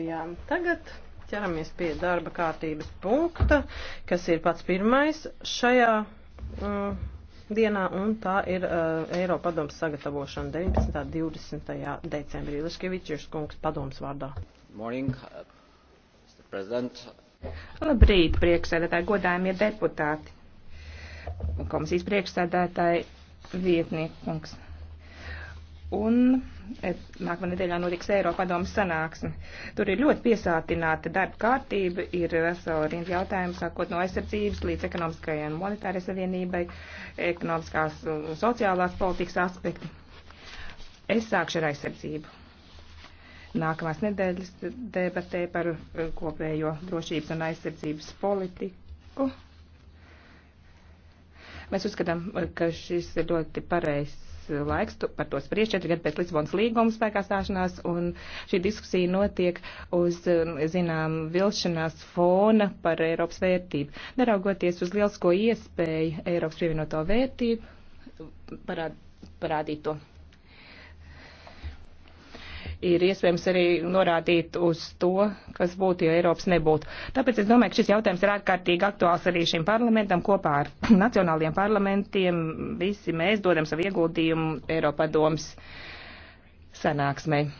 diskusijām. Tagad ķeramies pie darba kārtības punkta, kas ir pats pirmais šajā mm, dienā, un tā ir uh, eh, Eiropadoms sagatavošana 19. un 20. decembrī. Liškevičs kungs padoms vārdā. Morning, uh, Mr. President. Labrīt, priekšsēdētāji, godājumie deputāti. Komisijas priekšsēdētāji, vietniekungs. kungs. Un nākamā nedēļā notiks Eiropadomas sanāksme. Tur ir ļoti piesātināta darba kārtība, ir vesela rinda jautājumu, sākot no aizsardzības līdz ekonomiskajai un monetārai savienībai, ekonomiskās un sociālās politikas aspekti. Es sākšu ar aizsardzību. Nākamās nedēļas debatē par eh, kopējo drošības un aizsardzības politiku. Mēs uzskatām, eh, ka šis ir ļoti pareizs laiks par to spriest četri gadi pēc Lisbonas līguma spēkā stāšanās, un šī diskusija notiek uz, um, zinām, vilšanās fona par Eiropas vērtību. Neraugoties uz lielsko iespēju Eiropas pievienoto vērtību, parād, parādīt to ir iespējams arī norādīt uz to, kas būtu, ja Eiropas nebūtu. Tāpēc es domāju, ka šis jautājums ir ārkārtīgi aktuāls arī šim parlamentam kopā ar nacionāliem parlamentiem. Visi mēs dodam savu ieguldījumu Eiropadoms sanāksmei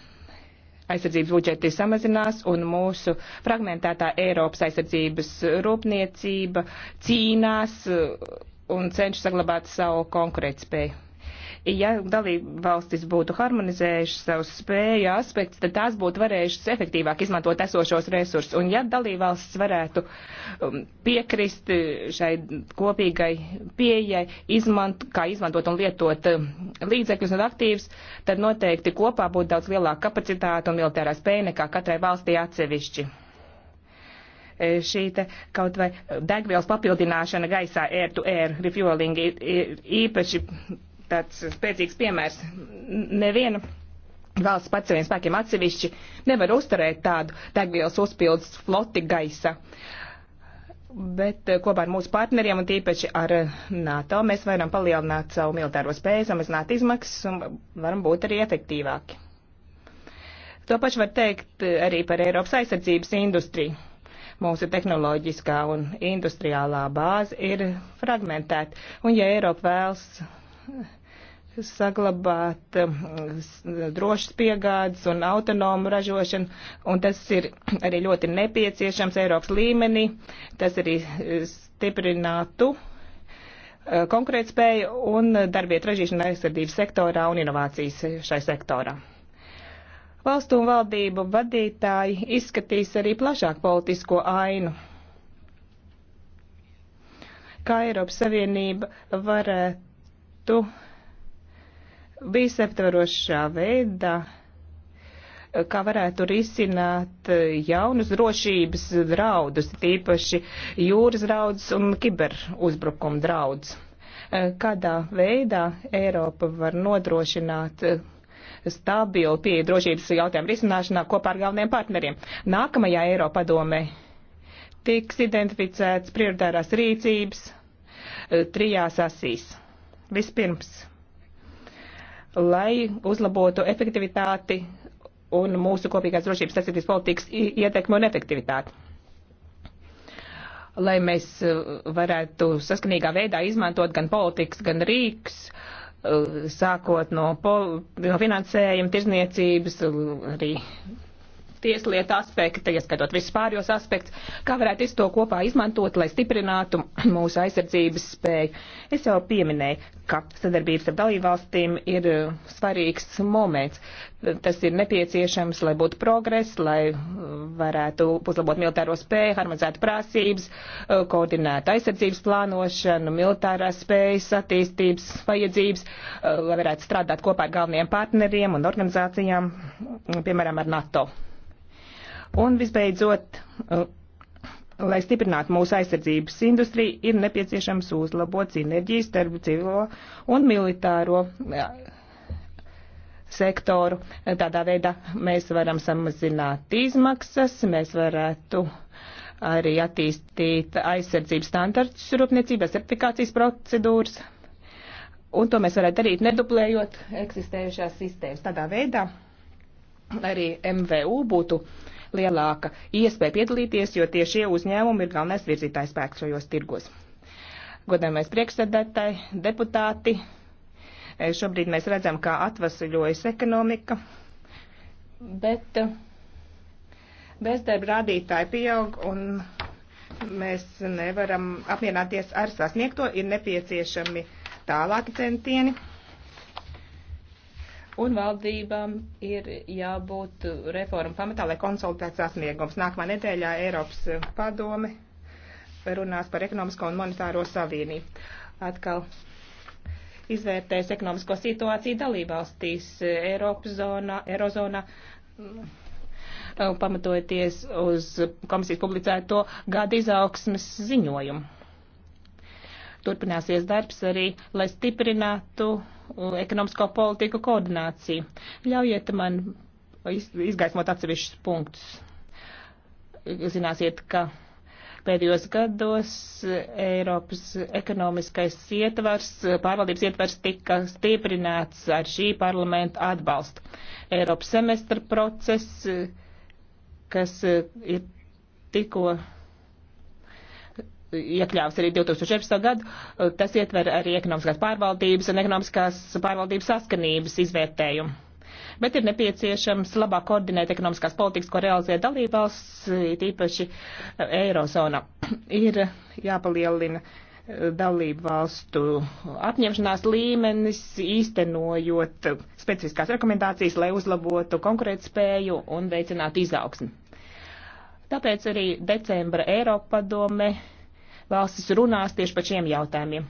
aizsardzības budžeti samazinās un mūsu fragmentētā Eiropas aizsardzības rūpniecība cīnās uh, un cenšas saglabāt savu konkurētspēju. Ja dalība valstis būtu harmonizējušas savus spēju aspektus, tad tās būtu varējušas efektīvāk izmantot esošos resursus. Un ja dalība valstis varētu um, piekrist uh, šai kopīgai pieejai, izmant, kā izmantot un lietot um, līdzekļus un aktīvus, tad noteikti kopā būtu daudz lielāka kapacitāte un militārā spēja nekā katrai valstī atsevišķi e, šī te, kaut vai degvielas papildināšana gaisā air to air refueling ir īpaši tāds spēcīgs piemērs. Neviena valsts pats saviem spēkiem atsevišķi nevar uzturēt tādu degvielas uzpildus floti gaisa. Bet eh, kopā ar mūsu partneriem un tīpaši ar eh, NATO mēs varam palielināt savu militāro spēju, samazināt izmaksas un varam būt arī efektīvāki. To pašu var teikt eh, arī par Eiropas aizsardzības industriju. Mūsu tehnoloģiskā un industriālā bāze ir fragmentēta, un ja Eiropa vēlas saglabāt um, drošas piegādes un autonomu ražošanu, un tas ir arī ļoti nepieciešams Eiropas līmenī. Tas arī uh, stiprinātu uh, konkurētspēju un darbietu ražīšanu aizsardzības sektorā un inovācijas šai sektorā. Valstu un valdību vadītāji izskatīs arī plašāk politisko ainu kā Eiropas Savienība varētu visaptvarošā veidā, kā varētu risināt jaunus drošības draudus, tīpaši jūras draudus un kiberuzbrukuma draudus. Kādā veidā Eiropa var nodrošināt stabilu pieeja drošības jautājumu risināšanā kopā ar galveniem partneriem. Nākamajā Eiropadomē tiks identificēts prioritārās rīcības trijās asīs. Vispirms lai uzlabotu efektivitāti un mūsu kopīgās drošības aizsardzības politikas ietekmi un efektivitāti. Lai mēs uh, varētu saskanīgā veidā izmantot gan politikas, gan rīks, uh, sākot no, pol, no finansējuma, tirzniecības, uh, arī tieslietu aspekti, ieskatot visus pārējos aspektus, kā varētu visu to kopā izmantot, lai stiprinātu mūsu aizsardzības spēju. Es jau pieminēju, ka sadarbības ar dalībvalstīm ir uh, svarīgs moments. Tas ir nepieciešams, lai būtu progress, lai uh, varētu uzlabot militāro spēju, harmonizētu prasības, uh, koordinētu aizsardzības plānošanu, militārās spējas attīstības vajadzības, lai varētu strādāt kopā ar galvenajiem partneriem un organizācijām, piemēram, ar NATO. Un visbeidzot, uh, lai stiprinātu mūsu aizsardzības industriju, ir nepieciešams uzlabot sinerģijas starp civilo un militāro uh, sektoru. Tādā veidā mēs varam samazināt izmaksas, mēs varētu arī attīstīt aizsardzības standartus rūpniecības certifikācijas procedūras. Un to mēs varētu darīt, neduplējot eksistējušās sistēmas. Tādā veidā arī MVU būtu uh, lielāka iespēja piedalīties, jo tieši šie uzņēmumi ir galvenais virzītājs spēks šajos tirgos. Godājumais priekšsēdētāji, deputāti, e, šobrīd mēs redzam, kā atvasaļojas ekonomika, bet e, bezdarba rādītāji pieaug un mēs nevaram apmierināties ar sasniegto, ir nepieciešami tālāki centieni un valdībām ir jābūt reformu pamatā, lai konsolidētu sasniegums. Nākamā nedēļā Eiropas padome runās par ekonomisko un monetāro savienību. Atkal izvērtēs ekonomisko situāciju dalībvalstīs Eiropas zonā, Eirozonā pamatojoties uz komisijas publicēto gada izaugsmes ziņojumu turpināsies darbs arī, lai stiprinātu ekonomisko politiku koordināciju. Ļaujiet man izgaismot atsevišķus punktus. Zināsiet, ka pēdējos gados Eiropas ekonomiskais ietvars, pārvaldības ietvars tika stiprināts ar šī parlamenta atbalstu. Eiropas semestra process, kas ir tikko iekļāvs arī 2014. gadu. Eh, tas ietver arī ekonomiskās pārvaldības un ekonomiskās pārvaldības saskanības izvērtējumu. Bet ir nepieciešams labāk koordinēt ekonomiskās politikas, ko realizē dalībvalsts, tīpaši eh, Eirozona. Ir jāpalielina eh, dalību valstu apņemšanās līmenis, īstenojot specifiskās rekomendācijas, lai uzlabotu konkurētspēju un veicinātu izaugsmi. Tāpēc arī decembra Eiropa padome valstis runās tieši par šiem jautājumiem.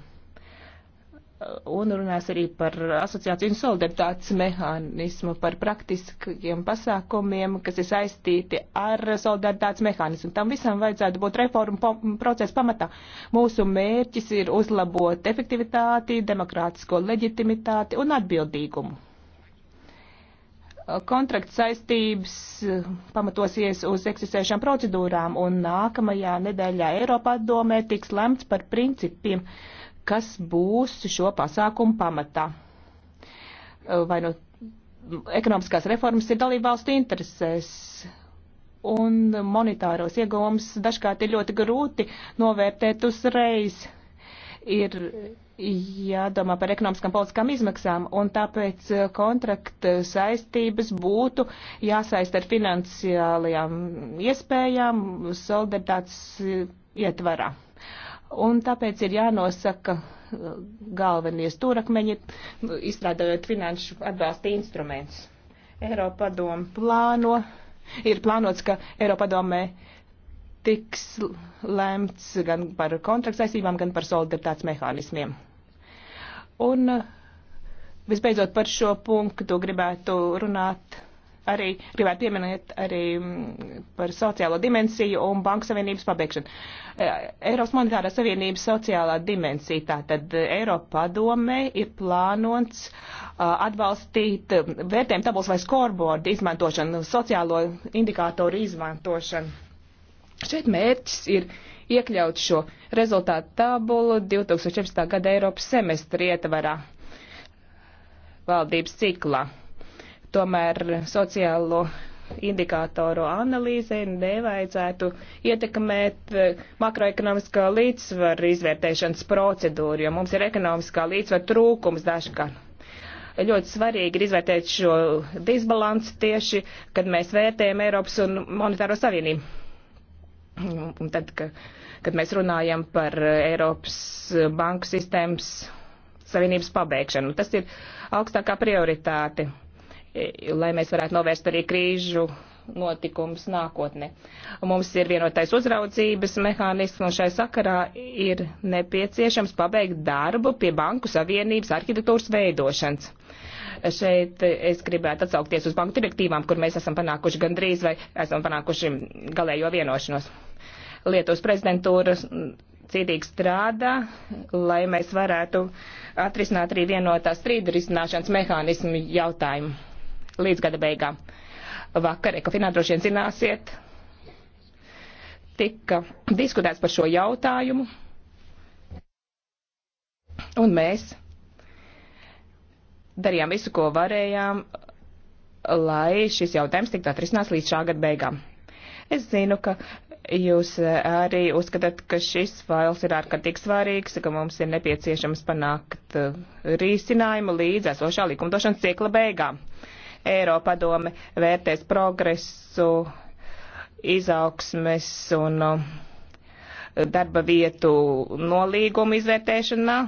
Un runās arī par asociāciju un solidaritātes mehānismu, par praktiskiem pasākumiem, kas ir saistīti ar solidaritātes mehānismu. Tam visam vajadzētu būt reformu procesa pamatā. Mūsu mērķis ir uzlabot efektivitāti, demokrātisko leģitimitāti un atbildīgumu kontrakts saistības eh, pamatosies uz eksistējušām procedūrām, un nākamajā nedēļā Eiropā domē tiks lemts par principiem, kas būs šo pasākumu pamatā. Eh, vai nu ekonomiskās reformas ir dalība valstu interesēs, un monetāros ieguvums dažkārt ir ļoti grūti novērtēt uzreiz. Ir jādomā par ekonomiskām politiskām izmaksām, un tāpēc eh, kontrakta saistības būtu jāsaist ar finansiālajām iespējām solidaritātes eh, ietvarā. Un tāpēc ir jānosaka eh, galvenie stūrakmeņi, izstrādājot finanšu atbalsta instruments. Eiropadoma plāno, ir plānots, ka Eiropadomē tiks lemts gan par kontrakta saistībām, gan par solidaritātes mehānismiem. Un eh, visbeidzot par šo punktu gribētu runāt arī, gribētu pieminēt arī mm, par sociālo dimensiju un banku savienības pabeigšanu. Eh, Eiropas monetārā savienības sociālā dimensija, tātad eh, Eiropa padome ir plānots atbalstīt vērtējumu tabulas vai scoreboard izmantošanu, sociālo indikātoru izmantošanu. Šeit mērķis ir iekļaut šo rezultātu tabulu 2014. gada Eiropas semestri ietvarā valdības ciklā. Tomēr sociālo indikātoru analīzē nevajadzētu ietekmēt eh, makroekonomiskā līdzsvara izvērtēšanas procedūru, jo mums ir ekonomiskā līdzsvara trūkums dažkārt. Ļoti svarīgi ir izvērtēt šo disbalansu tieši, kad mēs vērtējam Eiropas un Monetāro Savienību. Un tad, kad kad mēs runājam par Eiropas banku sistēmas savienības pabeigšanu. Tas ir augstākā prioritāte, lai mēs varētu novērst arī krīžu notikums nākotnē. Mums ir vienotais uzraudzības mehānisms, un šai sakarā ir nepieciešams pabeigt darbu pie Banku Savienības arhitektūras veidošanas. Šeit es gribētu atsaukties uz banku direktīvām, kur mēs esam panākuši gandrīz vai esam panākuši galējo vienošanos. Uh, Lietuvas prezidentūra cītīgi strādā, lai mēs varētu atrisināt arī vienotā strīda risināšanas mehānismu jautājumu līdz gada beigām. Vakar, ka droši vien zināsiet, tika diskutēts par šo jautājumu, un mēs darījām visu, ko varējām, lai šis jautājums tiktu atrisināts līdz šā gada beigām. Es zinu, ka Jūs eh, arī uzskatāt, ka šis fails ir ārkārtīgi svarīgs, ka mums ir nepieciešams panākt eh, risinājumu līdz esošā likumdošanas cikla beigām. Eiropadome vērtēs progresu, izaugsmes un eh, darba vietu nolīgumu izvērtēšanā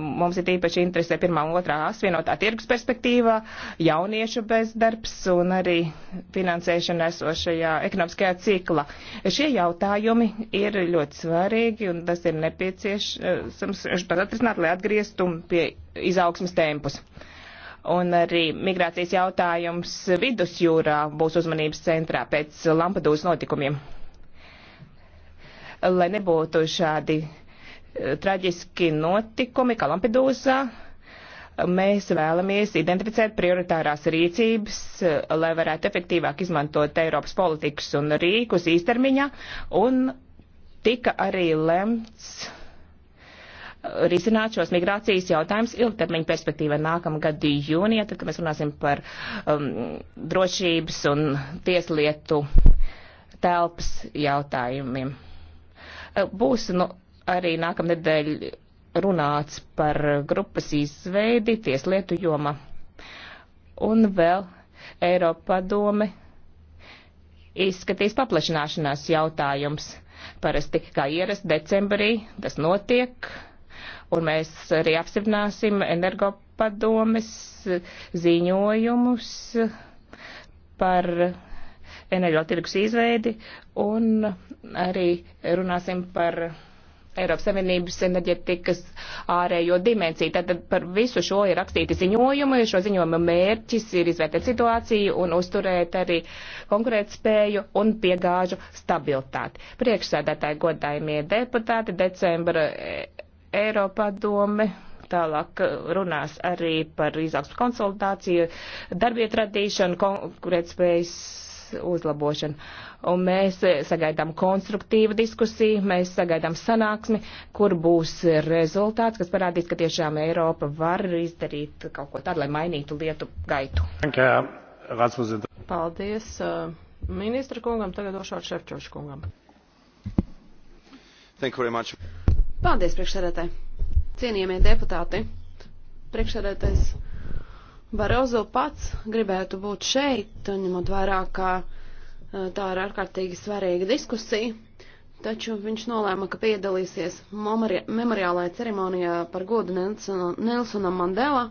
Mums ir īpaši interesē pirmā un otrā asvienotā tirgus perspektīvā, jauniešu bezdarbs un arī finansēšana esošajā ekonomiskajā ciklā. Šie jautājumi ir ļoti svarīgi un tas ir nepieciešams atrisināt, lai atgrieztu pie izaugsmas tempus un arī migrācijas jautājums vidusjūrā būs uzmanības centrā pēc Lampedūzas notikumiem. Lai nebūtu šādi traģiski notikumi, kā Lampedūzā, mēs vēlamies identificēt prioritārās rīcības, lai varētu efektīvāk izmantot Eiropas politikas un rīkus īstermiņā, un tika arī lemts risināt šos migrācijas jautājumus ilgtermiņa perspektīvā nākamgad jūnija, tad, kad mēs runāsim par um, drošības un tieslietu telpas jautājumiem. Būs, nu, arī nākamnedēļ runāts par grupas izveidi tieslietu joma. Un vēl Eiropa padome izskatīs paplašināšanās jautājums. Parasti, kā ierasts decembrī, tas notiek, un mēs arī apstiprināsim energopadomes ziņojumus par energotirgus izveidi, un arī runāsim par Eiropas Savienības enerģetikas ārējo dimensiju. Tātad par visu šo ir rakstīti ziņojumi. Šo ziņojumu mērķis ir izvērtēt situāciju un uzturēt arī konkurētspēju un piegāžu stabilitāti. Priekšsēdētāji godājumie deputāti decembra e- Eiropadome. Tālāk uh, runās arī par izaugsmu konsultāciju, darbietu radīšanu, konkurētspējas uzlabošanu. Un mēs sagaidām konstruktīvu diskusiju, mēs sagaidām sanāksmi, kur būs rezultāts, kas parādīs, ka tiešām Eiropa var izdarīt kaut ko tādu, lai mainītu lietu gaitu. Uh, Paldies uh, ministra kungam, tagad došu vārdu Šefčoviču kungam. Paldies, priekšsēdētāji. Cienījamie deputāti, priekšsēdētājs Barozo pats gribētu būt šeit, ņemot vērā, ka e, tā ir ārkārtīgi svarīga diskusija, taču viņš nolēma, ka piedalīsies memoriālajā ceremonijā par godu Nelsonam Mandela,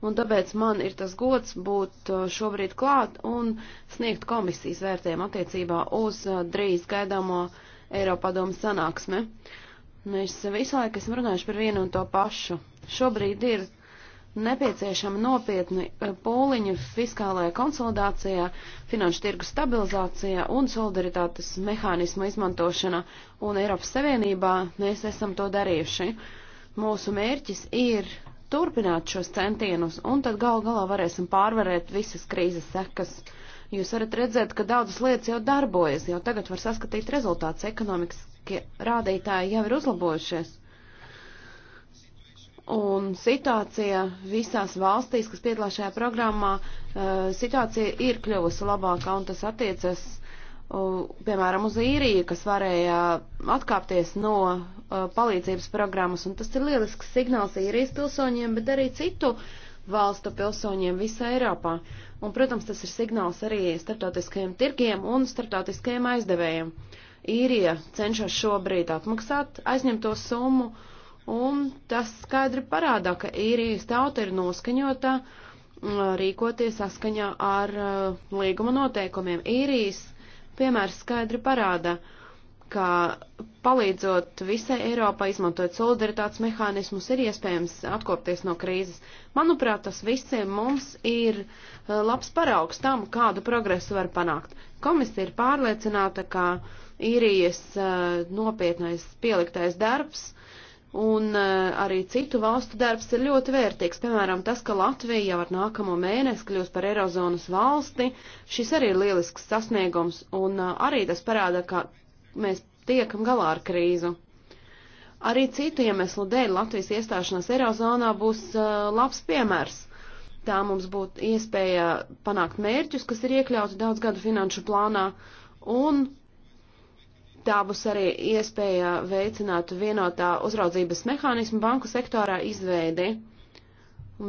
un tāpēc man ir tas gods būt e, šobrīd klāt un sniegt komisijas vērtējumu attiecībā uz e, drīz gaidāmo Eiropadomu sanāksmi. Mēs visu laiku esam runājuši par vienu un to pašu. Šobrīd ir nepieciešama nopietni e, pūliņi fiskālajā konsolidācijā, finanšu tirgu stabilizācijā un solidaritātes mehānismu izmantošanā, un Eiropas Savienībā mēs esam to darījuši. Mūsu mērķis ir turpināt šos centienus, un tad gal galā varēsim pārvarēt visas krīzes sekas. Jūs varat redzēt, ka daudzas lietas jau darbojas, jau tagad var saskatīt rezultāts, ekonomikas rādītāji jau ir uzlabojušies. Un situācija visās valstīs, kas piedalās šajā programmā, eh, situācija ir kļuvusi labāka, un tas attiecas, piemēram, uz īriju, kas varēja atkāpties no palīdzības programmas, un tas ir lielisks signāls īrijas pilsoņiem, bet arī citu valstu pilsoņiem visā Eiropā. Un, protams, tas ir signāls arī starptautiskajiem tirgiem un starptautiskajiem aizdevējiem. Īrija cenšas šobrīd atmaksāt aizņemto summu, uh, Un tas skaidri parādā, ka īrijas tauta ir noskaņota rīkoties saskaņā ar e, līguma noteikumiem. Īrijas piemērs skaidri parāda, ka palīdzot visai Eiropai izmantot solidaritātes mehānismus ir iespējams atkopties no krīzes. Manuprāt, tas visiem mums ir e, labs paraugs tam, kādu progresu var panākt. Komisija ir pārliecināta, ka īrijas e, nopietnais pieliktais darbs Un eh, arī citu valstu darbs ir ļoti vērtīgs. Piemēram, tas, ka Latvija jau ar nākamo mēnesi kļūs par Eirozonas valsti, šis arī ir lielisks sasniegums, un eh, arī tas parāda, ka mēs tiekam galā ar krīzu. Arī citu iemeslu dēļ Latvijas iestāšanās Eirozonā būs eh, labs piemērs. Tā mums būtu iespēja panākt mērķus, kas ir iekļauti daudz gadu finanšu plānā, un Tā būs arī iespēja veicināt vienotā uzraudzības mehānismu banku sektorā izveidi.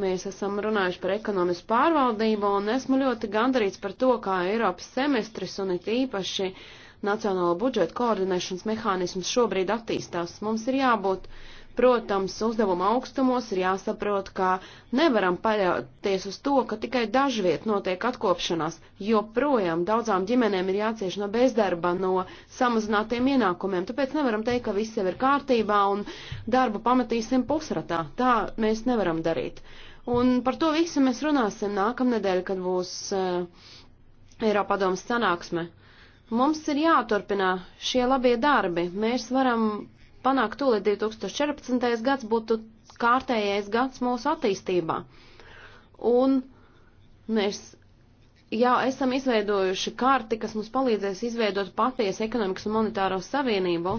Mēs esam runājuši par ekonomisku pārvaldību un esmu ļoti gandarīts par to, kā Eiropas semestris un it īpaši nacionālo budžetu koordinēšanas mehānisms šobrīd attīstās. Mums ir jābūt uh, Protams, uzdevuma augstumos ir jāsaprot, ka nevaram paļauties uz to, ka tikai dažviet notiek atkopšanās, jo projām daudzām ģimenēm ir jācieš no bezdarba, no samazinātiem ienākumiem. Tāpēc nevaram teikt, ka viss jau ir kārtībā un darbu pamatīsim pusratā. Tā mēs nevaram darīt. Un par to visu mēs runāsim nākamnedēļ, kad būs uh, Eiropadomas sanāksme. Mums ir jāturpina šie labie darbi. Mēs varam panākt to, lai 2014. gads būtu kārtējais gads mūsu attīstībā. Un mēs jau esam izveidojuši karti, kas mums palīdzēs izveidot patiesu ekonomikas un monetāro savienību.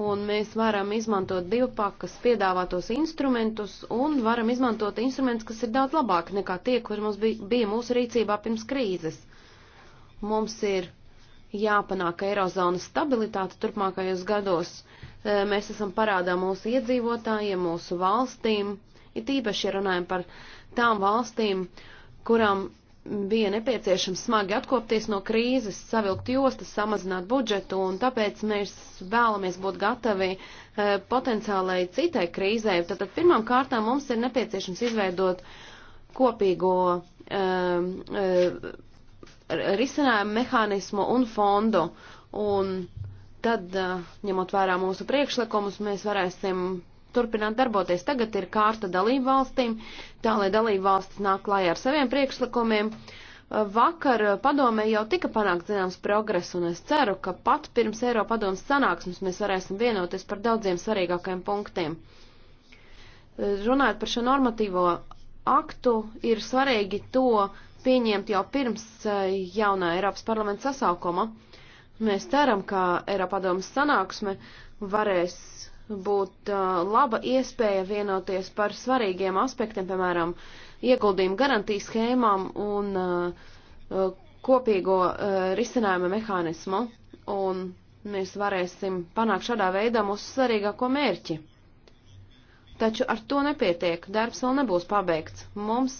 Un mēs varam izmantot divpakas piedāvātos instrumentus un varam izmantot instrumentus, kas ir daudz labāki nekā tie, kur mums bija, bija mūsu rīcībā pirms krīzes. Mums ir jāpanāk eirozonas stabilitāte turpmākajos gados, Eh, mēs esam parādā mūsu iedzīvotājiem, mūsu valstīm, it īpaši, ja runājam par tām valstīm, kurām bija nepieciešams smagi atkopties no krīzes, savilkt jostas, samazināt budžetu, un tāpēc mēs vēlamies būt gatavi e, potenciālai citai krīzē. Tātad pirmām kārtām mums ir nepieciešams izveidot kopīgo e, e, risinājumu mehānismu un fondu. Un tad, ņemot vērā mūsu priekšlikumus, mēs varēsim turpināt darboties. Tagad ir kārta dalību valstīm, tā lai dalību valstis nāk klājā ar saviem priekšlikumiem. Vakar padomē jau tika panākt zināms progress, un es ceru, ka pat pirms Eiropadomas sanāksmes mēs varēsim vienoties par daudziem svarīgākajiem punktiem. Runājot par šo normatīvo aktu, ir svarīgi to pieņemt jau pirms jaunā Eiropas parlamenta sasaukuma. Mēs ceram, ka Eiropadomas sanāksme varēs būt uh, laba iespēja vienoties par svarīgiem aspektiem, piemēram, ieguldījumu garantijas schēmām un uh, uh kopīgo uh, risinājumu mehānismu. Un mēs varēsim panākt šādā veidā mūsu svarīgāko mērķi. Taču ar to nepietiek, darbs vēl nebūs pabeigts. Mums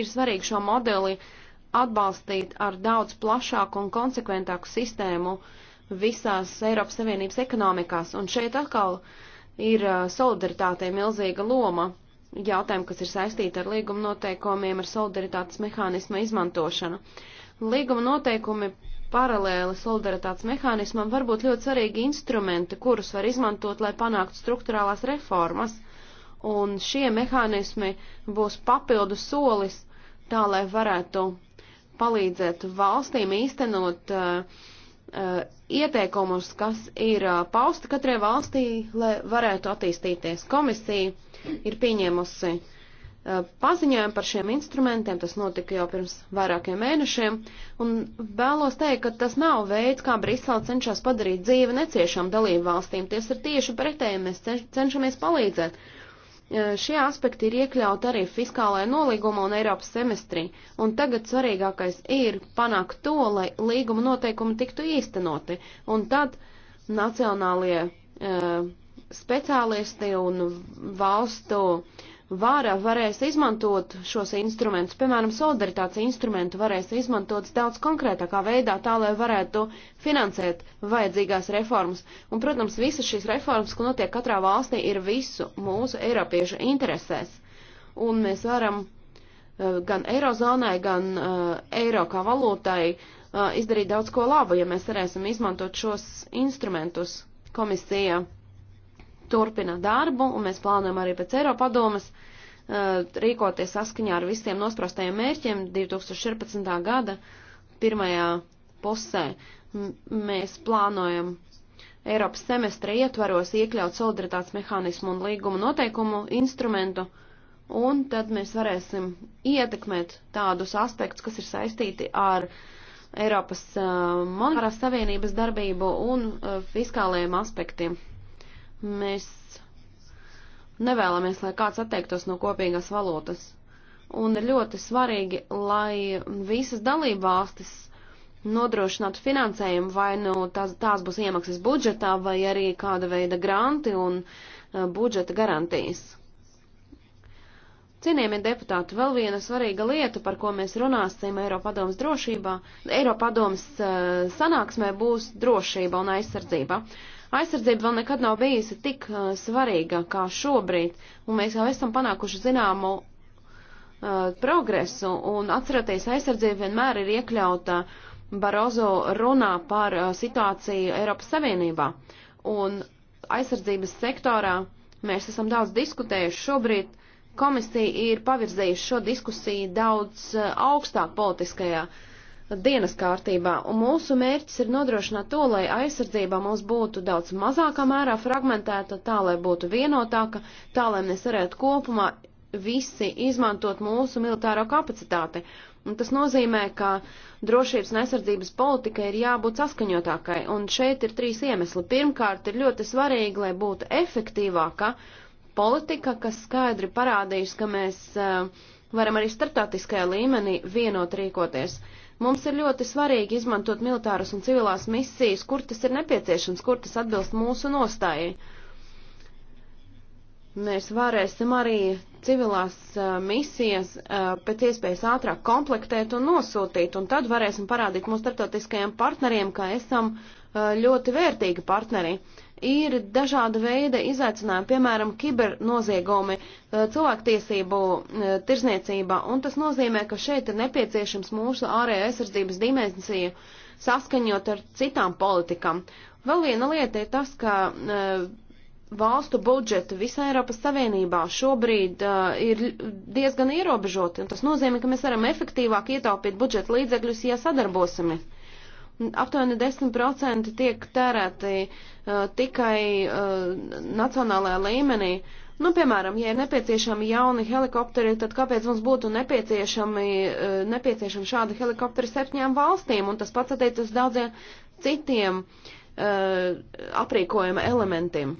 ir svarīgi šo modeli uh, atbalstīt ar daudz plašāku un konsekventāku sistēmu visās Eiropas Savienības ekonomikās. Un šeit atkal ir uh, solidaritātei milzīga loma jautājumu, kas ir saistīti ar līguma noteikumiem, ar solidaritātes mehānismu izmantošanu. Līguma noteikumi paralēli solidaritātes mehānismam var būt ļoti svarīgi instrumenti, kurus var izmantot, lai panāktu struktūrālās reformas, un šie mehānismi būs papildu solis tā, lai varētu palīdzēt valstīm īstenot uh, uh, ieteikumus, kas ir uh, pausti katrai valstī, lai varētu attīstīties. Komisija ir pieņēmusi uh, paziņojumu par šiem instrumentiem, tas notika jau pirms vairākiem mēnešiem, un vēlos teikt, ka tas nav veids, kā Brisele cenšas padarīt dzīvi neciešām dalību valstīm, tas ir tieši pretēji, mēs cenšamies palīdzēt. Uh, Šie aspekti ir iekļauti arī fiskālajā nolīgumā un Eiropas semestrī, un tagad svarīgākais ir panākt to, lai līguma noteikumi tiktu īstenoti, un tad nacionālie uh, speciālisti un valstu uh, vara varēs izmantot šos instrumentus, piemēram, solidaritātes instrumentu varēs izmantot daudz konkrētākā veidā, tā lai varētu finansēt vajadzīgās reformas. Un, protams, visas šīs reformas, ko notiek katrā valstī, ir visu mūsu eiropiešu interesēs. Un mēs varam eh, gan eirozonai, gan uh, eiro kā valūtai uh, izdarīt daudz ko labu, ja mēs varēsim izmantot šos instrumentus komisija turpina darbu, un mēs plānojam arī pēc Eiropadomas uh, rīkoties saskaņā ar visiem nosprostajiem mērķiem 2014. gada pirmajā pusē. M mēs plānojam Eiropas semestra ietvaros iekļaut solidaritātes mehānismu un līguma noteikumu instrumentu, un tad mēs varēsim ietekmēt tādus aspektus, kas ir saistīti ar Eiropas uh, monetārās savienības darbību un uh, fiskālajiem aspektiem. Mēs nevēlamies, lai kāds atteiktos no kopīgās valūtas. Un ir ļoti svarīgi, lai visas dalībvalstis nodrošinātu finansējumu, vai nu tās, tās būs iemaksas budžetā, vai arī kāda veida granti un uh, budžeta garantijas. Cienījamie deputāti, vēl viena svarīga lieta, par ko mēs runāsim Eiropadomas drošībā, Eiropadomas uh, sanāksmē būs drošība un aizsardzība. Uh, Aizsardzība vēl nekad nav bijusi tik uh, svarīga kā šobrīd, un mēs jau esam panākuši zināmu uh, progresu, un atceroties aizsardzība vienmēr ir iekļauta Barozo runā par uh, situāciju Eiropas Savienībā, un aizsardzības sektorā mēs esam daudz diskutējuši šobrīd. Komisija ir pavirzījusi šo diskusiju daudz uh, augstāk politiskajā uh, dienas kārtībā, un mūsu mērķis ir nodrošināt to, lai aizsardzība mums būtu daudz mazākā mērā fragmentēta, tā lai būtu vienotāka, tā lai mēs varētu kopumā visi izmantot mūsu militāro kapacitāti. Un tas nozīmē, ka drošības un aizsardzības politika ir jābūt saskaņotākai, un šeit ir trīs iemesli. Pirmkārt, ir ļoti svarīgi, lai būtu efektīvāka politika, kas skaidri parādīs, ka mēs uh, varam arī startautiskajā līmenī vienot rīkoties. Uh, Mums ir ļoti svarīgi izmantot militāras un civilās misijas, kur tas ir nepieciešams, kur tas atbilst mūsu nostājai. Mēs varēsim arī civilās uh, misijas uh, pēc iespējas ātrāk komplektēt un nosūtīt, un tad varēsim parādīt mūsu starptautiskajiem partneriem, ka esam uh, ļoti vērtīgi partneri. Uh, ir dažāda veida izaicinājumi, piemēram, kibernoziegumi, eh, cilvēktiesību eh, tirzniecība, un tas nozīmē, ka šeit ir nepieciešams mūsu ārējā aizsardzības dimensija saskaņot ar citām politikām. Vēl viena lieta ir tas, ka eh, valstu budžeti visā Eiropas Savienībā šobrīd uh, ir diezgan ierobežoti, un tas nozīmē, ka mēs varam efektīvāk ietaupīt budžeta līdzekļus, ja sadarbosimies. Aptuveni 10% tiek tērēti uh, tikai uh, nacionālajā līmenī. Nu, piemēram, ja ir nepieciešami jauni helikopteri, tad kāpēc mums būtu nepieciešami, uh, nepieciešami šādi helikopteri septiņām valstīm? Un tas pats attiecas uz daudziem citiem uh, aprīkojuma elementiem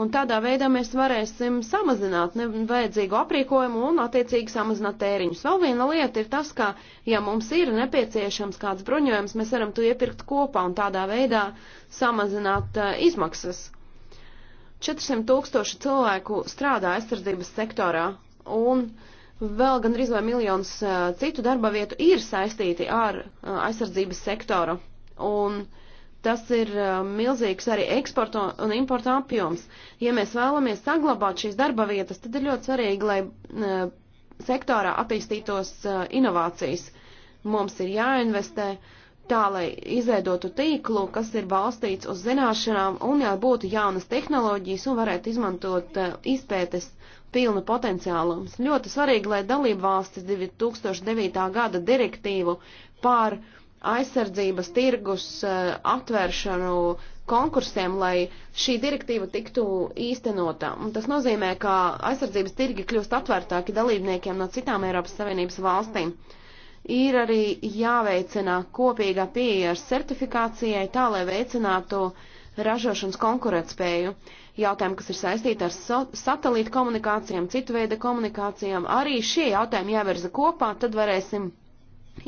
un tādā veidā mēs varēsim samazināt nevajadzīgu aprīkojumu un attiecīgi samazināt tēriņus. Vēl viena lieta ir tas, ka, ja mums ir nepieciešams kāds bruņojums, mēs varam to iepirkt kopā un tādā veidā samazināt uh, izmaksas. 400 tūkstoši cilvēku strādā aizsardzības sektorā un vēl gandrīz vai miljons uh, eh, citu darba vietu ir saistīti ar uh, aizsardzības sektoru. Un uh, Tas ir uh, milzīgs arī eksporta un importa apjoms. Ja mēs vēlamies saglabāt šīs darba vietas, tad ir ļoti svarīgi, lai uh, sektorā attīstītos uh, inovācijas. Mums ir jāinvestē tā, lai izveidotu tīklu, kas ir balstīts uz zināšanām un jau būtu jaunas tehnoloģijas un varētu izmantot izpētes pilnu potenciālu. Ļoti svarīgi, lai dalību valstis 2009. gada direktīvu pār uh, aizsardzības tirgus eh, atvēršanu konkursiem, lai šī direktīva tiktu īstenota. Un tas nozīmē, ka aizsardzības tirgi kļūst atvērtāki dalībniekiem no citām Eiropas Savienības valstīm. Ir arī jāveicina kopīgā pieeja ar certifikācijai tā, lai veicinātu ražošanas konkurētspēju. Jautājumi, kas ir saistīti ar so satelītu komunikācijām, citu veidu komunikācijām, arī šie jautājumi jāverza kopā, tad varēsim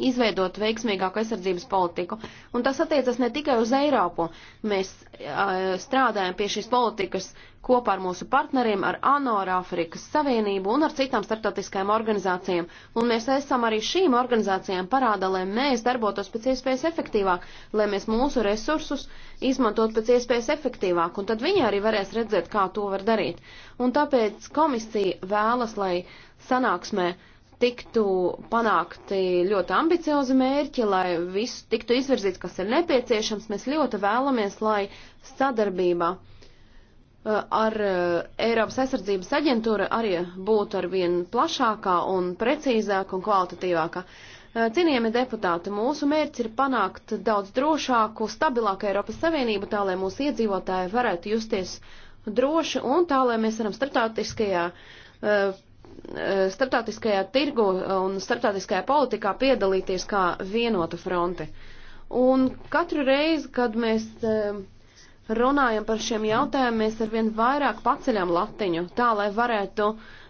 izveidot veiksmīgāku aizsardzības politiku. Un tas attiecas ne tikai uz Eiropu. Mēs uh, strādājam pie šīs politikas kopā ar mūsu partneriem, ar ANO, ar Afrikas Savienību un ar citām starptautiskajām organizācijām. Un mēs esam arī šīm organizācijām parāda, lai mēs darbotos pēc iespējas efektīvāk, lai mēs mūsu resursus izmantot pēc iespējas efektīvāk. Un tad viņi arī varēs redzēt, kā to var darīt. Un tāpēc komisija vēlas, lai sanāksmē uh, tiktu panākti ļoti ambiciozi mērķi, lai viss tiktu izvirzīts, kas ir nepieciešams. Mēs ļoti vēlamies, lai sadarbība uh, ar uh, Eiropas aizsardzības aģentūru arī būtu arvien plašākā un precīzāka un kvalitatīvākā. Uh, cienījami deputāti, mūsu mērķis ir panākt daudz drošāku, stabilāku Eiropas Savienību, tā lai mūsu iedzīvotāji varētu justies droši un tā lai mēs varam startautiskajā uh, starptautiskajā tirgu un starptautiskajā politikā piedalīties kā vienota fronte. Un katru reizi, kad mēs eh, runājam par šiem jautājumiem, mēs arvien vairāk paceļam latiņu, tā lai varētu eh,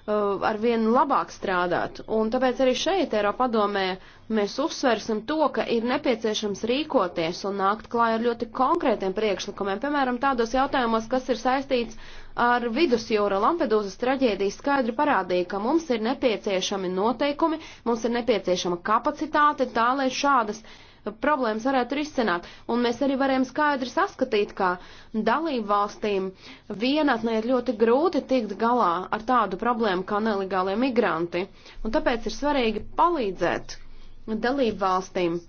arvien labāk strādāt. Un tāpēc arī šeit, Eiropadomē, mēs uzsversim to, ka ir nepieciešams rīkoties un nākt klāj ar ļoti konkrētiem priekšlikumiem, piemēram, tādos jautājumos, kas ir saistīts ar vidusjūra Lampedūzas traģēdiju skaidri parādīja, ka mums ir nepieciešami noteikumi, mums ir nepieciešama kapacitāte tā, lai šādas problēmas varētu risināt. Un mēs arī varējām skaidri saskatīt, ka dalību valstīm vienatnē ir ļoti grūti tikt galā ar tādu problēmu kā nelegālie migranti. Un tāpēc ir svarīgi palīdzēt dalību valstīm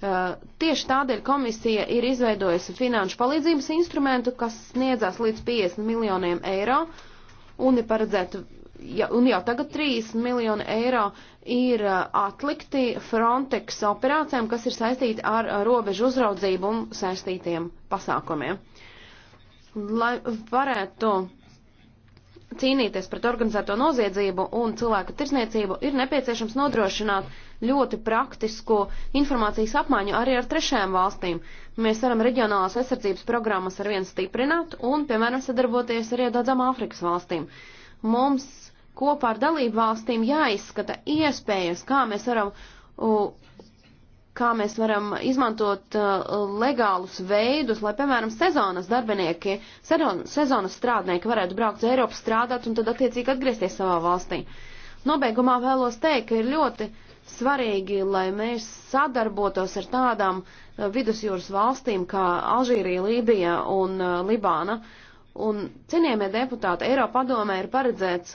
Eh, tieši tādēļ komisija ir izveidojusi finanšu palīdzības instrumentu, kas sniedzās līdz 50 miljoniem eiro un ir paredzēta, ja, un jau tagad 3 miljoni eiro ir eh, atlikti Frontex operācijām, kas ir saistīti ar eh, robežu uzraudzību un saistītiem pasākumiem. Lai varētu cīnīties pret organizēto noziedzību un cilvēku tirsniecību, ir nepieciešams nodrošināt ļoti praktisku informācijas apmaiņu arī ar trešajām valstīm. Mēs varam reģionālās aizsardzības programmas ar vienu stiprināt un, piemēram, sadarboties ar iedodām Āfrikas valstīm. Mums kopā ar dalību valstīm jāizskata iespējas, kā mēs varam uh, kā mēs varam izmantot uh, legālus veidus, lai, piemēram, sezonas darbinieki, sezonas strādnieki varētu braukt uz Eiropu strādāt un tad attiecīgi atgriezties savā valstī. Nobeigumā vēlos teikt, ka ir ļoti svarīgi, lai mēs sadarbotos ar tādām uh, vidusjūras valstīm kā Alžīrija, Lībija un uh, Libāna. Un, cienījamie deputāti, Eiropa padomē ir paredzēts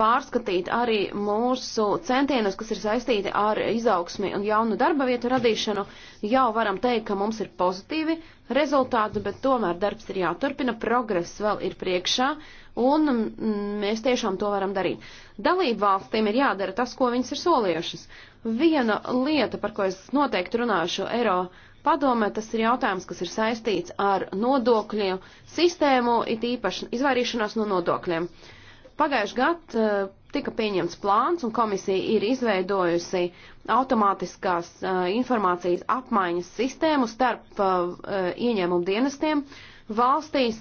pārskatīt arī mūsu centienus, kas ir saistīti ar izaugsmi un jaunu darba vietu radīšanu. Jau varam teikt, ka mums ir pozitīvi rezultāti, bet tomēr darbs ir jāturpina, progress vēl ir priekšā, un mēs tiešām to varam darīt. Dalību valstīm ir jādara tas, ko viņas ir solījušas. Viena lieta, par ko es noteikti runāšu Eiro padomē, tas ir jautājums, kas ir saistīts ar nodokļu sistēmu, it īpaši izvairīšanās no nodokļiem. Uh, Pagājuši gadu eh, tika pieņemts plāns un komisija ir izveidojusi automātiskās uh, informācijas apmaiņas sistēmu starp uh, ieņēmumu dienestiem valstīs,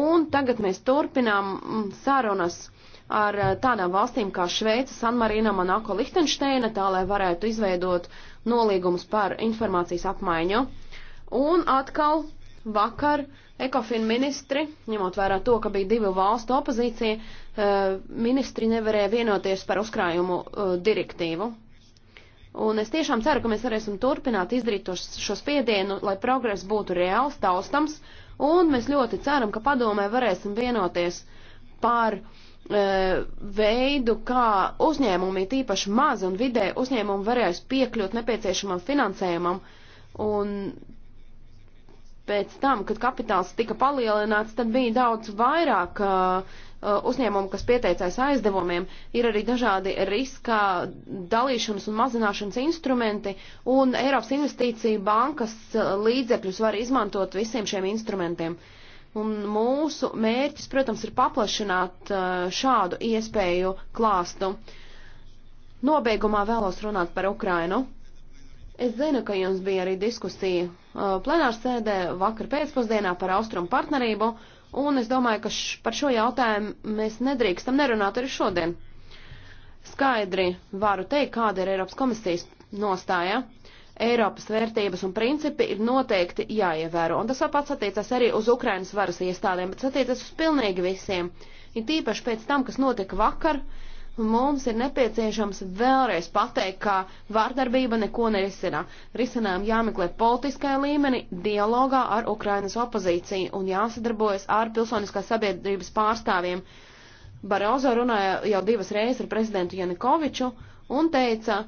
un tagad mēs turpinām mm, sarunas ar uh, tādām valstīm kā Šveica, San Marino, Monako, Lihtenšteina, tā lai varētu izveidot nolīgumus par informācijas apmaiņu. Un atkal vakar uh, Ekofin ministri, ņemot vērā to, ka bija divu valstu opozīcija, eh, ministri nevarēja vienoties par uzkrājumu eh, direktīvu. Un es tiešām ceru, ka mēs varēsim turpināt izdarīt šo spiedienu, lai progress būtu reāls, taustams, un mēs ļoti ceram, ka padomē varēsim vienoties par eh, veidu, kā uzņēmumi, tīpaši mazi un vidē uzņēmumi varēs piekļūt nepieciešamam finansējumam, un pēc tam, kad kapitāls tika palielināts, tad bija daudz vairāk uh, uh, uzņēmumu, kas pieteicās aizdevumiem. Ir arī dažādi riska dalīšanas un mazināšanas instrumenti, un Eiropas investīcija bankas uh, līdzekļus var izmantot visiem šiem instrumentiem. Un mūsu mērķis, protams, ir paplašināt uh, šādu iespēju klāstu. Nobeigumā vēlos runāt par Ukrainu. Es zinu, ka jums bija arī diskusija uh, plenārsēdē vakar pēcpusdienā par austrumu partnerību, un es domāju, ka š, par šo jautājumu mēs nedrīkstam nerunāt arī šodien. Skaidri varu teikt, kāda ir Eiropas komisijas nostāja. Eiropas vērtības un principi ir noteikti jāievēro, un tas pats attiecas arī uz Ukrainas varas iestādēm, bet attiecas uz pilnīgi visiem. Ir tīpaši pēc tam, kas notika vakar, uh, Mums ir nepieciešams vēlreiz pateikt, ka vārdarbība neko nerisinā. Risinājumi jāmeklē politiskajā līmenī, dialogā ar Ukrainas opozīciju un jāsadarbojas ar pilsoniskās sabiedrības pārstāvjiem. Barozo runāja jau divas reizes ar prezidentu Janukoviču un teica,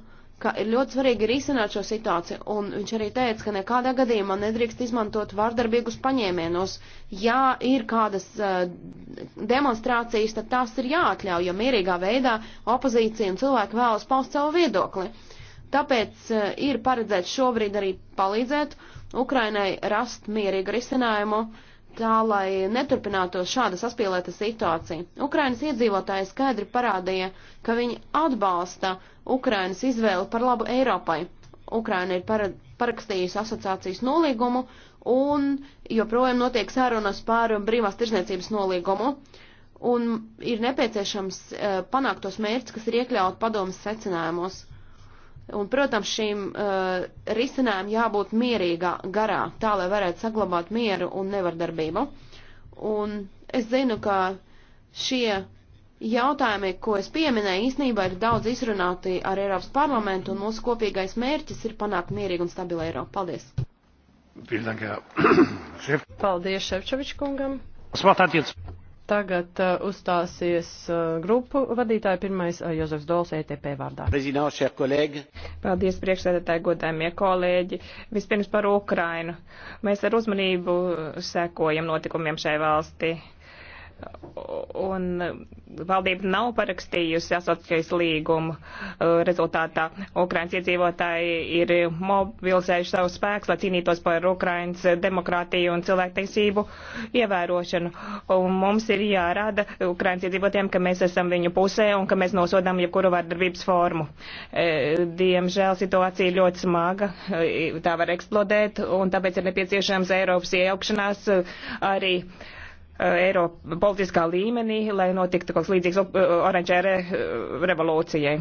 ka ir ļoti svarīgi risināt šo situāciju, un viņš arī teica, ka nekādā gadījumā nedrīkst izmantot vārdarbīgus paņēmienus. Ja ir kādas uh, demonstrācijas, tad tās ir jāatļauj, jo mierīgā veidā opozīcija un cilvēki vēlas paust savu viedokli. Tāpēc uh, ir paredzēts šobrīd arī palīdzēt Ukrainai rast mierīgu risinājumu, tā lai neturpinātos šāda saspīlēta situācija. Ukrainas iedzīvotāji skaidri parādīja, ka viņi atbalsta uh, Ukrainas izvēli par labu Eiropai. Ukraina ir para, parakstījusi asociācijas nolīgumu un joprojām notiek sarunas par brīvās tirzniecības nolīgumu. Un ir nepieciešams uh, panākt tos mērķus, kas ir iekļaut padomas secinājumos. Un, protams, šīm uh, eh, risinājumam jābūt mierīgā garā, tā lai varētu saglabāt mieru un nevardarbību. Un es zinu, ka šie Jautājumi, ko es pieminēju, īstenībā ir daudz izrunāti ar Eiropas parlamentu, un mūsu kopīgais mērķis ir panākt mierīgu un stabilu Eiropu. Paldies! Paldies Ševčoviča kungam! Tagad uh, uzstāsies uh, grupu vadītāja pirmais uh, Jozefs Dols ETP vārdā. Paldies priekšsēdētāji godājumie kolēģi. Vispirms par Ukrainu. Mēs ar uzmanību sekojam notikumiem šai valstī un valdība nav parakstījusi asociācijas līgumu. Rezultātā Ukrainas iedzīvotāji ir mobilizējuši savus spēkus, lai cīnītos par Ukrainas demokrātiju un cilvēktiesību ievērošanu. Un mums ir jārāda Ukrainas iedzīvotiem, ka mēs esam viņu pusē un ka mēs nosodām jebkuru vardarbības formu. E, diemžēl situācija ir ļoti smaga, e, tā var eksplodēt, un tāpēc ir nepieciešams Eiropas iejaukšanās e, arī. Uh, Eiropa politiskā līmenī, lai notiktu kaut kas līdzīgs uh, oranžē re, uh, revolūcijai.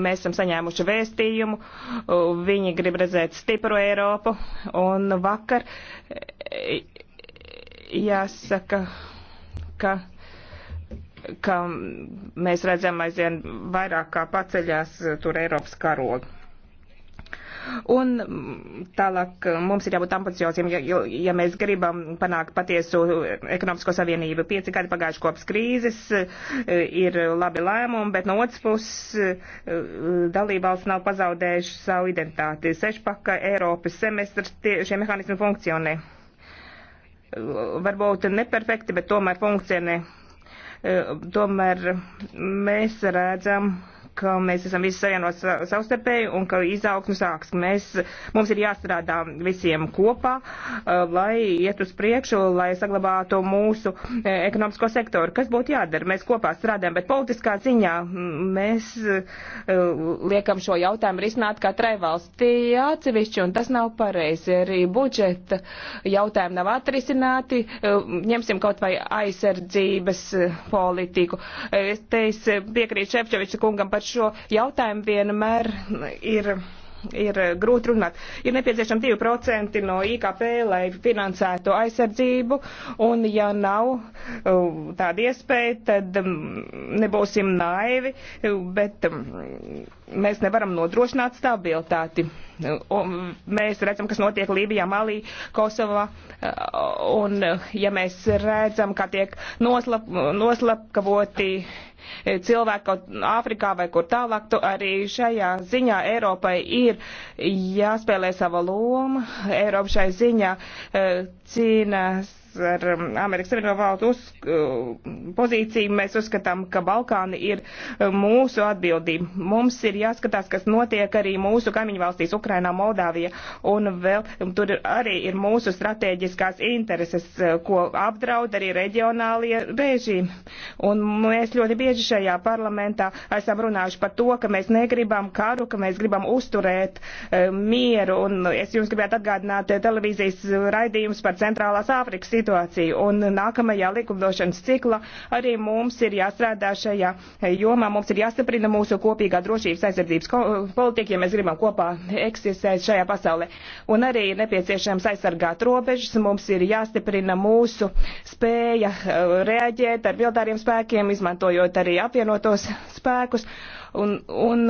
Mēs esam saņēmuši vēstījumu, uh, viņi grib redzēt stipru Eiropu, un vakar jāsaka, ka ka mēs redzam aizvien vairāk kā paceļās tur Eiropas karogi. Un tālāk mums ir jābūt ambicioziem, ja, ja mēs gribam panākt patiesu ekonomisko savienību. Pieci gadi pagājuši kopas krīzes, ir labi lēmumi, bet no otras puses dalībvalsts nav pazaudējuši savu identitāti. Sešpaka Eiropas semestrs tie, šie mehānismi funkcionē. Varbūt neperfekti, bet tomēr funkcionē. Tomēr mēs redzam ka mēs esam visi savienot savstarpēji un ka izaugsmu sāks. Mēs, mums ir jāstrādā visiem kopā, lai iet uz priekšu, lai saglabātu mūsu ekonomisko sektoru. Kas būtu jādara? Mēs kopā strādājam, bet politiskā ziņā mēs liekam šo jautājumu risināt katrai valstī atsevišķi, un tas nav pareizi. Arī budžeta jautājumi nav atrisināti. Ņemsim kaut vai aizsardzības politiku. Es te piekrītu Šepčoviča kungam par par šo jautājumu vienmēr ir ir grūti runāt. Ir nepieciešami 2% no IKP, lai finansētu aizsardzību, un ja nav uh, tāda iespēja, tad um, nebūsim naivi, bet um, mēs nevaram nodrošināt stabilitāti. Un mēs redzam, kas notiek Lībijā, Malī, Kosovā, uh, un ja mēs redzam, kā tiek noslap, noslapkavoti E, cilvēki kaut Āfrikā vai kur tālāk, tu arī šajā ziņā Eiropai ir jāspēlē sava loma. Eiropa šai ziņā e, cīnās ar um, Amerikas Savienoto valstu uz, uh, pozīciju mēs uzskatām, ka Balkāni ir uh, mūsu atbildība. Mums ir jāskatās, kas notiek arī mūsu kaimiņu valstīs, Ukrainā, Moldāvija, un vēl tur arī ir mūsu strateģiskās intereses, uh, ko apdraud arī reģionālie režīmi. Un mēs ļoti bieži šajā parlamentā esam runājuši par to, ka mēs negribam karu, ka mēs gribam uzturēt mieru, un es jums gribētu atgādināt televīzijas raidījums par Centrālās Āfrikas situāciju. Un nākamajā likumdošanas cikla arī mums ir jāstrādā šajā jomā, mums ir jāstiprina mūsu kopīgā drošības aizsardzības politika, ja mēs gribam kopā eksistēt šajā pasaulē. Un arī ir nepieciešams aizsargāt robežas, mums ir jāstiprina mūsu spēja eh, reaģēt ar militāriem spēkiem, izmantojot arī apvienotos spēkus. Un, un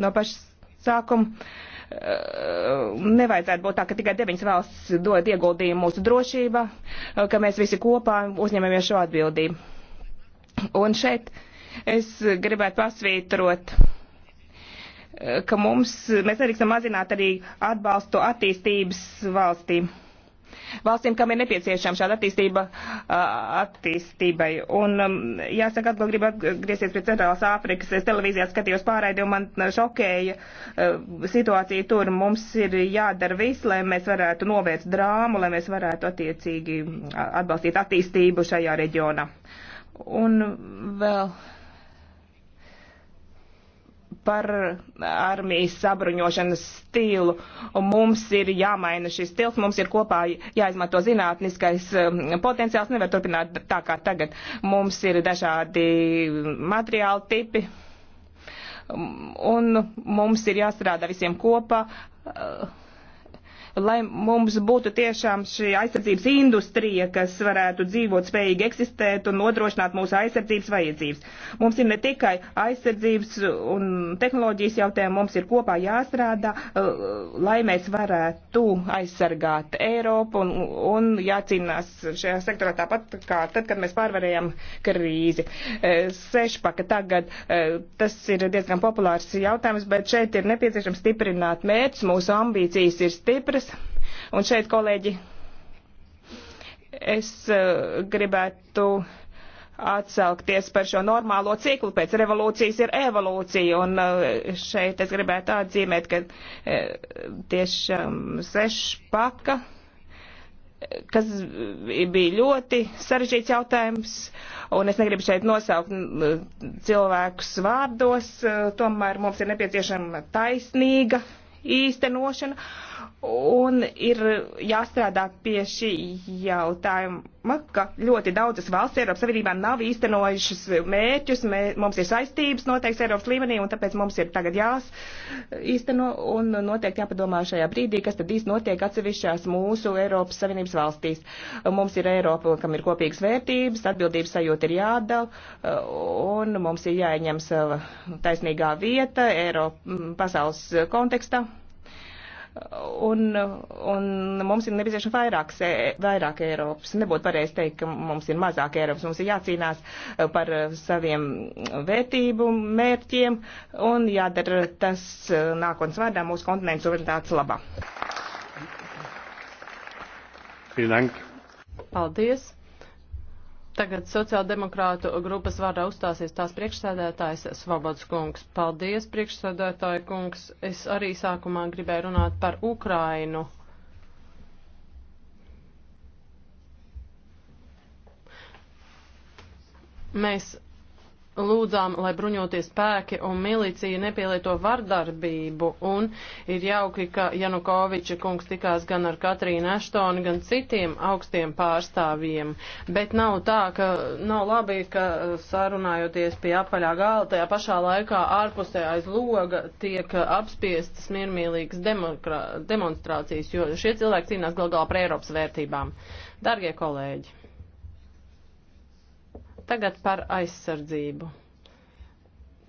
no paša sākuma Eh, nevajadzētu būt tā, ka tikai deviņas valsts dod ieguldījumu mūsu drošībā, eh, ka mēs visi kopā uzņemamies šo atbildību. Un šeit es gribētu pasvītrot, eh, ka mums, mēs nedrīkstam mazināt arī atbalstu attīstības valstīm valstīm, kam ir nepieciešama šāda attīstība attīstībai. Un um, jāsaka, atkal gribu atgriezties pie Centrālās Āfrikas. Es televīzijā skatījos pārraidi un man šokēja situācija tur. Mums ir jādara viss, lai mēs varētu novērst drāmu, lai mēs varētu attiecīgi atbalstīt attīstību šajā reģionā. Un vēl par armijas sabruņošanas stilu. Un mums ir jāmaina šis stils, mums ir kopā jāizmanto zinātniskais um, potenciāls, nevar turpināt tā kā tagad. Mums ir dažādi materiāli tipi. Um, un mums ir jāstrādā visiem kopā. Uh, lai mums būtu tiešām šī aizsardzības industrija, kas varētu dzīvot spējīgi eksistēt un nodrošināt mūsu aizsardzības vajadzības. Mums ir ne tikai aizsardzības un tehnoloģijas jautājumi, mums ir kopā jāstrādā, eh, lai mēs varētu aizsargāt Eiropu un, un jācīnās šajā sektorā tāpat kā tad, kad mēs pārvarējām krīzi. Eh, sešpaka tagad, eh, tas ir diezgan populārs jautājums, bet šeit ir nepieciešams stiprināt mērķus, mūsu ambīcijas ir stipras Paldies! Un šeit, kolēģi, es eh, gribētu atsaukties par šo normālo ciklu. Pēc revolūcijas ir evolūcija, un eh, šeit es gribētu atzīmēt, ka eh, tiešām sešpaka, kas bija ļoti sarežģīts jautājums, un es negribu šeit nosaukt cilvēkus vārdos, tomēr mums ir nepieciešama taisnīga īstenošana Un ir jāstrādā pie šī jautājuma, ka ļoti daudzas valsts Eiropas Savienībā nav īstenojušas mērķus, mē, mums ir saistības noteikts Eiropas līmenī, un tāpēc mums ir tagad jās īsteno un noteikti jāpadomā šajā brīdī, kas tad īsti notiek atsevišķās mūsu Eiropas Savienības valstīs. Mums ir Eiropa, kam ir kopīgas vērtības, atbildības sajūta ir jādala, un mums ir jāieņem sava taisnīgā vieta Eiropa pasaules kontekstā un, un mums ir nepieciešama vairāk, e, vairāk Eiropas. Nebūtu pareizi teikt, ka mums ir mazāk Eiropas. Mums ir jācīnās par saviem vērtību mērķiem un jādara tas e, nākotnes vārdā mūsu kontinentu suverenitātes labā. Paldies! Tagad sociāldemokrātu grupas vārdā uzstāsies tās priekšsēdētājs Svobods kungs. Paldies, priekšsēdētāja kungs. Es arī sākumā gribēju runāt par Ukrainu. Mēs lūdzām, lai bruņotie spēki un milicija nepielieto vardarbību, un ir jauki, ka Janukoviča kungs tikās gan ar Katrīnu Eštoni, gan citiem augstiem pārstāvjiem, bet nav tā, ka nav labi, ka sarunājoties pie apaļā gala, tajā pašā laikā ārpusē aiz loga tiek apspiestas miermīlīgas demonstrācijas, jo šie cilvēki cīnās gal galā par Eiropas vērtībām. Dargie kolēģi! Tagad par aizsardzību.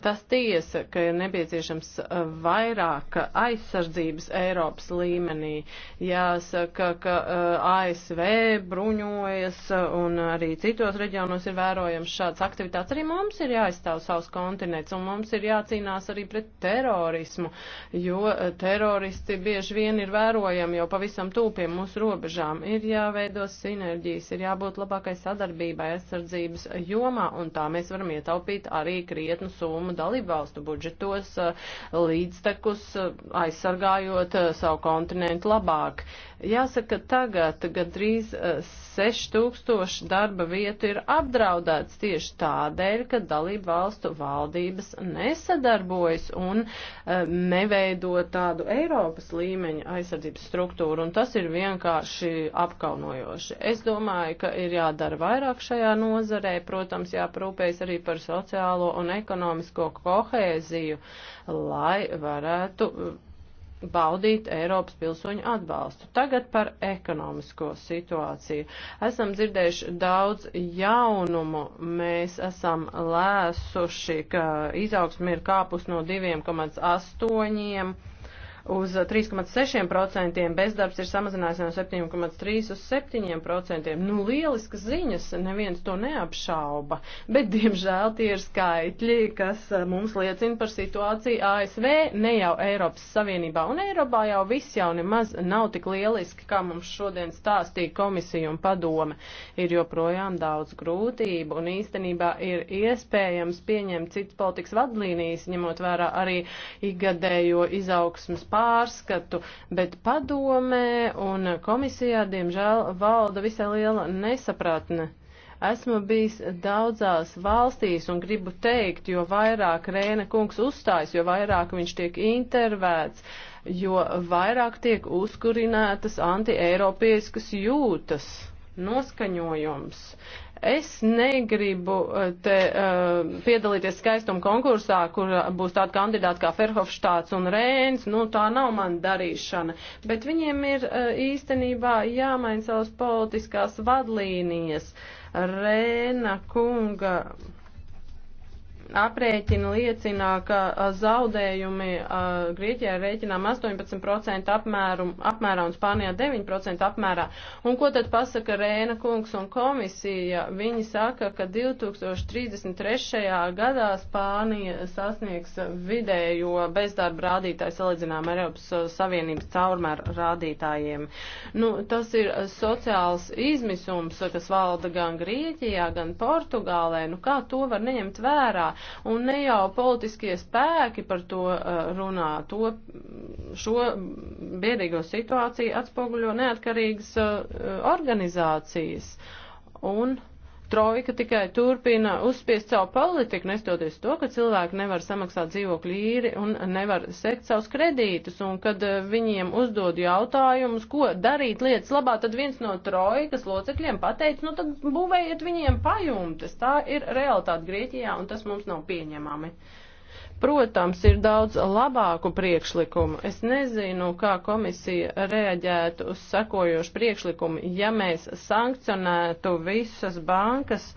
Tas tiesa, ka ir nepieciešams uh, vairāk aizsardzības Eiropas līmenī. Jāsaka, ka uh, ASV bruņojas uh, un arī citos reģionos ir vērojams šāds aktivitāts. Arī mums ir jāizstāv savs kontinents un mums ir jācīnās arī pret terorismu, jo teroristi bieži vien ir vērojami jau pavisam tūpiem mūsu robežām. Ir jāveido sinerģijas, ir jābūt labākai sadarbībai aizsardzības jomā un tā mēs varam ietaupīt arī krietnu summu dalībvalstu budžetos uh, līdztekus uh, aizsargājot uh, savu kontinentu labāk. Jāsaka, tagad gandrīz 6000 e, darba vietu ir apdraudēts tieši tādēļ, ka dalību valstu valdības nesadarbojas un e, neveido tādu Eiropas līmeņa aizsardzības struktūru, un tas ir vienkārši apkaunojoši. Es domāju, ka ir jādara vairāk šajā nozarē, protams, jāprūpējas arī par sociālo un ekonomisko kohēziju, lai varētu baudīt Eiropas pilsoņu atbalstu. Tagad par ekonomisko situāciju. Esam dzirdējuši daudz jaunumu. Mēs esam lēsuši, ka izaugsmi ir kāpus no 2,8 uz 3,6%, bezdarbs ir samazinājies no 7,3 uz 7%. Nu, lieliskas ziņas, neviens to neapšauba, bet, diemžēl, tie ir skaitļi, kas eh, mums liecina par situāciju ASV, ne jau Eiropas Savienībā. Un Eiropā jau viss jau nemaz nav tik lieliski, kā mums šodien stāstīja komisija un padome. Ir joprojām daudz grūtību un īstenībā ir iespējams pieņemt citas politikas vadlīnijas, ņemot vērā arī igadējo izaugsmas pārskatu, bet padomē un komisijā, diemžēl, valda visai liela nesapratne esmu bijis daudzās valstīs un gribu teikt, jo vairāk Rēna kungs uzstājas, jo vairāk viņš tiek intervēts, jo vairāk tiek uzkurinātas antieiropieskas jūtas, noskaņojums. Es negribu eh, te uh, piedalīties skaistuma konkursā, kur būs tāda kandidāta kā Ferhofštāts un Rēns. Nu, tā nav mana darīšana. Bet viņiem ir uh, īstenībā jāmaina savas politiskās vadlīnijas. Rēna kunga aprēķina liecina, ka zaudējumi Grieķijā rēķinām 18% apmērum, apmērā un Spānijā 9% apmērā. Un ko tad pasaka Rēna kungs un komisija? Viņi saka, ka 2033. gadā Spānija sasniegs vidējo bezdarba rādītāju salīdzinām ar Eiropas Savienības caurmēru rādītājiem. Nu, tas ir sociāls izmisums, kas valda gan Grieķijā, gan Portugālē. Nu, kā to var neņemt vērā? Un ne jau politiskie spēki par to uh, runā. To, šo biedīgo situāciju atspoguļo neatkarīgas uh, organizācijas. Un trojka tikai turpina uzspiest savu politiku, nestoties to, ka cilvēki nevar samaksāt dzīvokļu īri un nevar sekt savus kredītus, un kad eh, viņiem uzdod jautājumus, ko darīt lietas labā, tad viens no trojkas locekļiem pateica, nu tad būvējiet viņiem pajumtes, tā ir realitāte Grieķijā, un tas mums nav pieņemami. Uh, Protams, ir daudz labāku priekšlikumu. Es nezinu, kā komisija reaģētu uz sekojošu priekšlikumu, ja mēs sankcionētu visas bankas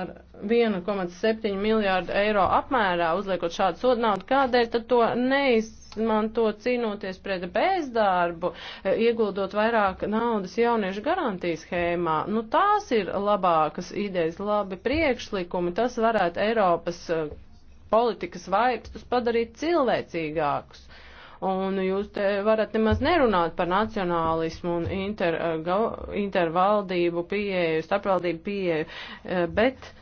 ar 1,7 miljārdu eiro apmērā, uzliekot šādu sodu naudu, kādēļ tad to neiz izmanto cīnoties pret bezdarbu, e, ieguldot vairāk naudas jauniešu garantijas schēmā. Nu, tās ir labākas idejas, labi priekšlikumi, tas varētu Eiropas e, politikas vaipstus padarīt cilvēcīgākus. Un jūs te varat nemaz nerunāt par nacionālismu un inter, e, intervaldību pieeju, starpvaldību pieeju, bet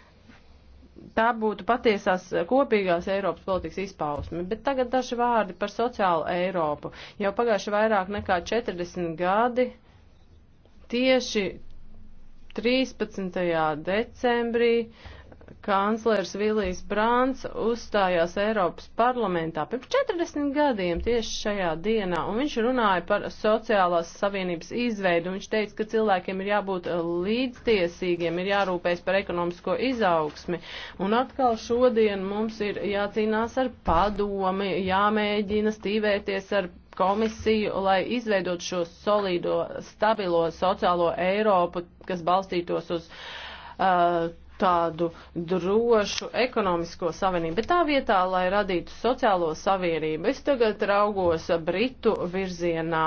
tā būtu patiesās kopīgās Eiropas politikas izpausme. Bet tagad daži vārdi par sociālu Eiropu. Jau pagājuši vairāk nekā 40 gadi tieši 13. decembrī uh, kanclers Vilijs Brāns uzstājās Eiropas parlamentā pirms 40 gadiem tieši šajā dienā, un viņš runāja par sociālās savienības izveidu, un viņš teica, ka cilvēkiem ir jābūt eh, līdztiesīgiem, ir jārūpējas par ekonomisko izaugsmi, un atkal šodien mums ir jācīnās ar padomi, jāmēģina stīvēties ar komisiju, lai izveidot šo solido, stabilo sociālo Eiropu, kas balstītos uz uh, tādu drošu ekonomisko savienību, bet tā vietā, lai radītu sociālo savienību, es tagad raugos Britu virzienā.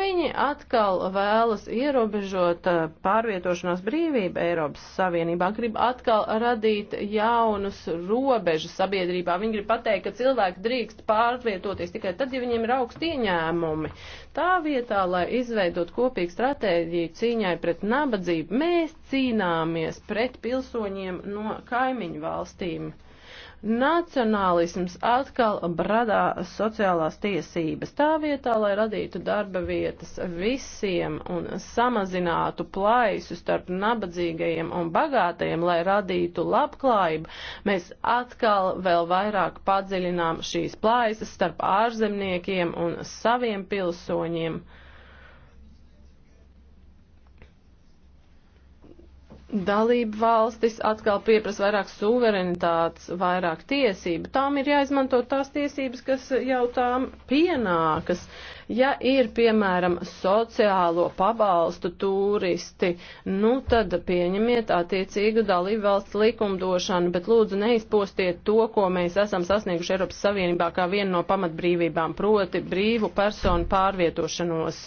Viņi atkal vēlas ierobežot eh, pārvietošanās brīvību Eiropas Savienībā, grib atkal radīt jaunus robežas sabiedrībā. Viņi grib pateikt, ka cilvēki drīkst pārvietoties tikai tad, ja viņiem ir augsti ieņēmumi tā vietā, lai izveidot kopīgu stratēģiju cīņai pret nabadzību, mēs cīnāmies pret pilsoņiem no kaimiņu valstīm. Nacionālisms atkal bradā sociālās tiesības tā vietā, lai radītu darba vietas visiem un samazinātu plaisu starp nabadzīgajiem un bagātajiem, lai radītu labklājību. Mēs atkal vēl vairāk padziļinām šīs plaisas starp ārzemniekiem un saviem pilsoņiem. dalību valstis atkal pieprasa vairāk suverenitātes, vairāk tiesību. Tām ir jāizmanto tās tiesības, kas jau tām pienākas. Ja ir, piemēram, sociālo pabalstu turisti, nu tad pieņemiet attiecīgu dalību valsts likumdošanu, bet lūdzu neizpostiet to, ko mēs esam sasnieguši Eiropas Savienībā kā vienu no pamatbrīvībām, proti brīvu personu pārvietošanos.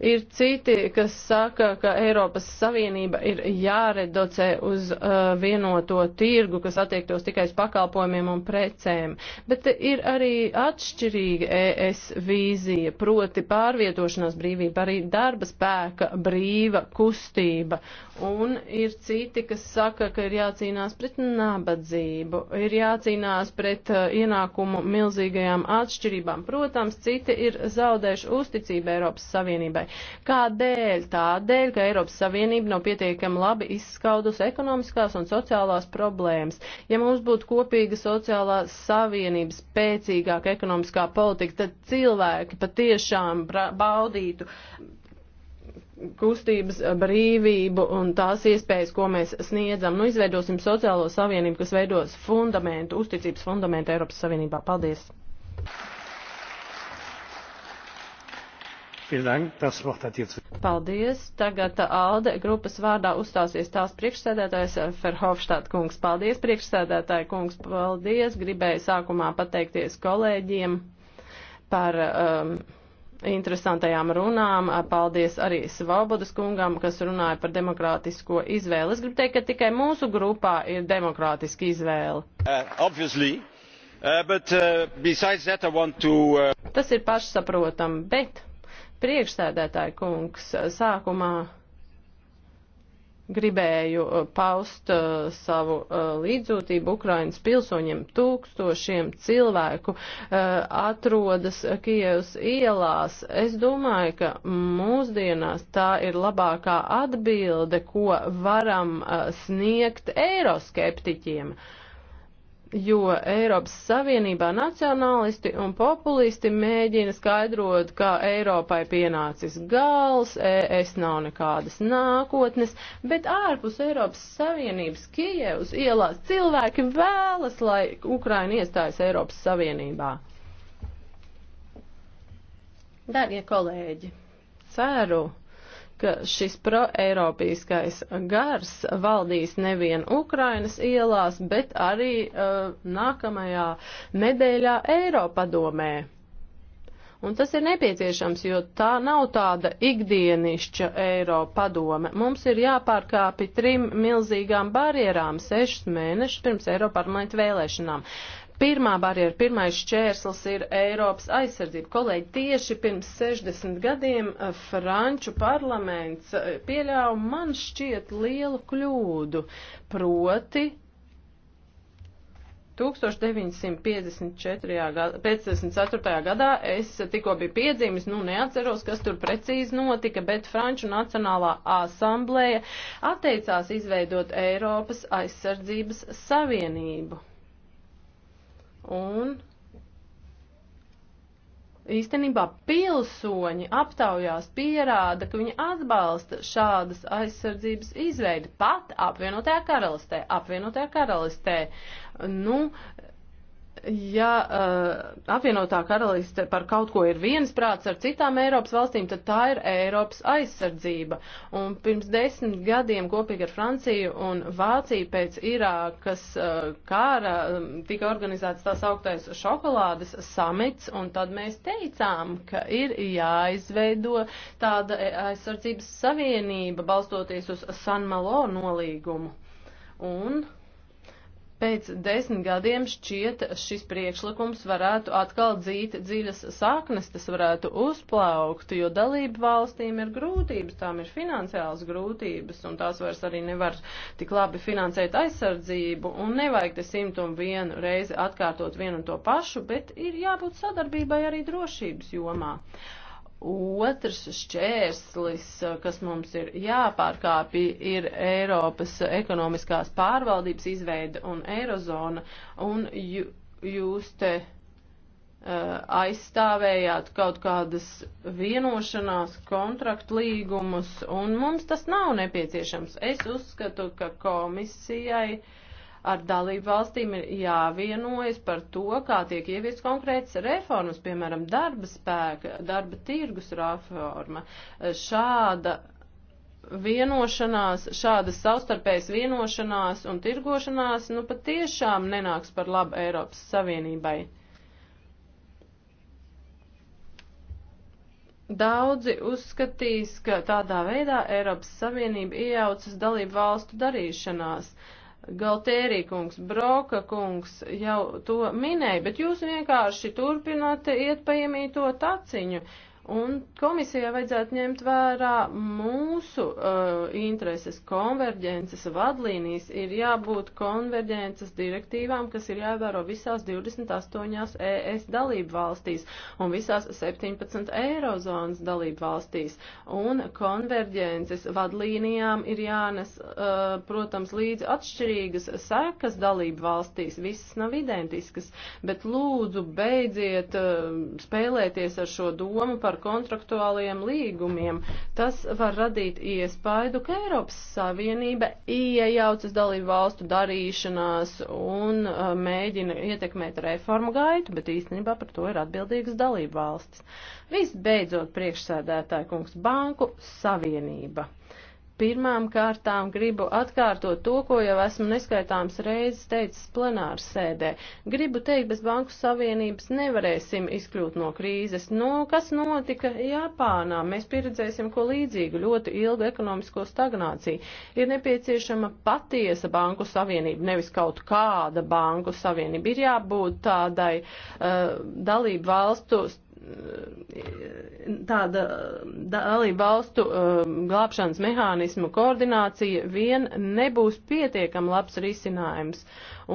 Ir citi, kas saka, ka Eiropas Savienība ir jāredocē uz uh, vienoto tirgu, kas attiektos tikai uz pakalpojumiem un precēm. Bet ir arī atšķirīga ES vīzija, proti pārvietošanās brīvība, arī darba spēka brīva kustība. Un ir citi, kas saka, ka ir jācīnās pret nabadzību, ir jācīnās pret uh, ienākumu milzīgajām atšķirībām. Protams, citi ir zaudējuši uzticību Eiropas Savienībai. Kādēļ? Tādēļ, ka Eiropas Savienība nav pietiekami labi izskaudus ekonomiskās un sociālās problēmas. Ja mums būtu kopīga sociālā savienība, spēcīgāka ekonomiskā politika, tad cilvēki patiešām baudītu kustības brīvību un tās iespējas, ko mēs sniedzam. Nu, izveidosim sociālo savienību, kas veidos fundamentu, uzticības fundamentu Eiropas Savienībā. Paldies! Paldies. Tagad ALDE grupas vārdā uzstāsies tās priekšsēdētājs eh, Ferhofštāt kungs. Paldies, priekšsēdētāji kungs. Paldies. Gribēju sākumā pateikties kolēģiem par. Um, interesantajām runām. Paldies arī Svobodas kungam, kas runāja par demokrātisko izvēli. Es gribu teikt, ka tikai mūsu grupā ir demokrātiska izvēle. Uh, uh, but, uh, that, to, uh... Tas ir pašsaprotam, bet Priekšsēdētāji kungs, sākumā gribēju uh, paust uh, savu uh, līdzjūtību Ukrainas pilsoņiem. Tūkstošiem cilvēku uh, atrodas Kievas ielās. Es domāju, ka mūsdienās tā ir labākā atbilde, ko varam uh, sniegt eiroskeptiķiem. Uh, jo Eiropas Savienībā nacionālisti un populisti mēģina skaidrot, ka Eiropai pienācis gals, ES nav nekādas nākotnes, bet ārpus Eiropas Savienības Kievas ielās cilvēki vēlas, lai Ukraina iestājas Eiropas Savienībā. Darbie kolēģi, ceru, ka šis proeiropīskais gars valdīs nevien Ukrainas ielās, bet arī uh, nākamajā nedēļā Eiropadomē. Un tas ir nepieciešams, jo tā nav tāda ikdienišķa eiro padome. Mums ir jāpārkāpi trim milzīgām barjerām sešus mēnešus pirms Eiroparlamenta vēlēšanām. Pirmā barjera, pirmais šķērslis ir Eiropas aizsardzība. Kolēģi, tieši pirms 60 gadiem eh, Franču parlaments eh, pieļāva man šķiet lielu kļūdu, proti 1954. Gada, 54. gadā es tikko biju piedzīmis, nu neatceros, kas tur precīzi notika, bet Franču Nacionālā asamblēja atteicās izveidot Eiropas aizsardzības savienību. Un īstenībā pilsoņi aptaujās pierāda, ka viņi atbalsta šādas aizsardzības izveidi pat apvienotajā karalistē. Apvienotajā karalistē, nu, ja uh, apvienotā karaliste par kaut ko ir viensprāts ar citām Eiropas valstīm, tad tā ir Eiropas aizsardzība. Un pirms desmit gadiem kopīgi ar Franciju un Vāciju pēc Irākas uh, kāra um, tika organizēts tās augtais šokolādes samits, un tad mēs teicām, ka ir jāizveido tāda aizsardzības savienība, balstoties uz San Malo nolīgumu. Un pēc desmit gadiem šķiet šis priekšlikums varētu atkal dzīt dziļas saknes, tas varētu uzplaukt, jo dalību valstīm ir grūtības, tām ir finansiāls grūtības, un tās vairs arī nevar tik labi finansēt aizsardzību, un nevajag te simt un vienu reizi atkārtot vienu un to pašu, bet ir jābūt sadarbībai arī drošības jomā. Uh, Otrs šķērslis, kas mums ir jāpārkāpj, ir Eiropas ekonomiskās pārvaldības izveida un eirozona. Un jūs te uh, aizstāvējāt kaut kādas vienošanās, kontraktu līgumus, un mums tas nav nepieciešams. Es uzskatu, ka komisijai uh, ar dalību valstīm ir jāvienojas par to, kā tiek ieviest konkrētas reformas, piemēram, darba spēka, darba tirgus reforma. Šāda vienošanās, šādas savstarpējas vienošanās un tirgošanās, nu pat tiešām nenāks par labu Eiropas Savienībai. Daudzi uzskatīs, ka tādā veidā Eiropas Savienība iejaucas dalību valstu darīšanās. Uh, Galtērī kungs, Broka kungs jau to minēja, bet jūs vienkārši turpināt iet paimīto taciņu. Un komisijai vajadzētu ņemt vērā mūsu uh, intereses, konverģences vadlīnijas. Ir jābūt konverģences direktīvām, kas ir jāvēro visās 28 ES dalību valstīs un visās 17 eirozonas dalību valstīs. Un konverģences vadlīnijām ir jānes, uh, protams, līdz atšķirīgas sekas dalību valstīs. Visas nav identiskas, bet lūdzu beidziet uh, spēlēties ar šo domu par kontraktuālajiem līgumiem. Tas var radīt iespaidu, ka Eiropas Savienība iejaucas dalību valstu darīšanās un uh, mēģina ietekmēt reformu gaitu, bet īstenībā par to ir atbildīgas dalību valstis. Visbeidzot, priekšsēdētāja kungs banku savienība. Pirmām kārtām gribu atkārtot to, ko jau esmu neskaitāms reizes teicis plenāru sēdē. Gribu teikt, bez Banku Savienības nevarēsim izkļūt no krīzes. Nu, kas notika Japānā? Mēs pieredzēsim ko līdzīgu, ļoti ilgu ekonomisko stagnāciju. Ir nepieciešama patiesa Banku Savienība, nevis kaut kāda Banku Savienība. Ir jābūt tādai uh, dalību valstu tāda dalība valstu um, glābšanas mehānismu koordinācija vien nebūs pietiekam labs risinājums.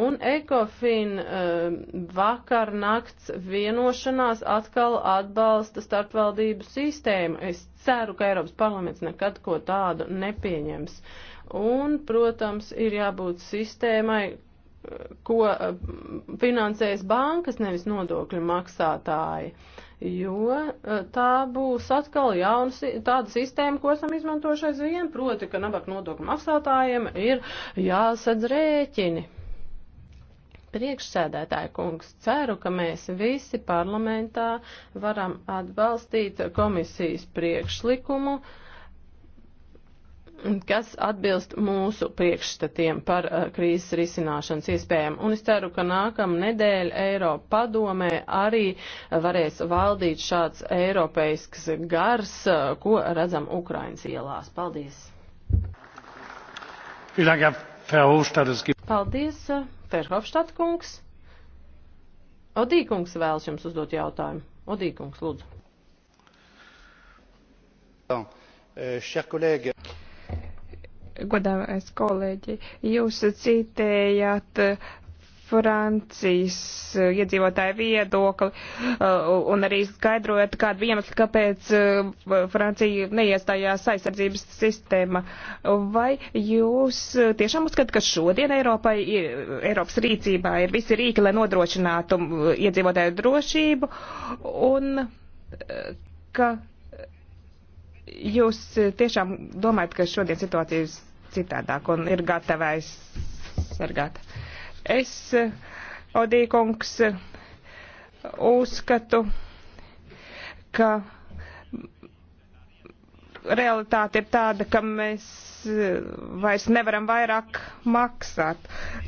Un ECOFIN um, vakar nakts vienošanās atkal atbalsta starpvaldību sistēmu. Es ceru, ka Eiropas parlaments nekad ko tādu nepieņems. Un, protams, ir jābūt sistēmai, ko eh, finansēs bankas, nevis nodokļu maksātāji, jo eh, tā būs atkal jauna tāda sistēma, ko esam izmantojuši aizvien, proti, ka nabak nodokļu maksātājiem ir jāsadz rēķini. Priekšsēdētāji kungs, ceru, ka mēs visi parlamentā varam atbalstīt komisijas priekšlikumu uh, kas atbilst mūsu priekšstatiem par uh, krīzes risināšanas iespējām. Un es ceru, ka nākamā nedēļa Eiropa padomē arī varēs valdīt šāds eiropeisks gars, uh, ko redzam Ukrainas ielās. Paldies! Paldies, Ferhofstadt eh, kungs. Odīkungs vēlas jums uzdot jautājumu. Odīkungs, lūdzu. Euh, chers collègues, godāmais kolēģi, jūs citējāt eh, Francijas eh, iedzīvotāju viedokli eh, un arī skaidrojat, kādu iemeslu, kāpēc Francija neiestājās aizsardzības sistēma. Vai jūs tiešām uzskatāt, ka šodien Eiropai, Eiropas rīcībā ir visi rīki, lai nodrošinātu iedzīvotāju drošību un ka jūs e, tiešām domājat, ka šodien situācija ir citādāk un ir gatava aizsargāt? Es, e, Odīkungs, e, uzskatu, ka realitāte ir tāda, ka mēs vairs nevaram vairāk maksāt.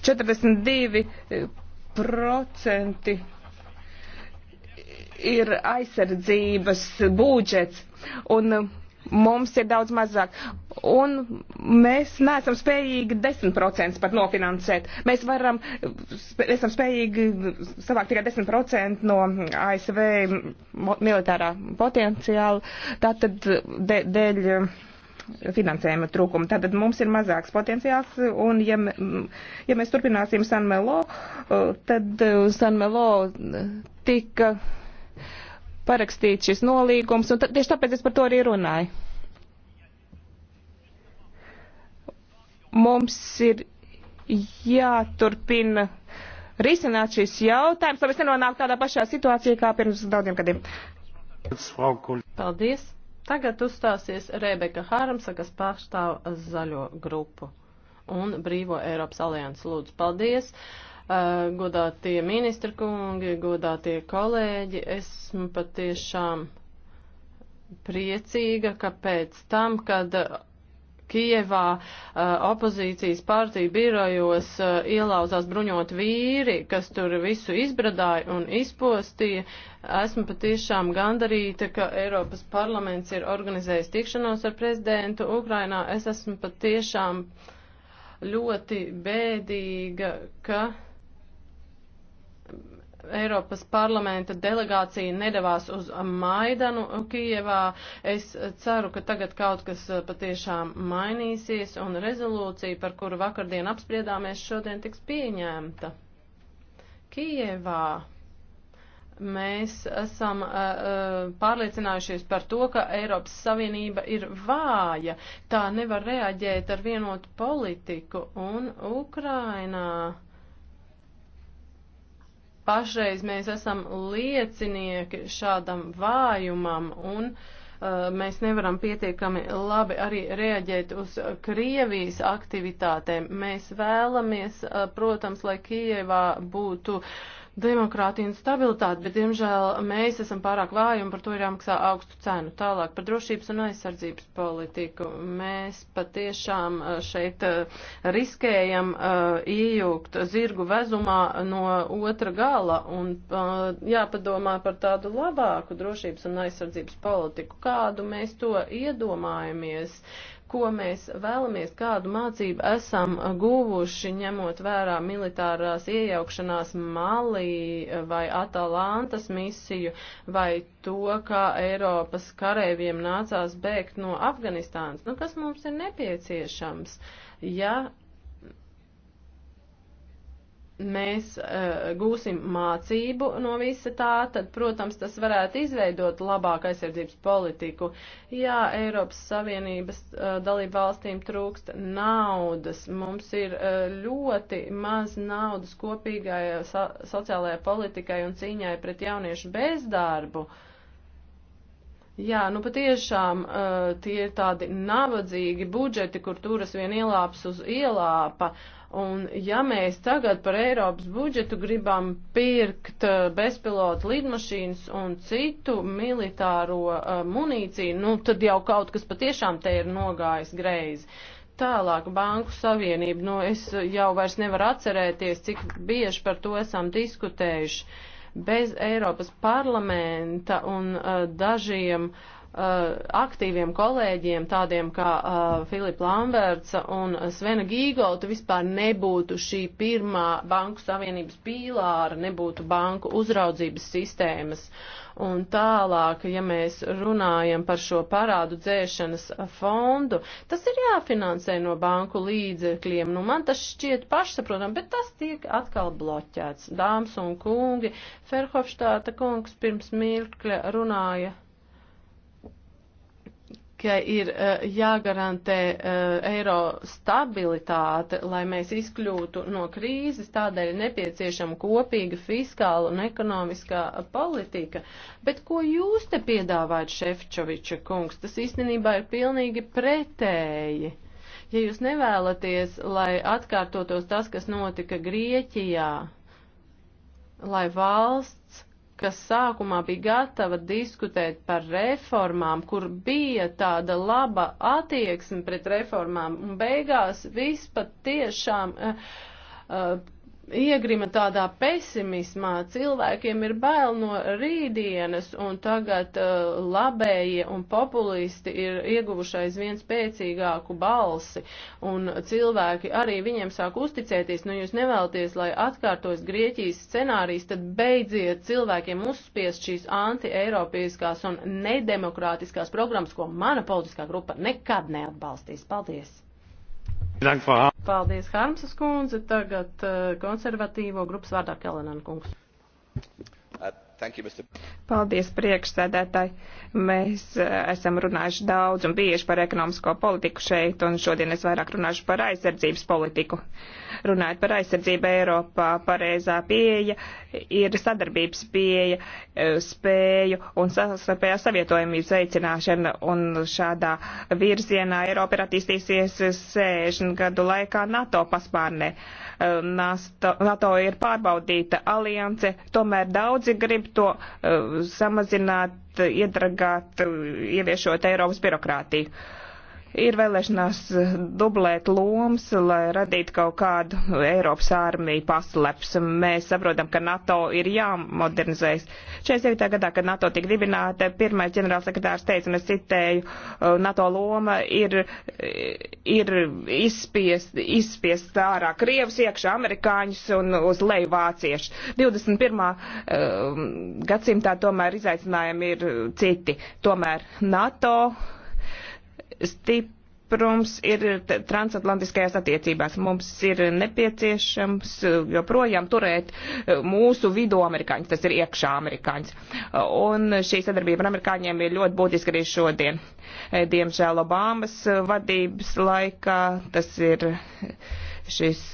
42% ir aizsardzības budžets. Un mums ir daudz mazāk. Un mēs neesam spējīgi 10% pat nofinansēt. Mēs varam, esam spējīgi savākt tikai 10% no ASV militārā potenciāla. Tātad dēļ eh, finansējuma trūkumu. Tātad mums ir mazāks potenciāls, un ja, ja mēs turpināsim Sanmelo, eh, tad eh, Sanmelo tika parakstīts šis nolīgums, un tieši tāpēc es par to arī runāju. Mums ir jāturpina risināt šis jautājums, lai mēs nenonāktu tādā pašā situācijā kā pirms daudziem gadiem. Paldies! Tagad uzstāsies Rebeka Hārmsa, kas pārstāv zaļo grupu un brīvo Eiropas alianses lūdzu. Paldies! Uh, Eh, godātie ministra kungi, godātie kolēģi. Esmu patiešām priecīga, ka pēc tam, kad Kievā uh, eh, opozīcijas partija birojos uh, ielauzās bruņot vīri, kas tur visu izbradāja un izpostīja. Esmu patiešām gandarīta, ka Eiropas parlaments ir organizējis tikšanos ar prezidentu Ukrainā. Es esmu patiešām ļoti bēdīga, ka. Eiropas parlamenta delegācija nedavās uz Maidanu Kijevā. Es ceru, ka tagad kaut kas eh, patiešām mainīsies un rezolūcija, par kuru vakardien apspriedāmies, šodien tiks pieņemta. Kijevā mēs esam uh, pārliecinājušies par to, ka Eiropas Savienība ir vāja, tā nevar reaģēt ar vienotu politiku un Ukrainā Pašreiz mēs esam liecinieki šādam vājumam un uh, mēs nevaram pietiekami labi arī reaģēt uz Krievijas aktivitātēm. Mēs vēlamies, uh, protams, lai Kievā būtu uh, demokrātiju un stabilitāti, bet, diemžēl, mēs esam pārāk vāji un par to ir jāmaksā augstu cenu. Tālāk par drošības un aizsardzības politiku. Mēs patiešām eh, šeit eh, riskējam eh, iejūgt zirgu vezumā no otra gala un jāpadomā par tādu labāku drošības un aizsardzības politiku, kādu mēs to iedomājamies. Uh, ko mēs vēlamies, kādu mācību esam guvuši, ņemot vērā militārās iejaukšanās Malī vai Atalantas misiju, vai to, kā Eiropas karēviem nācās bēgt no Afganistānas. Nu, kas mums ir nepieciešams? Ja mēs uh, gūsim mācību no visa tā, tad, protams, tas varētu izveidot labāku aizsardzības politiku. Jā, Eiropas Savienības uh, dalību valstīm trūkst naudas. Mums ir uh, ļoti maz naudas kopīgai so sociālajai politikai un cīņai pret jauniešu bezdarbu. Uh, Jā, nu patiešām uh, tie ir tādi nabadzīgi budžeti, kur turas vien ielāps uz ielāpa, Un ja mēs tagad par Eiropas budžetu gribam pirkt eh, bezpilotu lidmašīnas un citu militāro uh, munīciju, nu tad jau kaut kas patiešām te ir nogājis greizi. Tālāk banku savienība, nu es jau vairs nevaru atcerēties, cik bieži par to esam diskutējuši. Bez Eiropas parlamenta un uh, dažiem uh, Uh, aktīviem kolēģiem, tādiem kā uh, Filipa Lamberts un Svena Gīgolta, vispār nebūtu šī pirmā banku savienības pīlāra, nebūtu banku uzraudzības sistēmas. Un tālāk, ja mēs runājam par šo parādu dzēšanas fondu, tas ir jāfinansē no banku līdzekļiem. Nu, man tas šķiet pašsaprotam, bet tas tiek atkal bloķēts. Dāmas un kungi, Ferhofštāta kungs pirms mirkļa runāja ka ir eh, jāgarantē eh, eiro stabilitāte, lai mēs izkļūtu no krīzes, tādēļ ir nepieciešama kopīga fiskāla un ekonomiskā politika. Bet ko jūs te piedāvājat, Šefčoviča kungs? Tas īstenībā ir pilnīgi pretēji. Ja jūs nevēlaties, lai atkārtotos tas, kas notika Grieķijā, lai valsts kas sākumā bija gatava diskutēt par reformām, kur bija tāda laba attieksme pret reformām, un beigās viss pat tiešām uh, uh, iegrima tādā pesimismā, cilvēkiem ir bail no rītdienas, un tagad uh, labējie un populisti ir ieguvuši aizvien spēcīgāku balsi, un cilvēki arī viņiem sāk uzticēties, nu jūs nevēlties, lai atkārtos Grieķijas scenārijs, tad beidziet cilvēkiem uzspiest šīs anti-eiropeiskās un nedemokrātiskās programmas, ko mana politiskā grupa nekad neatbalstīs. Paldies! Paldies, Harmsas kundze. Tagad eh, konservatīvo grupas vārdā Kelenan kungs. Uh, Paldies, priekšsēdētāji. Mēs eh, esam runājuši daudz un bieži par ekonomisko politiku šeit, un šodien es vairāk runāšu par aizsardzības politiku. Uh, Runājot par aizsardzību Eiropā, pareizā pieeja ir sadarbības pieeja, e, spēju un sastarpējā savietojumības veicināšana. Un šādā virzienā Eiropa ir attīstīsies 60 gadu laikā NATO paspārnē. E, NATO, NATO ir pārbaudīta alianse, tomēr daudzi grib to e, samazināt, iedragāt, ieviešot Eiropas birokrātiju ir vēlēšanās dublēt lomas, lai radītu kaut kādu Eiropas armiju pasleps. Mēs saprotam, ka NATO ir jāmodernizējas. 47. gadā, kad NATO tika dibināta, pirmais ģenerālsekretārs teica, un es citēju, NATO loma ir, ir izspiest, izspiest ārā Krievus, iekšā amerikāņus un uz leju vāciešus. 21. Um, gadsimtā tomēr izaicinājumi ir citi. Tomēr NATO stiprums ir transatlantiskajās attiecībās. Mums ir nepieciešams eh, joprojām turēt eh, mūsu vidu amerikāņus, tas ir iekšā amerikāņus. Un šī sadarbība ar amerikāņiem ir ļoti būtiska arī šodien. Eh, Diemžēl Obamas vadības laikā tas ir šis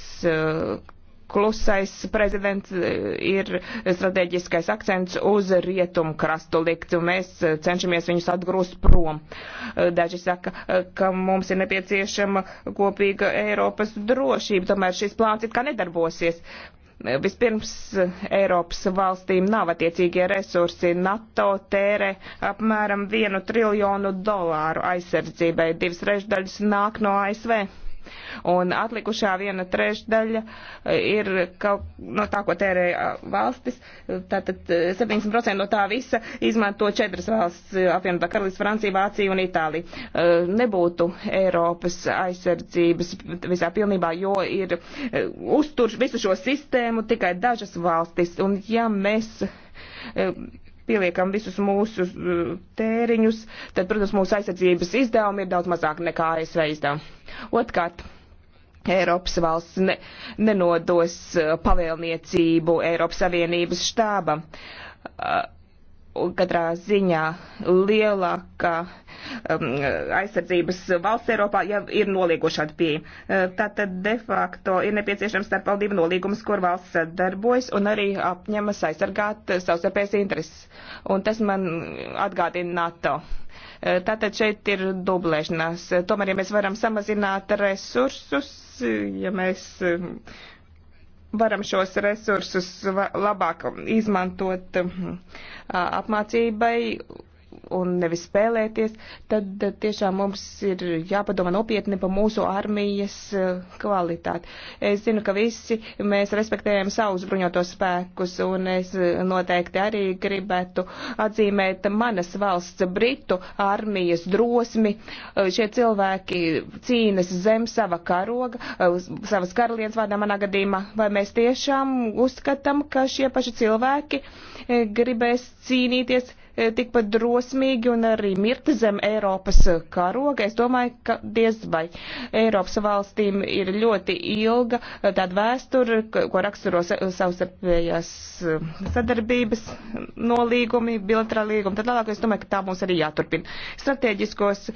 Klusais prezidents e, ir strateģiskais akcents uz rietumu krastu likt, un mēs e, cenšamies viņus atgrūst prom. E, Daži saka, ka mums ir nepieciešama kopīga Eiropas drošība, tomēr šis plāns it kā nedarbosies. Vispirms Eiropas valstīm nav attiecīgie resursi. NATO tērē apmēram vienu triljonu dolāru aizsardzībai, divas trešdaļas nāk no ASV Un atlikušā viena trešdaļa eh, ir kaut no tā, ko tērē valstis. Tātad 70% eh, no tā visa izmanto četras valsts eh, - apvienotā karalists, Francija, Vācija un Itālija. Nebūtu Eiropas aizsardzības visā pilnībā, jo ir uztur visu šo sistēmu tikai dažas valstis. Un ja mēs pieliekam visus mūsu eh, tēriņus, tad, protams, mūsu aizsardzības izdevumi ir daudz mazāk nekā ASV izdevumi. Otkārt, Eiropas valsts ne, nenodos eh, pavēlniecību Eiropas Savienības štābam. Uh, eh, katrā ziņā lielākā um, aizsardzības valsts Eiropā jau ir nolieguši šādu pieeju. Uh, tātad de facto ir nepieciešams starpvaldību nolīgums, kur valsts sadarbojas un arī apņemas aizsargāt savstarpējas intereses. Un tas man atgādina NATO. Uh, tātad šeit ir dublēšanās. Tomēr, ja mēs varam samazināt resursus, ja mēs um, varam šos resursus labāk izmantot hm, apmācībai un nevis spēlēties, tad tiešām mums ir jāpadomā nopietni par mūsu armijas eh, kvalitāti. Es zinu, ka visi mēs respektējam savus bruņotos spēkus, un es eh, noteikti arī gribētu atzīmēt manas valsts Britu armijas drosmi. Eh, šie cilvēki cīnas zem sava karoga, savas karalienes vārdā manā gadījumā. Vai mēs tiešām uzskatām, ka šie paši cilvēki gribēs cīnīties? E, tikpat drosmīgi un arī mirt zem Eiropas karoga. Es domāju, ka diez vai Eiropas valstīm ir ļoti ilga e, tāda vēsture, ko raksturo savstarpējās e, sadarbības nolīgumi, bilaterālīgumi. Tad tālāk es domāju, ka tā mums arī jāturpina. Strateģiskos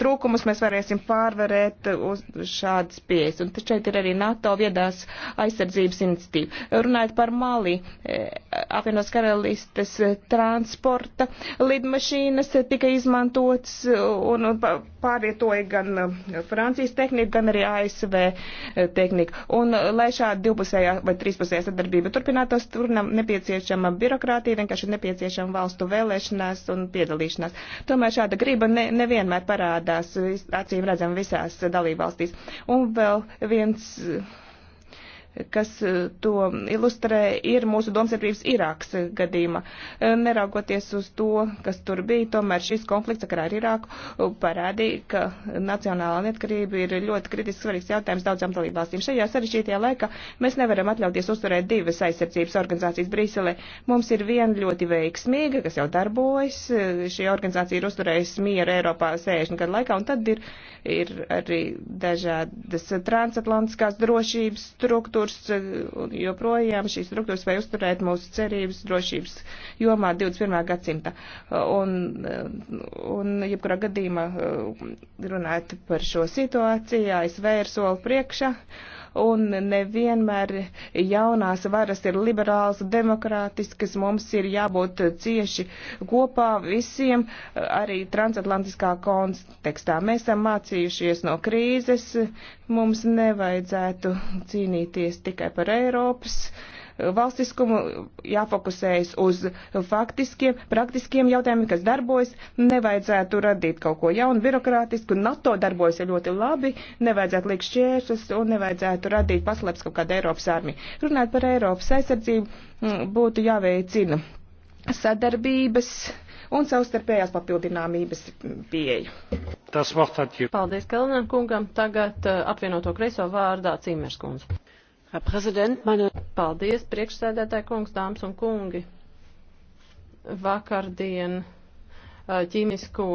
trūkumus mēs varēsim pārvarēt uz šādas pieejas. Un šeit ir arī NATO viedās aizsardzības iniciatīva. Runājot par Mali, apvienos karalistes transportu transporta lidmašīnas tika izmantots un pārvietoja gan uh, Francijas tehniku, gan arī ASV uh, tehniku. Un, uh, lai šāda divpusējā vai trīspusējā sadarbība turpinātos, tur nav nepieciešama birokrātija, vienkārši nepieciešama valstu vēlēšanās un piedalīšanās. Tomēr šāda griba ne, nevienmēr parādās, acīm redzam, visās dalībvalstīs. Un vēl viens kas eh, to ilustrē, ir mūsu domstarpības Irāks eh, gadījumā. Eh, neraugoties uz to, kas tur bija, tomēr šis konflikts ar Irāku parādīja, ka nacionālā neatkarība ir ļoti kritiski svarīgs jautājums daudzām dalībvalstīm. Šajā sarežģītajā laikā mēs nevaram atļauties uzturēt divas aizsardzības organizācijas Brīselē. Mums ir viena ļoti veiksmīga, kas jau darbojas. Šī organizācija ir uzturējusi mieru Eiropā 60 gadu laikā, un tad ir, ir arī dažādas transatlantiskās drošības struktūras struktūras, eh, joprojām šīs struktūras vai uzturēt mūsu cerības drošības jomā 21. gadsimta. Un, eh, un jebkurā gadījumā eh, runājot par šo situāciju, ASV ir soli priekšā. Uh, un nevienmēr jaunās varas ir liberāls, demokrātiskas, mums ir jābūt cieši kopā visiem, arī transatlantiskā kontekstā. Mēs esam mācījušies no krīzes, mums nevajadzētu cīnīties tikai par Eiropas valstiskumu, jāfokusējas uz faktiskiem, praktiskiem jautājumiem, kas darbojas. Nevajadzētu radīt kaut ko jaunu, birokrātisku. NATO darbojas ļoti labi, nevajadzētu likt šķēršus un nevajadzētu radīt paslēpes kaut kāda Eiropas armija. Runājot par Eiropas aizsardzību, mm, būtu jāveicina sadarbības un savstarpējās papildināmības pieeju. Tas vārds atjūt. Paldies Kalinam kungam. Tagad eh, apvienoto kreiso vārdā Cimers kundze. Paldies, priekšsēdētāji kungs, dāmas un kungi. Vakardien ķīmisko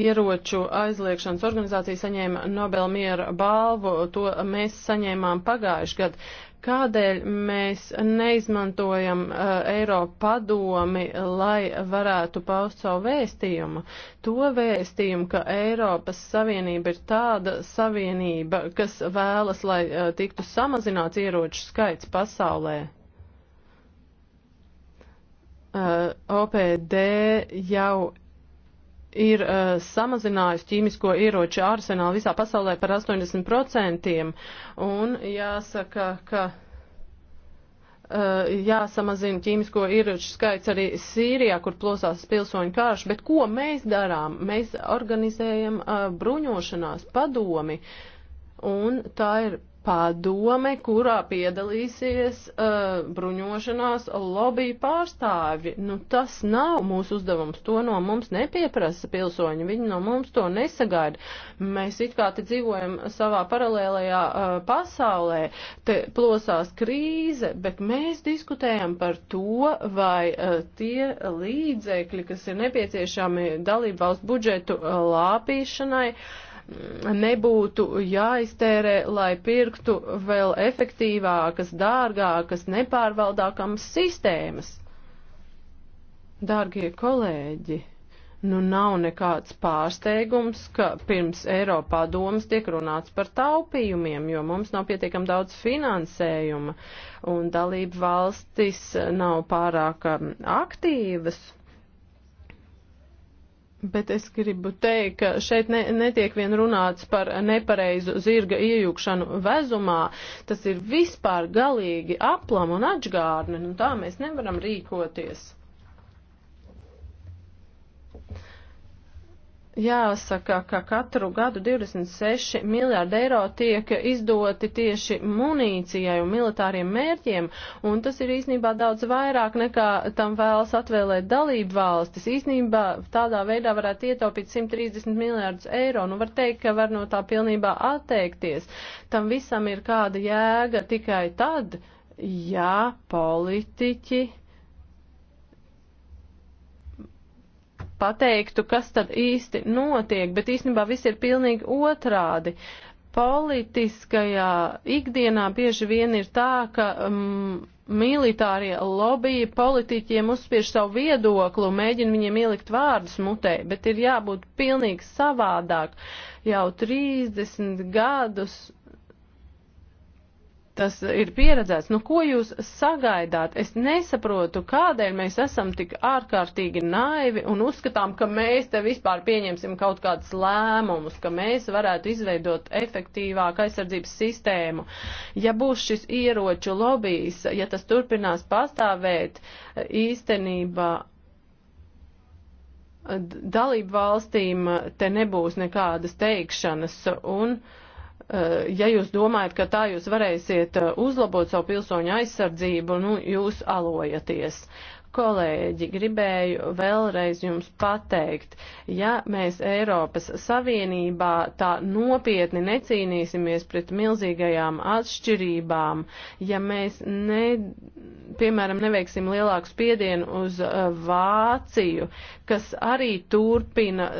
ieroču aizliekšanas organizācija saņēma Nobel miera balvu. To mēs saņēmām pagājuši gadu. Kādēļ mēs neizmantojam uh, Eiropa padomi, lai varētu paust savu vēstījumu? To vēstījumu, ka Eiropas Savienība ir tāda savienība, kas vēlas, lai uh, tiktu samazināts ieroču skaits pasaulē. Uh, OPD jau ir uh, samazinājusi ķīmisko ieroču arsenālu visā pasaulē par 80%, un jāsaka, ka uh, jāsamazina ķīmisko ieroču skaits arī Sīrijā, kur plosās pilsoņu kārš, bet ko mēs darām? Mēs organizējam uh, bruņošanās padomi, un tā ir padome, kurā piedalīsies uh, bruņošanās lobby pārstāvi. Nu, tas nav mūsu uzdevums, to no mums nepieprasa pilsoņi, viņi no mums to nesagaida. Mēs it kā te dzīvojam savā paralēlajā uh, pasaulē, te plosās krīze, bet mēs diskutējam par to, vai uh, tie līdzekļi, kas ir nepieciešami dalību valsts budžetu uh, lāpīšanai, uh, nebūtu jāiztērē, lai pirktu vēl efektīvākas, dārgākas, nepārvaldākamas sistēmas. Dārgie kolēģi, nu nav nekāds pārsteigums, ka pirms Eiropā domas tiek runāts par taupījumiem, jo mums nav pietiekam daudz finansējuma un dalību valstis nav pārāk um, aktīvas. Bet es gribu teikt, ka šeit ne, netiek vien runāts par nepareizu zirga iejūkšanu vezumā. Tas ir vispār galīgi aplam un atžgārni. Nu, tā mēs nevaram rīkoties. Jāsaka, ka katru gadu 26 miljārdi eiro tiek izdoti tieši munīcijai un militāriem mērķiem, un tas ir īsnībā daudz vairāk nekā tam vēlas atvēlēt dalību valstis. Īsnībā tādā veidā varētu ietaupīt 130 miljārdus eiro, nu var teikt, ka var no tā pilnībā atteikties. Tam visam ir kāda jēga tikai tad, ja politiķi pateiktu, kas tad īsti notiek, bet īstenībā viss ir pilnīgi otrādi. Politiskajā ikdienā bieži vien ir tā, ka um, militārie lobby politiķiem uzspiež savu viedoklu, mēģina viņiem ielikt vārdus mutē, bet ir jābūt pilnīgi savādāk. Jau 30 gadus tas ir pieredzēts. Nu, ko jūs sagaidāt? Es nesaprotu, kādēļ mēs esam tik ārkārtīgi naivi un uzskatām, ka mēs te vispār pieņemsim kaut kādus lēmumus, ka mēs varētu izveidot efektīvāku aizsardzības sistēmu. Ja būs šis ieroču lobijs, ja tas turpinās pastāvēt, īstenībā dalību valstīm te nebūs nekādas teikšanas un uh, Eh, ja jūs domājat, ka tā jūs varēsiet eh, uzlabot savu pilsoņu aizsardzību, nu, jūs alojaties. Kolēģi, gribēju vēlreiz jums pateikt, ja mēs Eiropas Savienībā tā nopietni necīnīsimies pret milzīgajām atšķirībām, ja mēs, ne, piemēram, neveiksim lielāku spiedienu uz uh, Vāciju, kas arī turpina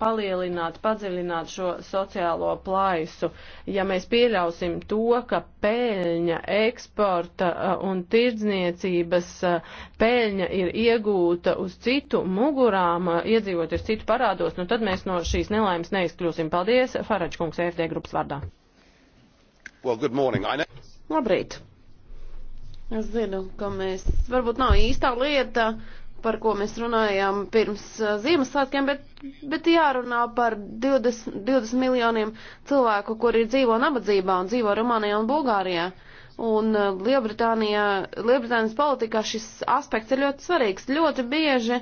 palielināt, padziļināt šo sociālo plaisu, ja mēs pieļausim to, ka peļņa, eksporta uh, un tirdzniecības uh, peļņa, peļņa ir iegūta uz citu mugurām, iedzīvoties citu parādos, nu tad mēs no šīs nelaimes neizkļūsim. Paldies, Faračkungs, EFD grupas vārdā. Well, good morning. I know... Labrīt. Es zinu, ka mēs varbūt nav īstā lieta, par ko mēs runājām pirms uh, Ziemassvētkiem, bet, bet jārunā par 20, 20 miljoniem cilvēku, kuri dzīvo nabadzībā un dzīvo Rumānijā un Bulgārijā. Uh, Un uh, Lielbritānijā, Lielbritānijas politikā šis aspekts ir ļoti svarīgs. Ļoti bieži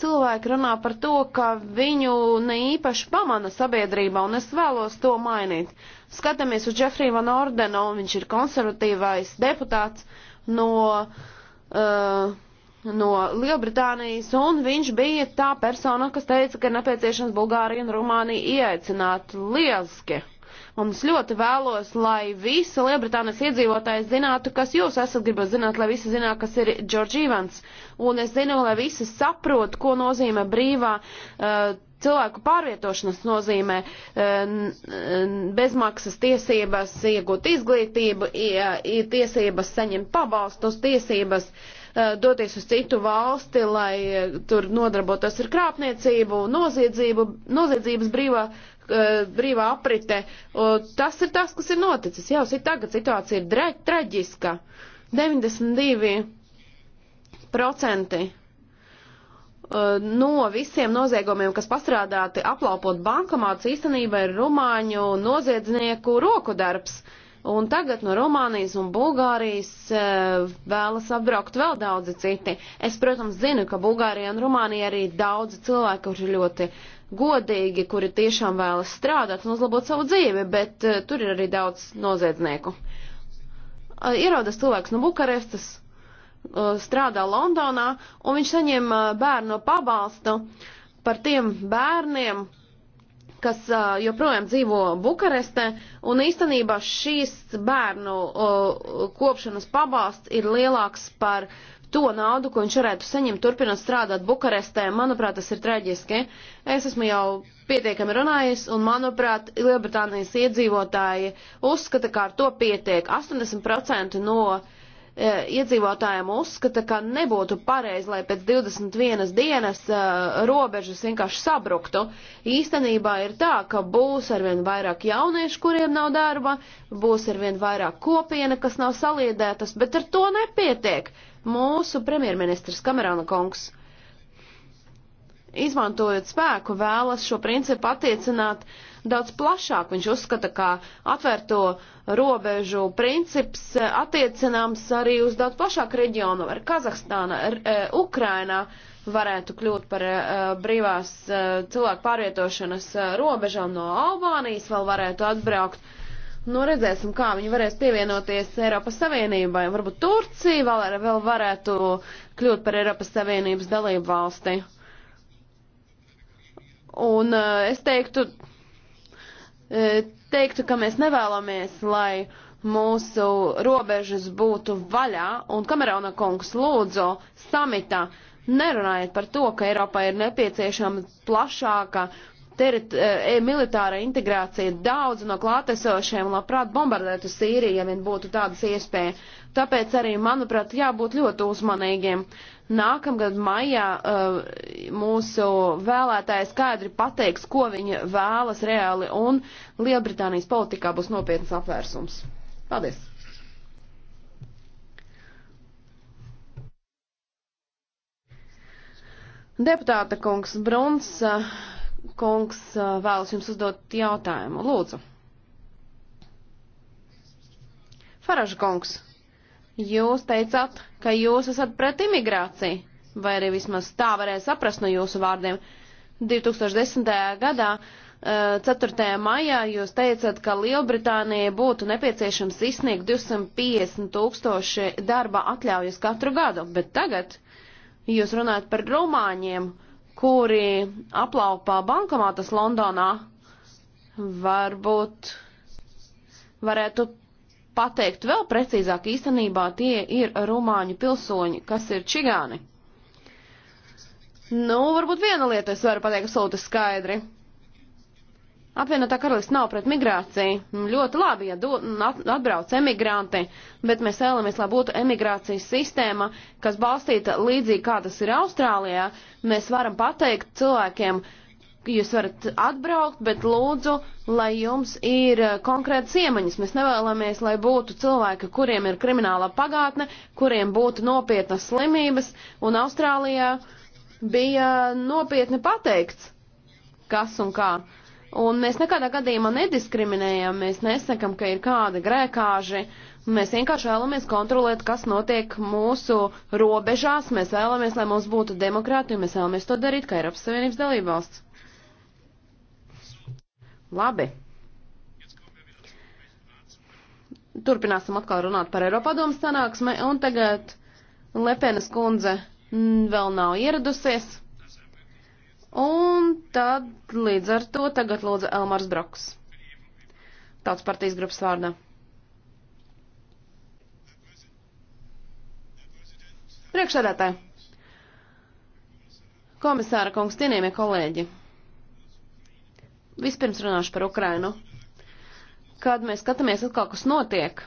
cilvēki runā par to, ka viņu ne īpaši pamana sabiedrībā, un es vēlos to mainīt. Skatāmies uz Džefriju Van Ordenu, viņš ir konservatīvais deputāts no, uh, no Lielbritānijas, un viņš bija tā persona, kas teica, ka nepieciešams Bulgārija un Rumānija ieaicināt lieliski. Mums ļoti vēlos, lai visi Lielbritānijas iedzīvotāji zinātu, kas jūs esat. Gribu zināt, lai visi zinātu, kas ir George Evans. Un es zinu, lai visi saprot, ko nozīmē brīvā uh, cilvēku pārvietošanas nozīmē uh, bezmaksas tiesības iegūt izglītību, tiesības saņemt pabalstus, tiesības uh, doties uz citu valsti, lai tur nodarbotos ar krāpniecību, noziedzību, noziedzības brīvā Eh, brīvā aprite. Tas ir tas, kas ir noticis. Jau tagad situācija ir traģiska. 92% no visiem noziegumiem, kas pastrādāti aplaupot bankomāts, īstenībā ir rumāņu noziedznieku roku darbs. Un tagad no Rumānijas un Bulgārijas e, vēlas apbraukt vēl daudzi citi. Es, protams, zinu, ka Bulgārija un Rumānija arī daudzi cilvēki, kurš ir ļoti godīgi, kuri tiešām vēlas strādāt un uzlabot savu dzīvi, bet uh, tur ir arī daudz noziedznieku. Uh, ierodas cilvēks no Bukarestas, uh, strādā Londonā, un viņš saņem uh, bērnu pabalstu par tiem bērniem, kas uh, joprojām dzīvo Bukarestē, un īstenībā šīs bērnu uh, kopšanas pabalsts ir lielāks par uh, to naudu, ko viņš varētu saņemt, turpinot strādāt Bukarestē. Manuprāt, tas ir traģiski. Es esmu jau pietiekami runājis, un manuprāt, Lielbritānijas iedzīvotāji uzskata, ka ar to pietiek. 80% no e, iedzīvotājiem uzskata, ka nebūtu pareizi, lai pēc 21 dienas e, robežas vienkārši sabruktu. Īstenībā ir tā, ka būs arvien vairāk jauniešu, kuriem nav darba, būs arvien vairāk kopiena, kas nav saliedētas, bet ar to nepietiek. Mūsu premjerministrs Kamerāna kungs, izmantojot spēku, vēlas šo principu attiecināt daudz plašāk. Viņš uzskata, ka atvērto robežu princips attiecināms arī uz daudz plašāku reģionu, ar Kazahstānu, ar e, Ukrainā varētu kļūt par e, brīvās e, cilvēku pārvietošanas e, robežām no Albānijas, vēl varētu atbraukt Nu, redzēsim, kā viņi varēs pievienoties Eiropas Savienībai. Varbūt Turcija vēl, vēl varētu kļūt par Eiropas Savienības dalību valsti. Un eh, es teiktu, eh, teiktu, ka mēs nevēlamies, lai mūsu robežas būtu vaļā. Un Kamerona kungs lūdzu samitā nerunājiet par to, ka Eiropai ir nepieciešama plašāka terit, e, militāra integrācija. Daudz no klātesošiem labprāt bombardētu Sīriju, ja vien būtu tādas iespēja. Tāpēc arī, manuprāt, jābūt ļoti uzmanīgiem. Nākamgad maijā e, mūsu vēlētāji skaidri pateiks, ko viņi vēlas reāli, un Lielbritānijas politikā būs nopietnas apvērsums. Paldies! Deputāta kungs Bruns kungs vēlas jums uzdot jautājumu. Lūdzu. Faraža kungs, jūs teicāt, ka jūs esat pret imigrāciju, vai arī vismaz tā varēja saprast no jūsu vārdiem. 2010. gadā, 4. maijā, jūs teicat, ka Lielbritānijai būtu nepieciešams izsniegt 250 tūkstoši darba atļaujas katru gadu, bet tagad jūs runājat par rumāņiem kuri aplaupā bankomātas Londonā, varbūt varētu pateikt vēl precīzāk, īstenībā tie ir rumāņu pilsoņi, kas ir čigāni. Nu, varbūt viena lieta es varu pateikt absolūti skaidri. Apvienotā karalists nav pret migrāciju. Ļoti labi, ja do, at, atbrauc emigranti, bet mēs vēlamies, lai būtu emigrācijas sistēma, kas balstīta līdzīgi kā tas ir Austrālijā. Mēs varam pateikt cilvēkiem, jūs varat atbraukt, bet lūdzu, lai jums ir eh, konkrētas iemaņas. Mēs nevēlamies, lai būtu cilvēki, kuriem ir krimināla pagātne, kuriem būtu nopietnas slimības, un Austrālijā bija nopietni pateikts, kas un kā. Un mēs nekādā gadījumā nediskriminējam, mēs nesakam, ka ir kāda grēkāži. Mēs vienkārši vēlamies kontrolēt, kas notiek mūsu robežās. Mēs vēlamies, lai mums būtu demokrātija, un mēs vēlamies to darīt, kā Eiropas Savienības dalībvalsts. Labi. Turpināsim atkal runāt par Eiropadomu sanāksmi, un tagad Lepenes kundze vēl nav ieradusies tad līdz ar to tagad lūdzu Elmars Broks. Tautas partijas grupas vārdā. Priekšsēdētāji. Komisāra kungs, cienījamie kolēģi. Vispirms runāšu par Ukrainu. Kad mēs skatāmies atkal, kas notiek,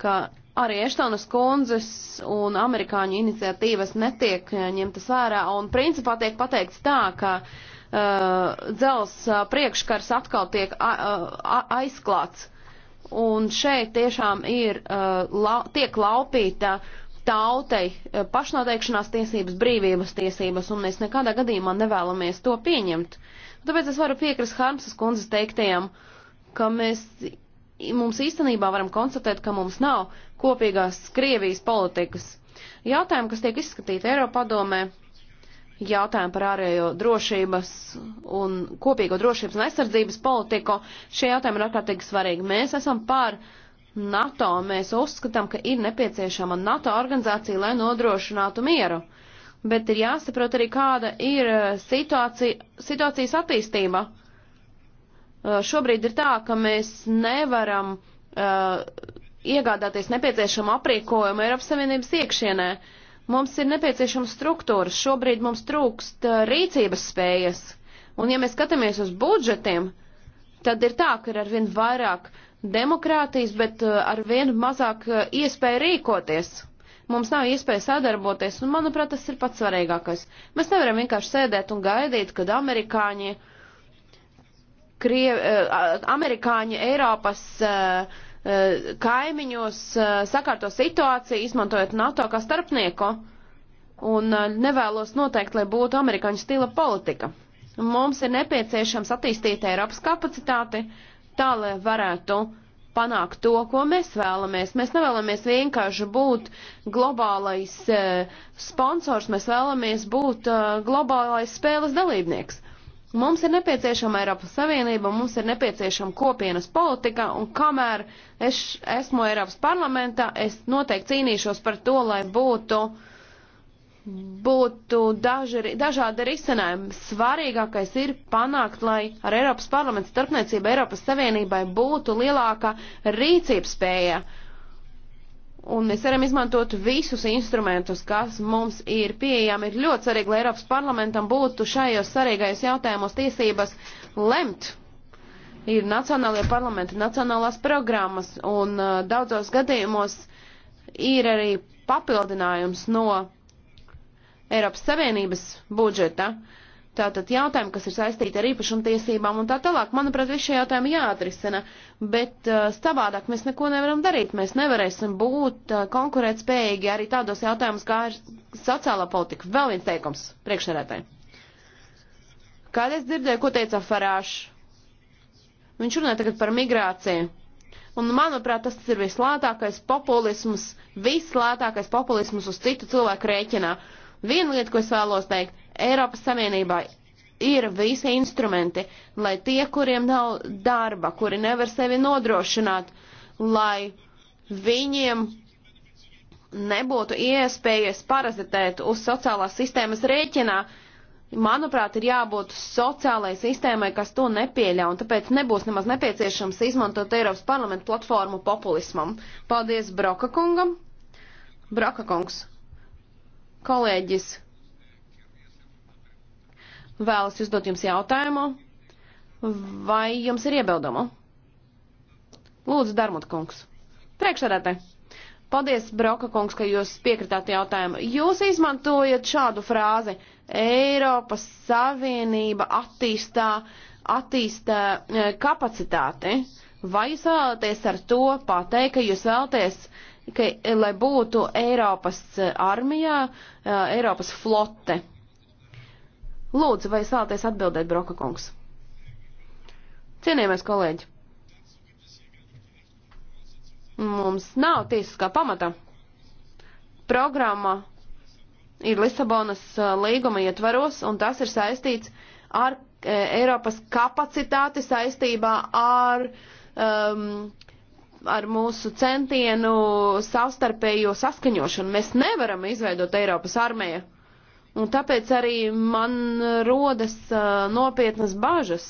ka arī Eštonas kundzes un amerikāņu iniciatīvas netiek eh, ņemtas vērā, un principā tiek pateikts tā, ka uh, dzels uh, priekškars atkal tiek aizklāts, un šeit tiešām ir, uh, la, tiek laupīta tautai pašnoteikšanās tiesības, brīvības tiesības, un mēs nekādā gadījumā nevēlamies to pieņemt. Tāpēc es varu piekrist Harmsas kundzes teiktajam, ka mēs mums īstenībā varam konstatēt, ka mums nav kopīgās Krievijas politikas. Jautājumi, kas tiek izskatīti Eiropadomē, jautājumi par ārējo drošības un kopīgo drošības un aizsardzības politiku. Šie jautājumi ir ārkārtīgi svarīgi. Mēs esam pār NATO. Mēs uzskatām, ka ir nepieciešama NATO organizācija, lai nodrošinātu mieru. Bet ir jāsaprot arī, kāda ir situācija, situācijas attīstība. Uh, Eh, šobrīd ir tā, ka mēs nevaram uh, iegādāties nepieciešamu aprīkojumu Eiropas Savienības iekšienē. Mums ir nepieciešams struktūras, šobrīd mums trūkst uh, rīcības spējas. Un ja mēs skatāmies uz budžetiem, tad ir tā, ka ir arvien vairāk demokrātijas, bet uh, arvien mazāk uh, iespēja rīkoties. Mums nav iespēja sadarboties, un manuprāt, tas ir pats svarīgākais. Mēs nevaram vienkārši sēdēt un gaidīt, kad amerikāņi uh, Krie, eh, amerikāņi Eiropas uh, kaimiņos uh, sakārto situāciju, izmantojot NATO kā starpnieku, un uh, nevēlos noteikti, lai būtu amerikāņu stila politika. Mums ir nepieciešams attīstīt Eiropas kapacitāti, tā lai varētu panākt to, ko mēs vēlamies. Mēs nevēlamies vienkārši būt globālais uh, sponsors, mēs vēlamies būt globālais spēles dalībnieks. Mums ir nepieciešama Eiropas Savienība, mums ir nepieciešama kopienas politika, un kamēr es esmu Eiropas parlamentā, es noteikti cīnīšos par to, lai būtu, būtu daži, dažādi risinājumi. Svarīgākais ir panākt, lai ar Eiropas parlamentu starpniecību Eiropas Savienībai būtu lielāka rīcības spēja. Uh, un mēs varam izmantot visus instrumentus, kas mums ir pieejami. Ir ļoti svarīgi, lai Eiropas parlamentam būtu šajos svarīgajos jautājumos tiesības lemt. Ir nacionālajie parlamenti, nacionālās programmas, un uh, daudzos gadījumos ir arī papildinājums no Eiropas Savienības budžeta. Uh, Tātad jautājumi, kas ir saistīti ar īpašumtiesībām un tā tālāk, manuprāt, visi šie jautājumi jāatrisina, bet uh, savādāk mēs neko nevaram darīt. Mēs nevarēsim būt uh, konkurētspējīgi arī tādos jautājumus, kā ir sociālā politika. Vēl viens teikums priekšsarētāji. Kādēļ dzirdēju, ko teica Farāšs? Viņš runāja tagad par migrāciju. Un, manuprāt, tas ir vislētākais populisms, vislētākais populisms uz citu cilvēku rēķinā. Viena lieta, ko es vēlos teikt, Eiropas Savienībā ir visi instrumenti, lai tie, kuriem nav darba, kuri nevar sevi nodrošināt, lai viņiem nebūtu iespējas parazitēt uz sociālās sistēmas rēķinā, manuprāt, ir jābūt sociālajai sistēmai, kas to nepieļauj, un tāpēc nebūs nemaz nepieciešams izmantot Eiropas parlamentu platformu populismam. Paldies Broka kungam. Broka kungs, kolēģis vēlas uzdot jums jautājumu, vai jums ir iebildumu? Lūdzu, Darmut kungs. Priekšsēdētāji, paldies, Broka kungs, ka jūs piekritāt jautājumu. Jūs izmantojat šādu frāzi - Eiropas Savienība attīstā, attīstā e, kapacitāti. Vai jūs vēlaties ar to pateikt, ka jūs vēlaties ka, lai būtu Eiropas e, armijā, e, Eiropas flote. Lūdzu, vai jūs vēlaties atbildēt, Broka kungs? Cienījamais kolēģi, mums nav tiesiskā pamata. Programma ir Lisabonas uh, līguma ietvaros, un tas ir saistīts ar e, Eiropas kapacitāti saistībā ar, um, ar mūsu centienu savstarpējo saskaņošanu. Mēs nevaram izveidot Eiropas armiju. Un tāpēc arī man rodas uh, nopietnas bažas.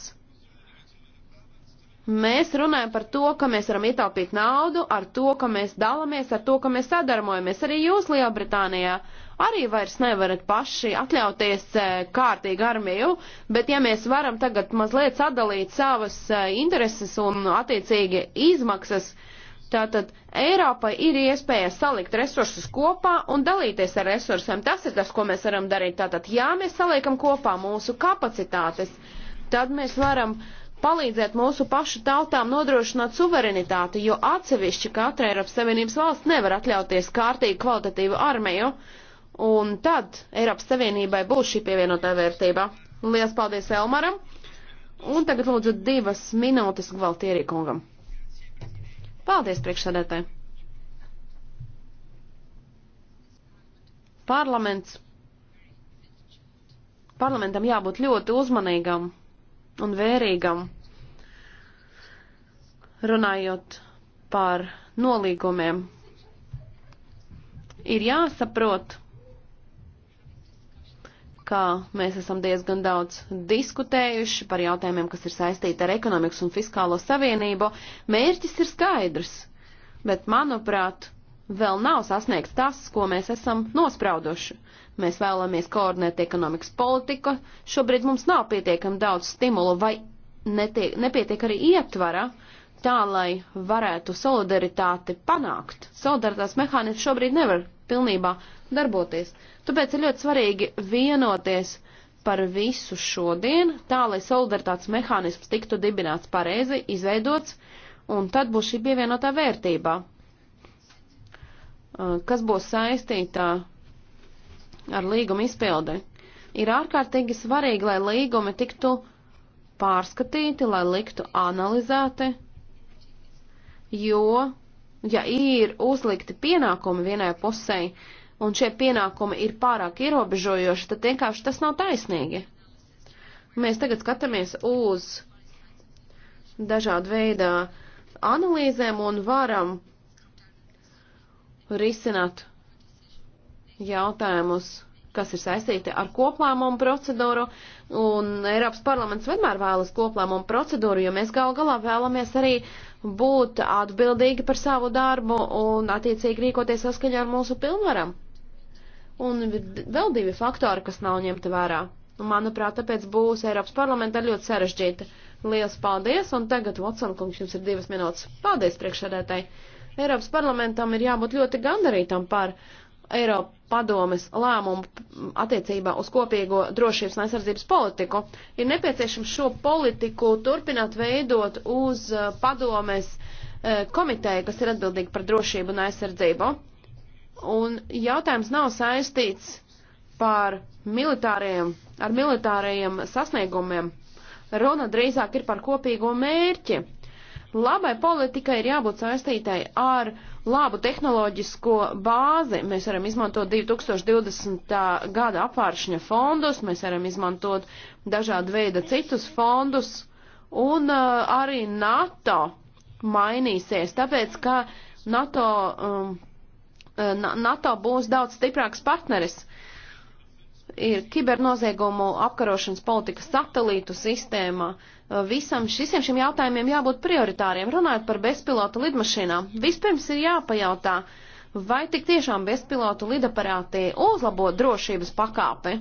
Mēs runājam par to, ka mēs varam ietaupīt naudu, ar to, ka mēs dalamies, ar to, ka mēs sadarbojamies. Arī jūs Lielbritānijā arī vairs nevarat paši atļauties kārtīgu armiju, bet ja mēs varam tagad mazliet sadalīt savas intereses un attiecīgi izmaksas, uh, Tātad Eiropai ir iespēja salikt resursus kopā un dalīties ar resursiem. Tas ir tas, ko mēs varam darīt. Tātad, ja mēs saliekam kopā mūsu kapacitātes, tad mēs varam palīdzēt mūsu pašu tautām nodrošināt suverenitāti, jo atsevišķi katra Eiropas Savienības valsts nevar atļauties kārtīgu kvalitatīvu armiju, un tad Eiropas Savienībai būs šī pievienotā vērtība. Lielas paldies Elmaram, un tagad lūdzu divas minūtes Gvaltierī kungam. Paldies, priekšsēdētāji! Parlaments. Parlamentam jābūt ļoti uzmanīgam un vērīgam, runājot par nolīgumiem. Ir jāsaprot, kā mēs esam diezgan daudz diskutējuši par jautājumiem, kas ir saistīti ar ekonomikas un fiskālo savienību. Mērķis ir skaidrs, bet, manuprāt, vēl nav sasniegts tas, ko mēs esam nospraudoši. Mēs vēlamies koordinēt ekonomikas politiku. Šobrīd mums nav pietiekami daudz stimulu vai netiek, nepietiek arī ietvara, tā lai varētu solidaritāti panākt. Solidaritātes mehānismu šobrīd nevar pilnībā darboties. Tāpēc ir ļoti svarīgi vienoties par visu šodien, tā lai solidaritātes mehānisms tiktu dibināts pareizi, izveidots, un tad būs šī pievienotā vērtība, uh, kas būs saistītā ar līguma izpildi. Ir ārkārtīgi svarīgi, lai līgumi tiktu pārskatīti, lai liktu analizēti, jo, ja ir uzlikti pienākumi vienai pusē, uh, un šie pienākumi ir pārāk ierobežojoši, tad vienkārši tas nav taisnīgi. Mēs tagad skatāmies uz dažādu veidā analīzēm un varam risināt jautājumus, kas ir saistīti ar koplēmumu procedūru, un Eiropas parlaments vienmēr vēlas koplēmumu procedūru, jo mēs gal galā vēlamies arī būt atbildīgi par savu darbu un attiecīgi rīkoties saskaņā ar mūsu pilnvaram. Un vēl divi faktori, kas nav ņemti vērā. Un, nu, manuprāt, tāpēc būs Eiropas parlamentā ļoti sarežģīta. Lielas paldies, un tagad, Watson, kungs, jums ir divas minūtes. Paldies priekšsēdētāji. Eiropas parlamentam ir jābūt ļoti gandarītam par Eiropa padomes lēmumu attiecībā uz kopīgo drošības un aizsardzības politiku, ir nepieciešams šo politiku turpināt veidot uz eh, padomes eh, komiteju, kas ir atbildīga par drošību un aizsardzību. Un jautājums nav saistīts par militāriem, ar militārajiem sasniegumiem. Runa drīzāk ir par kopīgo mērķi. Labai politikai ir jābūt saistītai ar labu tehnoloģisko bāzi. Mēs varam izmantot 2020. gada apvāršņa fondus, mēs varam izmantot dažādu veidu citus fondus, un uh, arī NATO mainīsies, tāpēc ka NATO um, Eh, NATO būs daudz stiprāks partneris. Ir kibernoziegumu apkarošanas politika satelītu sistēma. Eh, visam šisiem šiem jautājumiem jābūt prioritāriem. Runājot par bezpilota lidmašīnām, vispirms ir jāpajautā, vai tik tiešām bezpilotu lidaparāti uzlabo drošības pakāpi.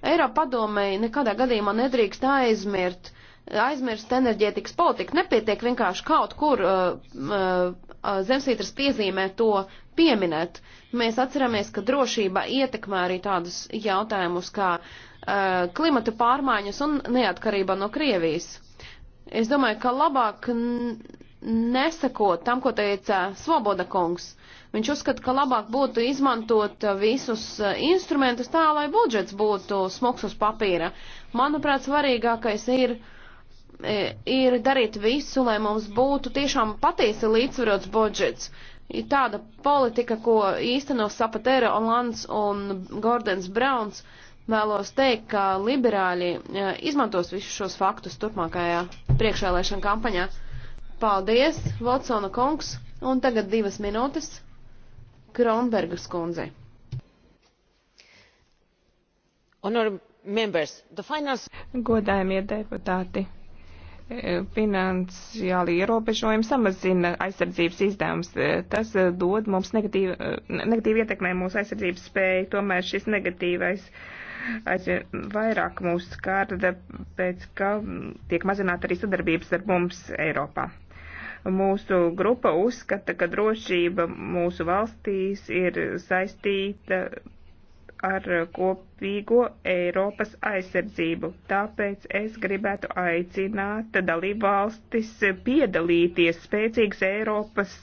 Eiropa padomēji nekadā gadījumā nedrīkst aizmirst, aizmirst enerģētikas politiku. Nepietiek vienkārši kaut kur uh, uh, zemesvītras piezīmē to pieminēt. Mēs atceramies, ka drošība ietekmē arī tādus jautājumus kā uh, klimata pārmaiņas un neatkarība no Krievijas. Es domāju, ka labāk nesakot tam, ko teica Svoboda kungs. Viņš uzskata, ka labāk būtu izmantot visus uh, instrumentus tā, lai budžets būtu smogs uz papīra. Manuprāt, svarīgākais ir, e, ir darīt visu, lai mums būtu tiešām patiesi līdzsvarots budžets ir tāda politika, ko īsteno Sapatero, Olans un Gordons Brauns. Vēlos teikt, ka liberāļi eh, izmantos visus šos faktus turpmākajā priekšvēlēšana kampaņā. Paldies, Votsona kungs, un tagad divas minūtes Kronbergas kundzei. Honor members, the finance... Godājumie deputāti, finansiāli ierobežojumi samazina aizsardzības izdevumus. Tas eh, dod mums negatīvu, eh, negatīvu ietekmē mūsu aizsardzības spēju, tomēr šis negatīvais aizvien vairāk mūs skārda, pēc ka tiek mazināta arī sadarbības ar mums Eiropā. Mūsu grupa uzskata, ka drošība mūsu valstīs ir saistīta ar kopīgo Eiropas aizsardzību. Tāpēc es gribētu aicināt dalību valstis piedalīties spēcīgas Eiropas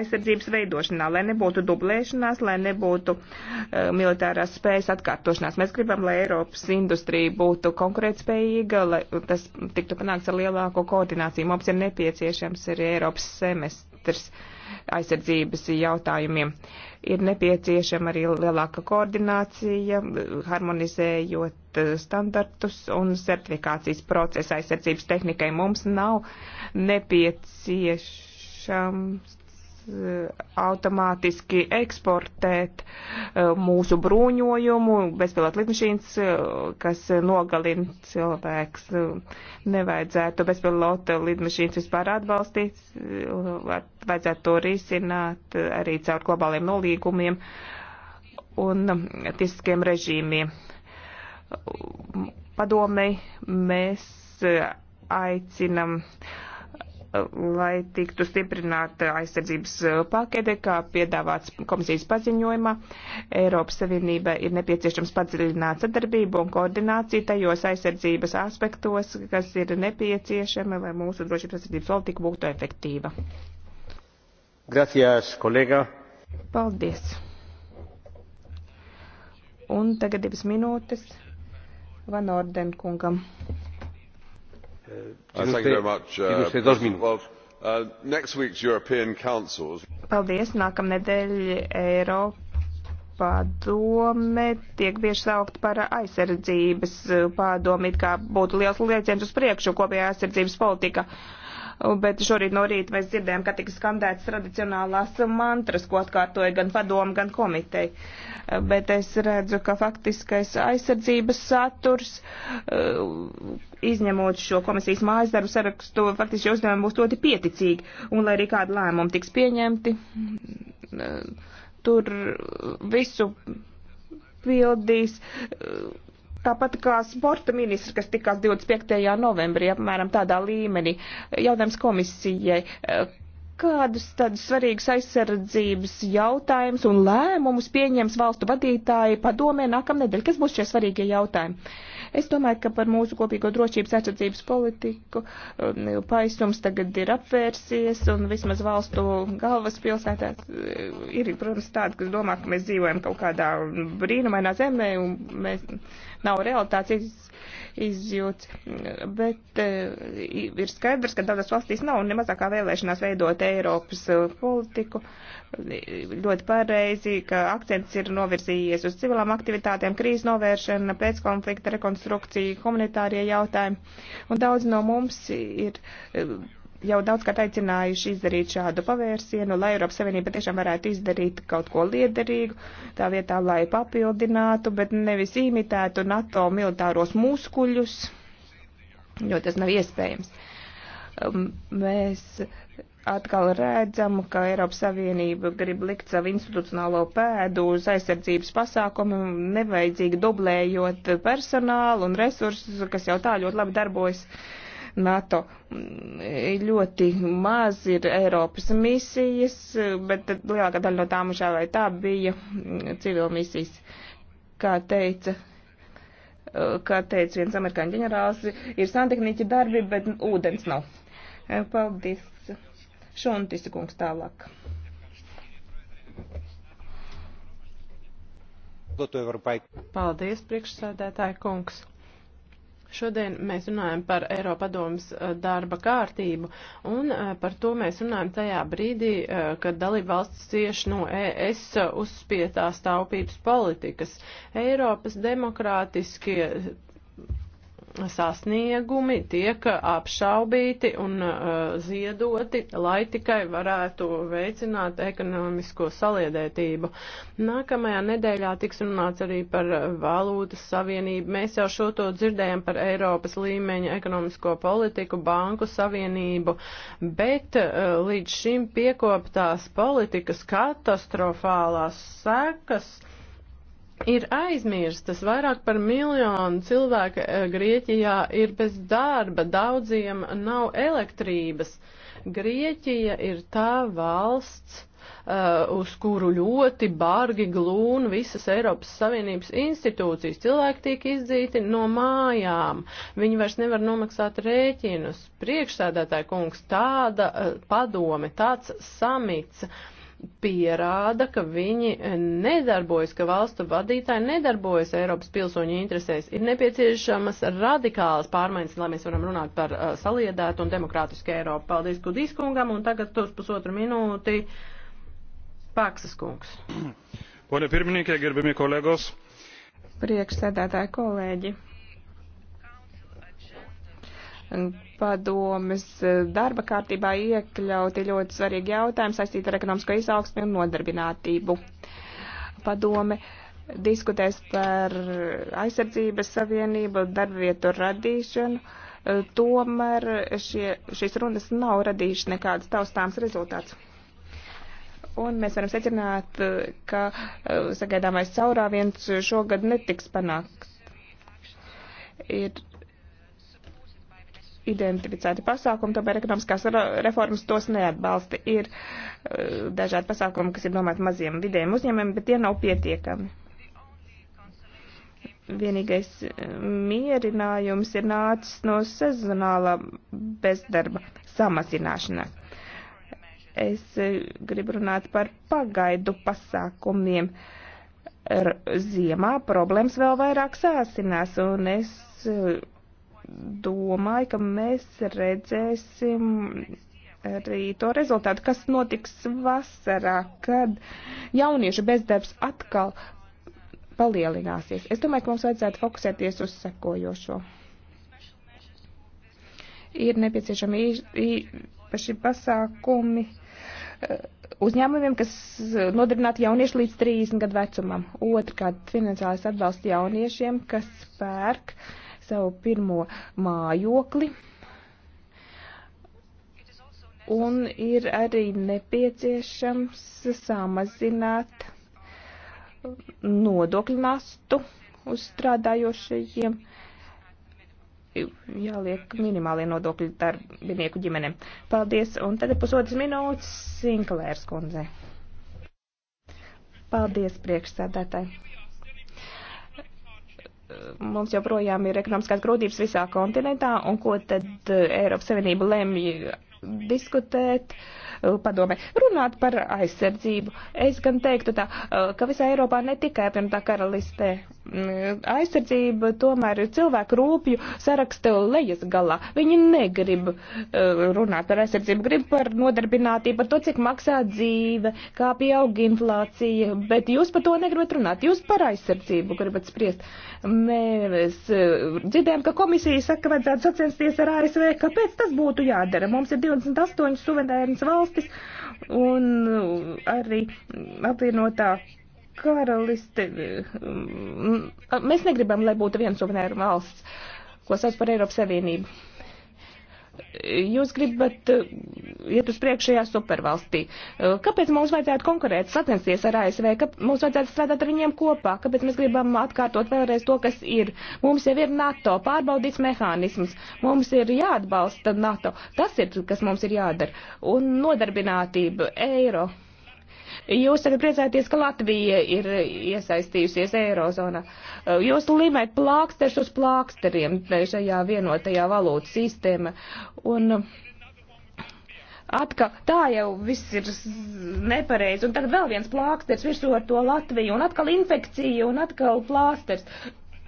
aizsardzības veidošanā, lai nebūtu dublēšanās, lai nebūtu uh, militārās spējas atkārtošanās. Mēs gribam, lai Eiropas industrija būtu konkurētspējīga, lai tas tiktu panāks ar lielāko koordināciju. Mums ir nepieciešams arī Eiropas semestrs. Uh, aizsardzības jautājumiem. Ir nepieciešama arī lielāka koordinācija, harmonizējot eh, standartus un certifikācijas procesu aizsardzības tehnikai. Mums nav nepieciešams Eh, automātiski eksportēt eh, mūsu bruņojumu, bezpilota lidmašīnas, eh, kas nogalina cilvēks. Nevajadzētu bezpilota lidmašīnas vispār atbalstīt, vajadzētu to risināt arī caur globāliem nolīgumiem un tiesiskiem režīmiem. Padomei mēs aicinam uh, lai tiktu stiprināta aizsardzības pakete, kā piedāvāts komisijas paziņojumā. Eiropas Savienība ir nepieciešams padziļināt sadarbību un koordināciju tajos aizsardzības aspektos, kas ir nepieciešami, lai mūsu drošības aizsardzības politika būtu efektīva. Gracias, kolega. Paldies. Un tagad divas minūtes Van Orden kungam. Eh, uh, uh, uh, Paldies. Nākamnedēļ Eiropadome tiek bieži saukt par aizsardzības padomi, it kā būtu liels lieciens uz priekšu kopējā aizsardzības politika. Uh, bet šorīt no rīta mēs dzirdējām, ka tika skandēts tradicionālās mantras, ko atkārtoja gan padomu, gan komiteja. Bet es redzu, ka faktiskais aizsardzības saturs, eh, izņemot šo komisijas mājas darbu sarakstu, faktiski uzdevumi būs ļoti pieticīgi, un lai arī kādi lēmumi tiks pieņemti, eh, tur visu pildīs eh, Tāpat kā sporta ministri, kas tikās 25. novembrī, apmēram tādā līmenī, jautājums komisijai, kādus tādus svarīgus aizsardzības jautājumus un lēmumus pieņems valstu vadītāji padomē nākamnedēļ? Kas būs šie svarīgie jautājumi? Es domāju, ka par mūsu kopīgo drošības aizsardzības politiku um, paisums tagad ir apvērsies un vismaz valstu galvaspilsētā uh, ir, protams, tādi, kas domā, ka mēs dzīvojam kaut kādā brīnumainā zemē un mēs nav realitātes iz, izjūts, bet eh, ir skaidrs, ka daudzas valstīs nav ne mazākā vēlēšanās veidot Eiropas eh, politiku. Ļoti pareizi, ka akcents ir novirzījies uz civilām aktivitātēm, krīzes novēršana, pēckonflikta rekonstrukcija, humanitārie jautājumi. Un daudz no mums ir eh, jau daudzkārt aicinājuši izdarīt šādu pavērsienu, lai Eiropas Savienība tiešām varētu izdarīt kaut ko liederīgu, tā vietā, lai papildinātu, bet nevis imitētu NATO militāros muskuļus, jo tas nav iespējams. Um, mēs atkal redzam, ka Eiropas Savienība grib likt savu institucionālo pēdu uz aizsardzības pasākumiem, nevajadzīgi dublējot personālu un resursus, kas jau tā ļoti labi darbojas. Uh, NATO. Mm, ļoti maz ir Eiropas misijas, bet lielākā daļa no tām šā vai tā bija mm, civil misijas. Kā teica, kā teica viens amerikāņu ģenerālis, ir santehniķi darbi, bet ūdens nav. Paldies. Šontis kungs tālāk. Paldies, priekšsēdētāja kungs. Šodien mēs runājam par Eiropadomas eh, darba kārtību, un eh, par to mēs runājam tajā brīdī, eh, kad dalība valsts cieši no ES uzspietās taupības politikas. Eiropas demokrātiskie sasniegumi tiek apšaubīti un uh, ziedoti, lai tikai varētu veicināt ekonomisko saliedētību. Nākamajā nedēļā tiks runāts arī par valūtas savienību. Mēs jau šo to dzirdējam par Eiropas līmeņa ekonomisko politiku, banku savienību, bet uh, līdz šim piekoptās politikas katastrofālās sekas ir aizmirstas. Vairāk par miljonu cilvēku eh, Grieķijā ir bez darba, daudziem nav elektrības. Grieķija ir tā valsts, eh, uz kuru ļoti bargi glūn visas Eiropas Savienības institūcijas. Cilvēki tiek izdzīti no mājām, viņi vairs nevar nomaksāt rēķinus. Priekšsēdētāja kungs, tāda eh, padome, tāds samits. Uh, pierāda, ka viņi nedarbojas, ka valstu vadītāji nedarbojas Eiropas pilsoņu interesēs. Ir nepieciešamas radikālas pārmaiņas, lai mēs varam runāt par uh, saliedētu un demokrātisku Eiropu. Paldies Kudiskungam un tagad tos pusotru minūti Paksas kungs. Pone pirmininkie, gerbimi kolegos. Priekšsēdētāji kolēģi padomes eh, darba kārtībā iekļauti ļoti svarīgi jautājumi saistīti ar ekonomisko izaugsmi un nodarbinātību. Padome diskutēs par aizsardzības savienību, darbvietu radīšanu. Eh, tomēr šie, šīs runas nav radījušas nekādas taustāms rezultāts un mēs varam secināt, eh, ka sagaidāmais caurāviens šogad netiks panākt. Ir identificēti pasākumi, tomēr ekonomiskās reformas tos neatbalsta. Ir eh, dažādi pasākumi, kas ir domāti maziem vidējiem uzņēmumiem, bet tie nav pietiekami. Vienīgais eh, mierinājums ir nācis no sezonāla bezdarba samazināšanās. Es eh, gribu runāt par pagaidu pasākumiem. Ziemā problēmas vēl vairāk sāsinās, un es domāju, ka mēs redzēsim arī to rezultātu, kas notiks vasarā, kad jauniešu bezdarbs atkal palielināsies. Es domāju, ka mums vajadzētu fokusēties uz sekojošo. Ir nepieciešami īpaši pasākumi eh, uzņēmumiem, kas nodarbinātu jauniešu līdz 30 gadu vecumam. Otrkārt, finansiālais atbalsts jauniešiem, kas pērk uh, savu pirmo mājokli. Un ir arī nepieciešams samazināt nodokļu nastu uz strādājošajiem. Jāliek minimālie nodokļi darbinieku ģimenēm. Paldies. Un tad ir pusotras minūtes Sinklērs kundzei. Paldies priekšsēdētāji mums joprojām ir ekonomiskās grūtības visā kontinentā, un ko tad eh, Eiropas Savienība lemj diskutēt. Uh, Eh, padomē. Runāt par aizsardzību. Es gan teiktu tā, eh, ka visā Eiropā ne tikai apvienotā karalistē mm, aizsardzība tomēr ir cilvēku rūpju saraksta lejas galā. Viņi negrib eh, runāt par aizsardzību, grib par nodarbinātību, par to, cik maksā dzīve, kā pieaug inflācija, bet jūs par to negribat runāt. Jūs par aizsardzību gribat spriest. Mēs dzirdējām, ka komisija saka, ka vajadzētu sacensties ar ASV. Kāpēc tas būtu jādara? Mums ir 28 suverēnas valsts valstis un uh, arī apvienotā karaliste. Um, mēs negribam, lai būtu viens suverēna valsts, ko sauc par Eiropas Savienību. Jūs gribat eh, iet uz priekšējā supervalstī. Eh, kāpēc mums vajadzētu konkurēt, sacensties ar ASV? Kāpēc mums vajadzētu strādāt ar viņiem kopā? Kāpēc mēs gribam atkārtot vēlreiz to, kas ir? Mums jau ir NATO pārbaudīts mehānisms. Mums ir jāatbalsta NATO. Tas ir, kas mums ir jādara. Un nodarbinātība, eiro. Jūs tagad priecājaties, ka Latvija ir iesaistījusies Eirozonā. Jūs limēt plāksters uz plāksteriem šajā vienotajā valūtas sistēma. Un, atkal tā jau viss ir nepareizi, un tad vēl viens plāksters virsū ar to Latviju, un atkal infekcija, un atkal plāsters.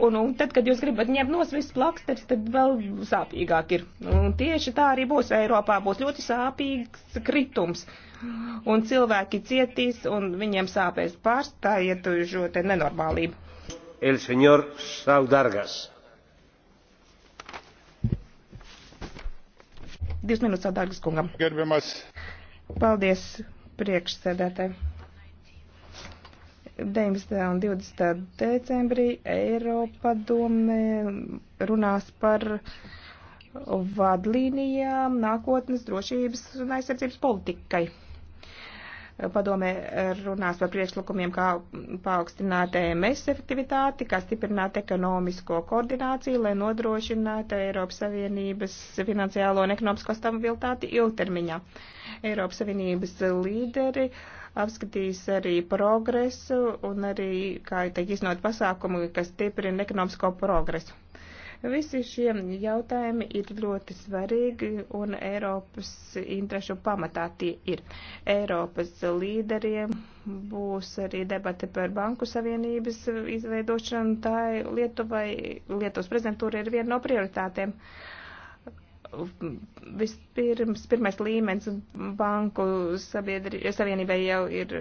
Un, un tad, kad jūs gribat ņemt nos visus plaksters, tad vēl sāpīgāk ir. Un tieši tā arī būs Eiropā, būs ļoti sāpīgs kritums. Un cilvēki cietīs, un viņiem sāpēs pārstājiet šo te nenormālību. El señor Saudargas. Divas minūtes Saudargas kungam. Gerbiamas. Paldies priekšsēdētāji. 19. un 20. decembrī Eiropadome runās par vadlīnijām nākotnes drošības un aizsardzības politikai padomē runās par priekšlikumiem, kā paaugstināt EMS efektivitāti, kā stiprināt ekonomisko koordināciju, lai nodrošinātu Eiropas Savienības finansiālo un ekonomisko stabilitāti ilgtermiņā. Eiropas Savienības līderi uh, apskatīs arī progresu un arī, kā teikt, iznot pasākumu, kas stiprina ekonomisko progresu. Visi šie jautājumi ir ļoti svarīgi un Eiropas interešu pamatā tie ir. Eiropas līderiem būs arī debate par Banku Savienības izveidošanu. Tā Lietuvai, Lietuvas prezidentūra ir viena no prioritātēm. Uh, Vispirms, pirmais līmenis banku savienībai jau ir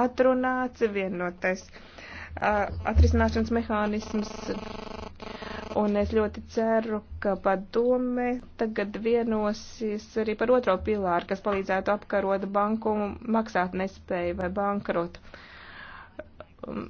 atrunāts, vienotais atrisināšanas mehānisms, un es ļoti ceru, ka padome tagad vienosies arī par otro pilāru, kas palīdzētu apkarot banku maksātnespēju vai bankrotu. Uh, Um,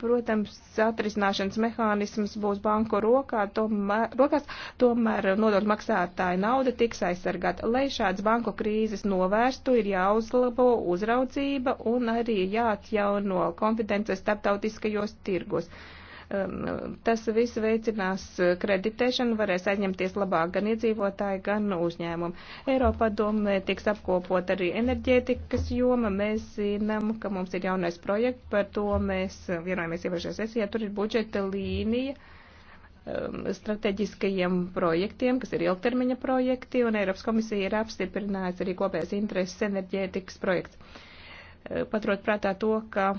protams, atrisināšanas mehānisms būs banku rokā, tomēr, rokās, tomēr nodokļu maksātāja nauda tiks aizsargāta. Lai šāds banku krīzes novērstu, ir jāuzlabo uzraudzība un arī jāatjauno kompetences starptautiskajos tirgos. Uh, Um, tas viss veicinās kreditēšanu, varēs aizņemties labāk gan iedzīvotāji, gan uzņēmumi. Eiropā domē tiks apkopot arī enerģētikas joma. Mēs zinām, ka mums ir jaunais projekts, par to mēs vienojamies iepriekšējā sesijā. Tur ir budžeta līnija um, strateģiskajiem projektiem, kas ir ilgtermiņa projekti, un Eiropas komisija ir apstiprinājusi arī kopējais intereses enerģētikas projekts. Uh, paturot prātā to, ka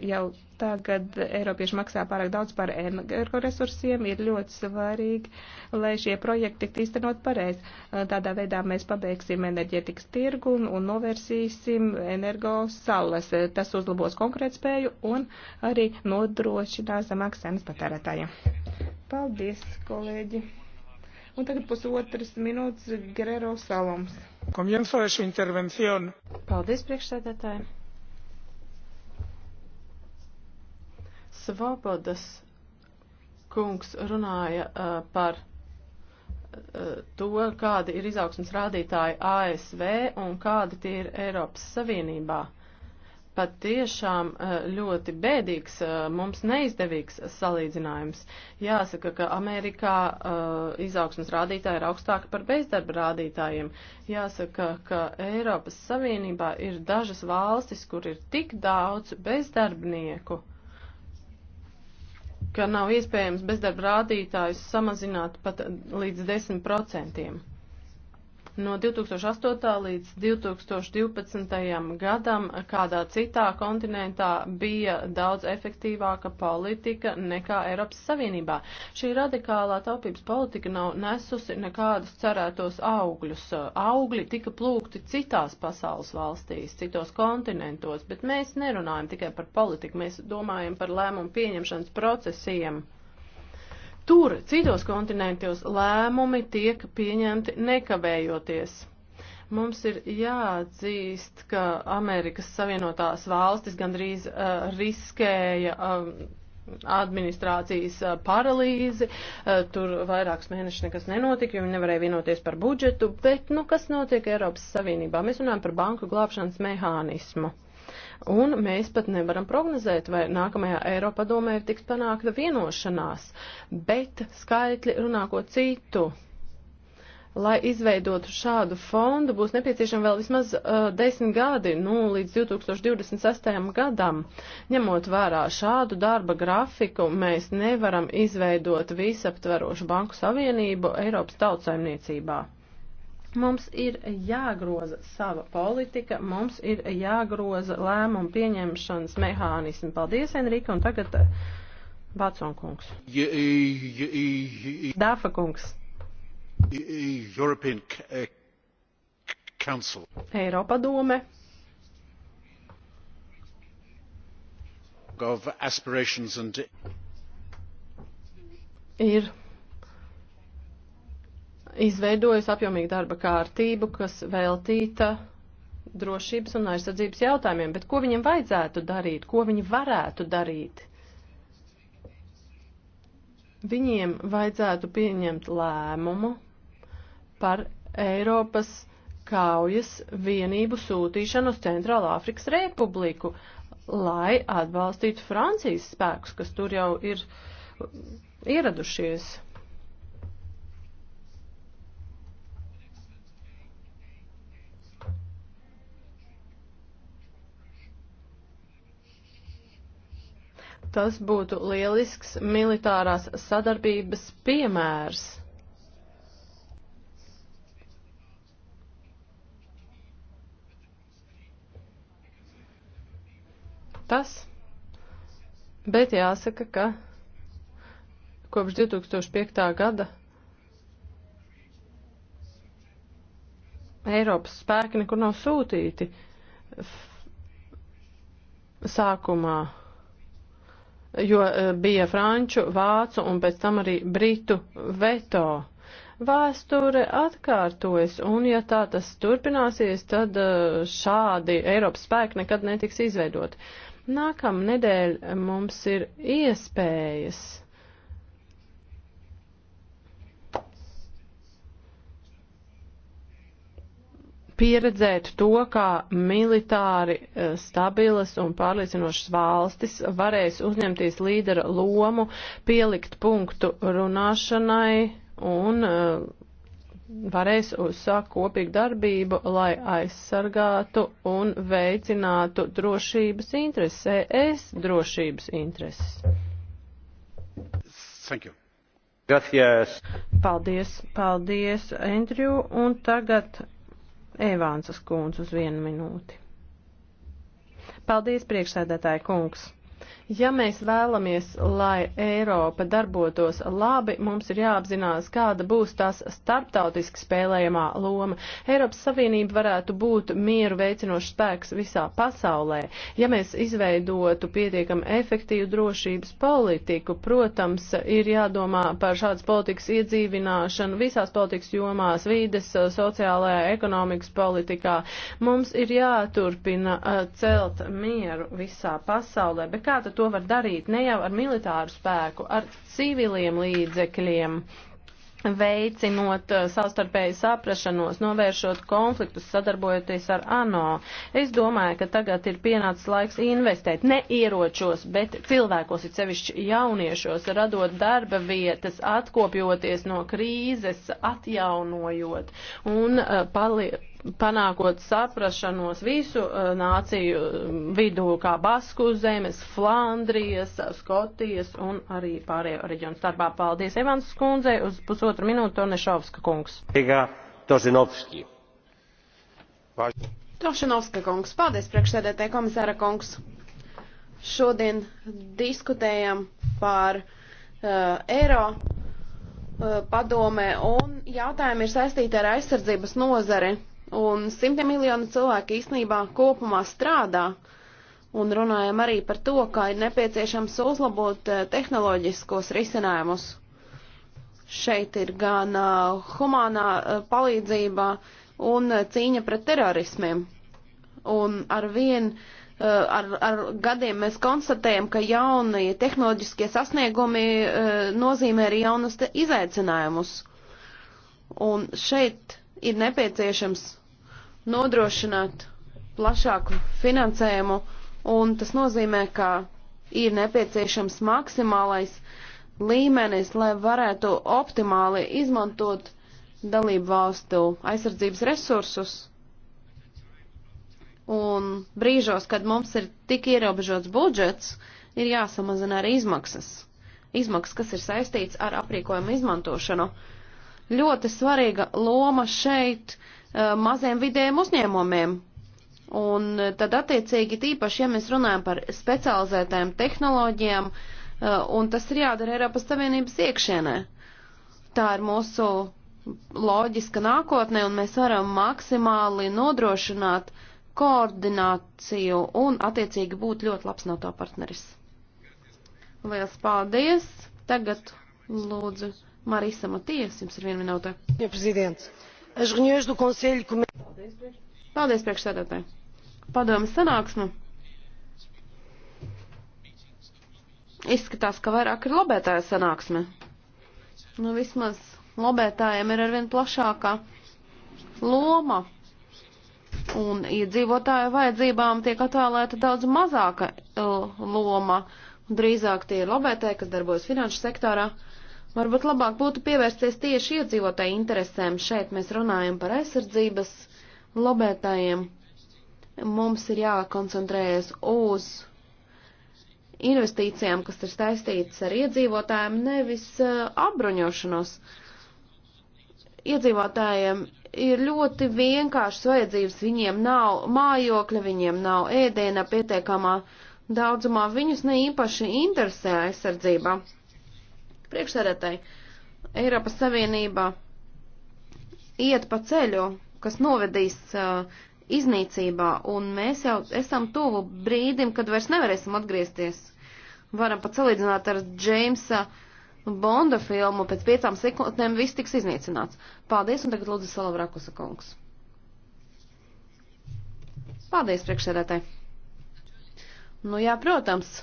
jau tagad Eiropieši maksā pārāk daudz par energoresursiem, ir ļoti svarīgi, lai šie projekti tiktu īstenot pareizi. Tādā veidā mēs pabeigsim enerģetikas tirgu un, un novērsīsim energo salas. Tas uzlabos konkurētspēju un arī nodrošinās zemākas cenas patērētājiem. Paldies, kolēģi! Un tagad pusotras minūtes Gerero Saloms. Comienzo de su intervención. Paldies, priekšsēdētāji. Svobodas kungs runāja uh, par uh, to, kādi ir izaugsmas rādītāji ASV un kādi tie ir Eiropas Savienībā. Pat tiešām uh, ļoti bēdīgs, uh, mums neizdevīgs salīdzinājums. Jāsaka, ka Amerikā izaugsmas rādītāji ir augstāki par bezdarba rādītājiem. Jāsaka, ka Eiropas Savienībā ir dažas valstis, kur ir tik daudz bezdarbnieku ka nav iespējams bezdarba rādītājus samazināt pat līdz 10% no 2008. līdz 2012. gadam kādā citā kontinentā bija daudz efektīvāka politika nekā Eiropas Savienībā. Šī radikālā taupības politika nav nesusi nekādus cerētos augļus. Augļi tika plūgti citās pasaules valstīs, citos kontinentos, bet mēs nerunājam tikai par politiku, mēs domājam par lēmumu pieņemšanas procesiem. Tur, citos kontinentos, lēmumi tiek pieņemti nekavējoties. Mums ir jāatzīst, ka Amerikas Savienotās valstis gandrīz uh, riskēja um, uh, administrācijas paralīzi, uh, tur vairākus mēnešus nekas nenotika, jo viņi nevarēja vienoties par budžetu, bet, nu, kas notiek Eiropas Savienībā? Mēs runājam par banku glābšanas mehānismu. Uh, un mēs pat nevaram prognozēt, vai nākamajā Eiropadomē ir tiks panākta vienošanās, bet skaitļi runā ko citu. Lai izveidotu šādu fondu, būs nepieciešama vēl vismaz uh, 10 gadi, nu, līdz 2026. gadam. Ņemot vērā šādu darba grafiku, mēs nevaram izveidot visaptverošu banku savienību Eiropas tautsaimniecībā. Mums ir jāgroza sava politika, mums ir jāgroza lēmumu pieņemšanas mehānismi. Paldies, Enrika, un tagad eh, Vatsona kungs. E, e, e. Dāfa kungs. European eh, Council. Eiropa dome. Of aspirations and. Ir izveidojusi apjomīgu darba kārtību, kas veltīta drošības un aizsardzības jautājumiem, bet ko viņiem vajadzētu darīt, ko viņi varētu darīt? Viņiem vajadzētu pieņemt lēmumu par Eiropas kaujas vienību sūtīšanu uz Centrālā Afrikas Republiku, lai atbalstītu Francijas spēkus, kas tur jau ir ieradušies. Tas būtu lielisks militārās sadarbības piemērs. Tas, bet jāsaka, ka kopš 2005. gada Eiropas spēki nekur nav sūtīti sākumā jo eh, bija franču, vācu un pēc tam arī britu veto. Vēsture atkārtojas, un ja tā tas turpināsies, tad eh, šādi Eiropas spēki nekad netiks izveidot. Nākamā nedēļa mums ir iespējas pieredzēt to, kā militāri eh, stabilas un pārliecinošas valstis varēs uzņemties līdera lomu, pielikt punktu runāšanai un eh, varēs uzsākt kopīgu darbību, lai aizsargātu un veicinātu drošības intereses, ES drošības intereses. Thank you. Gracias. Paldies, paldies, Andrew. Un tagad Evānsas kundz uz vienu minūti. Paldies, priekšsēdētāja kungs! Ja mēs vēlamies, lai Eiropa darbotos labi, mums ir jāapzinās, kāda būs tās starptautiski spēlējamā loma. Eiropas Savienība varētu būt mieru veicinošs spēks visā pasaulē. Ja mēs izveidotu pietiekam efektīvu drošības politiku, protams, ir jādomā par šādas politikas iedzīvināšanu visās politikas jomās, vīdes, sociālajā, ekonomikas politikā. Mums ir jāturpina eh, celt mieru visā pasaulē. Bet kā tad to to var darīt ne jau ar militāru spēku, ar civiliem līdzekļiem, veicinot uh, savstarpēju saprašanos, novēršot konfliktus, sadarbojoties ar ANO. Es domāju, ka tagad ir pienācis laiks investēt ne ieročos, bet cilvēkos, ir sevišķi jauniešos, radot darba vietas, atkopjoties no krīzes, atjaunojot un uh, paliek panākot saprašanos visu eh, nāciju eh, vidū, kā Basku zemes, Flandrijas, Skotijas un arī pārējo reģionu starpā. Paldies Evans skundzei uz pusotru minūtu Tornešovska kungs. Tošinovski. Tošinovska kungs, paldies priekšsēdētāji komisāra kungs. Šodien diskutējam par uh, eiro uh, padomē un jautājumi ir saistīti ar aizsardzības nozari un simtiem miljonu cilvēku īstenībā kopumā strādā. Un runājam arī par to, kā ir nepieciešams uzlabot eh, tehnoloģiskos risinājumus. Šeit ir gan uh, humānā uh, palīdzība un uh, cīņa pret terorismiem. Un ar vien, uh, ar, ar gadiem mēs konstatējam, ka jaunie tehnoloģiskie sasniegumi uh, nozīmē arī jaunus izaicinājumus. Un šeit ir nepieciešams nodrošināt plašāku finansējumu, un tas nozīmē, ka ir nepieciešams maksimālais līmenis, lai varētu optimāli izmantot dalību valstu aizsardzības resursus. Un brīžos, kad mums ir tik ierobežots budžets, ir jāsamazina arī izmaksas. Izmaksas, kas ir saistīts ar aprīkojumu izmantošanu. Ļoti svarīga loma šeit uh, Uh, maziem vidējiem uzņēmumiem. Un uh, tad attiecīgi tīpaši, ja mēs runājam par specializētām tehnoloģijām, uh, un tas ir jādara Eiropas Savienības iekšienē. Tā ir mūsu loģiska nākotne, un mēs varam maksimāli nodrošināt koordināciju un attiecīgi būt ļoti labs NATO partneris. Liels paldies! Tagad lūdzu Marisa Matijas, jums ir viena minūte. Ja, prezidents. As reuniões do Conselho começam. Paldies, priekšsēdētāji. Padomas sanāksme. Izskatās, ka vairāk ir lobētāja sanāksme. Nu, vismaz lobētājiem ir arvien plašākā loma. Un iedzīvotāju ja vajadzībām tiek atvēlēta daudz mazāka eh, loma. Drīzāk tie ir lobētāji, kas darbojas finanšu sektorā. Uh, Varbūt labāk būtu pievērsties tieši iedzīvotāju interesēm. Šeit mēs runājam par aizsardzības lobētājiem. Mums ir jākoncentrējas uz investīcijām, kas ir saistītas ar iedzīvotājiem, nevis uh, apbruņošanos. Iedzīvotājiem ir ļoti vienkāršas vajadzības. Viņiem nav mājokļa, viņiem nav ēdiena pietiekamā daudzumā. Viņus ne īpaši interesē aizsardzība priekšsēdētāji, Eiropas Savienība iet pa ceļu, kas novedīs uh, iznīcībā, un mēs jau esam tuvu brīdim, kad vairs nevarēsim atgriezties. Varam pat salīdzināt ar Džeimsa Bonda filmu, pēc piecām sekundēm viss tiks iznīcināts. Paldies, un tagad lūdzu Salavrakusa kungs. Paldies, priekšsēdētāji. Nu jā, protams,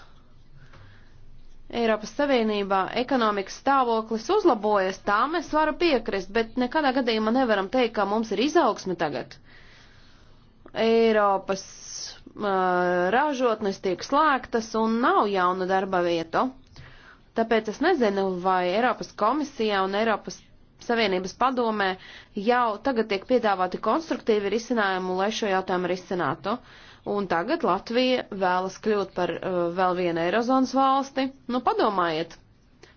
Eiropas Savienībā ekonomikas stāvoklis uzlabojas, tā mēs varam piekrist, bet nekādā gadījumā nevaram teikt, ka mums ir izaugsme tagad. Eiropas uh, ražotnes tiek slēgtas un nav jaunu darba vietu. Tāpēc es nezinu, vai Eiropas komisijā un Eiropas Savienības padomē jau tagad tiek piedāvāti konstruktīvi risinājumi, lai šo jautājumu risinātu. Uh, un tagad Latvija vēlas kļūt par uh, vēl vienu Eirozonas valsti. Nu, padomājiet,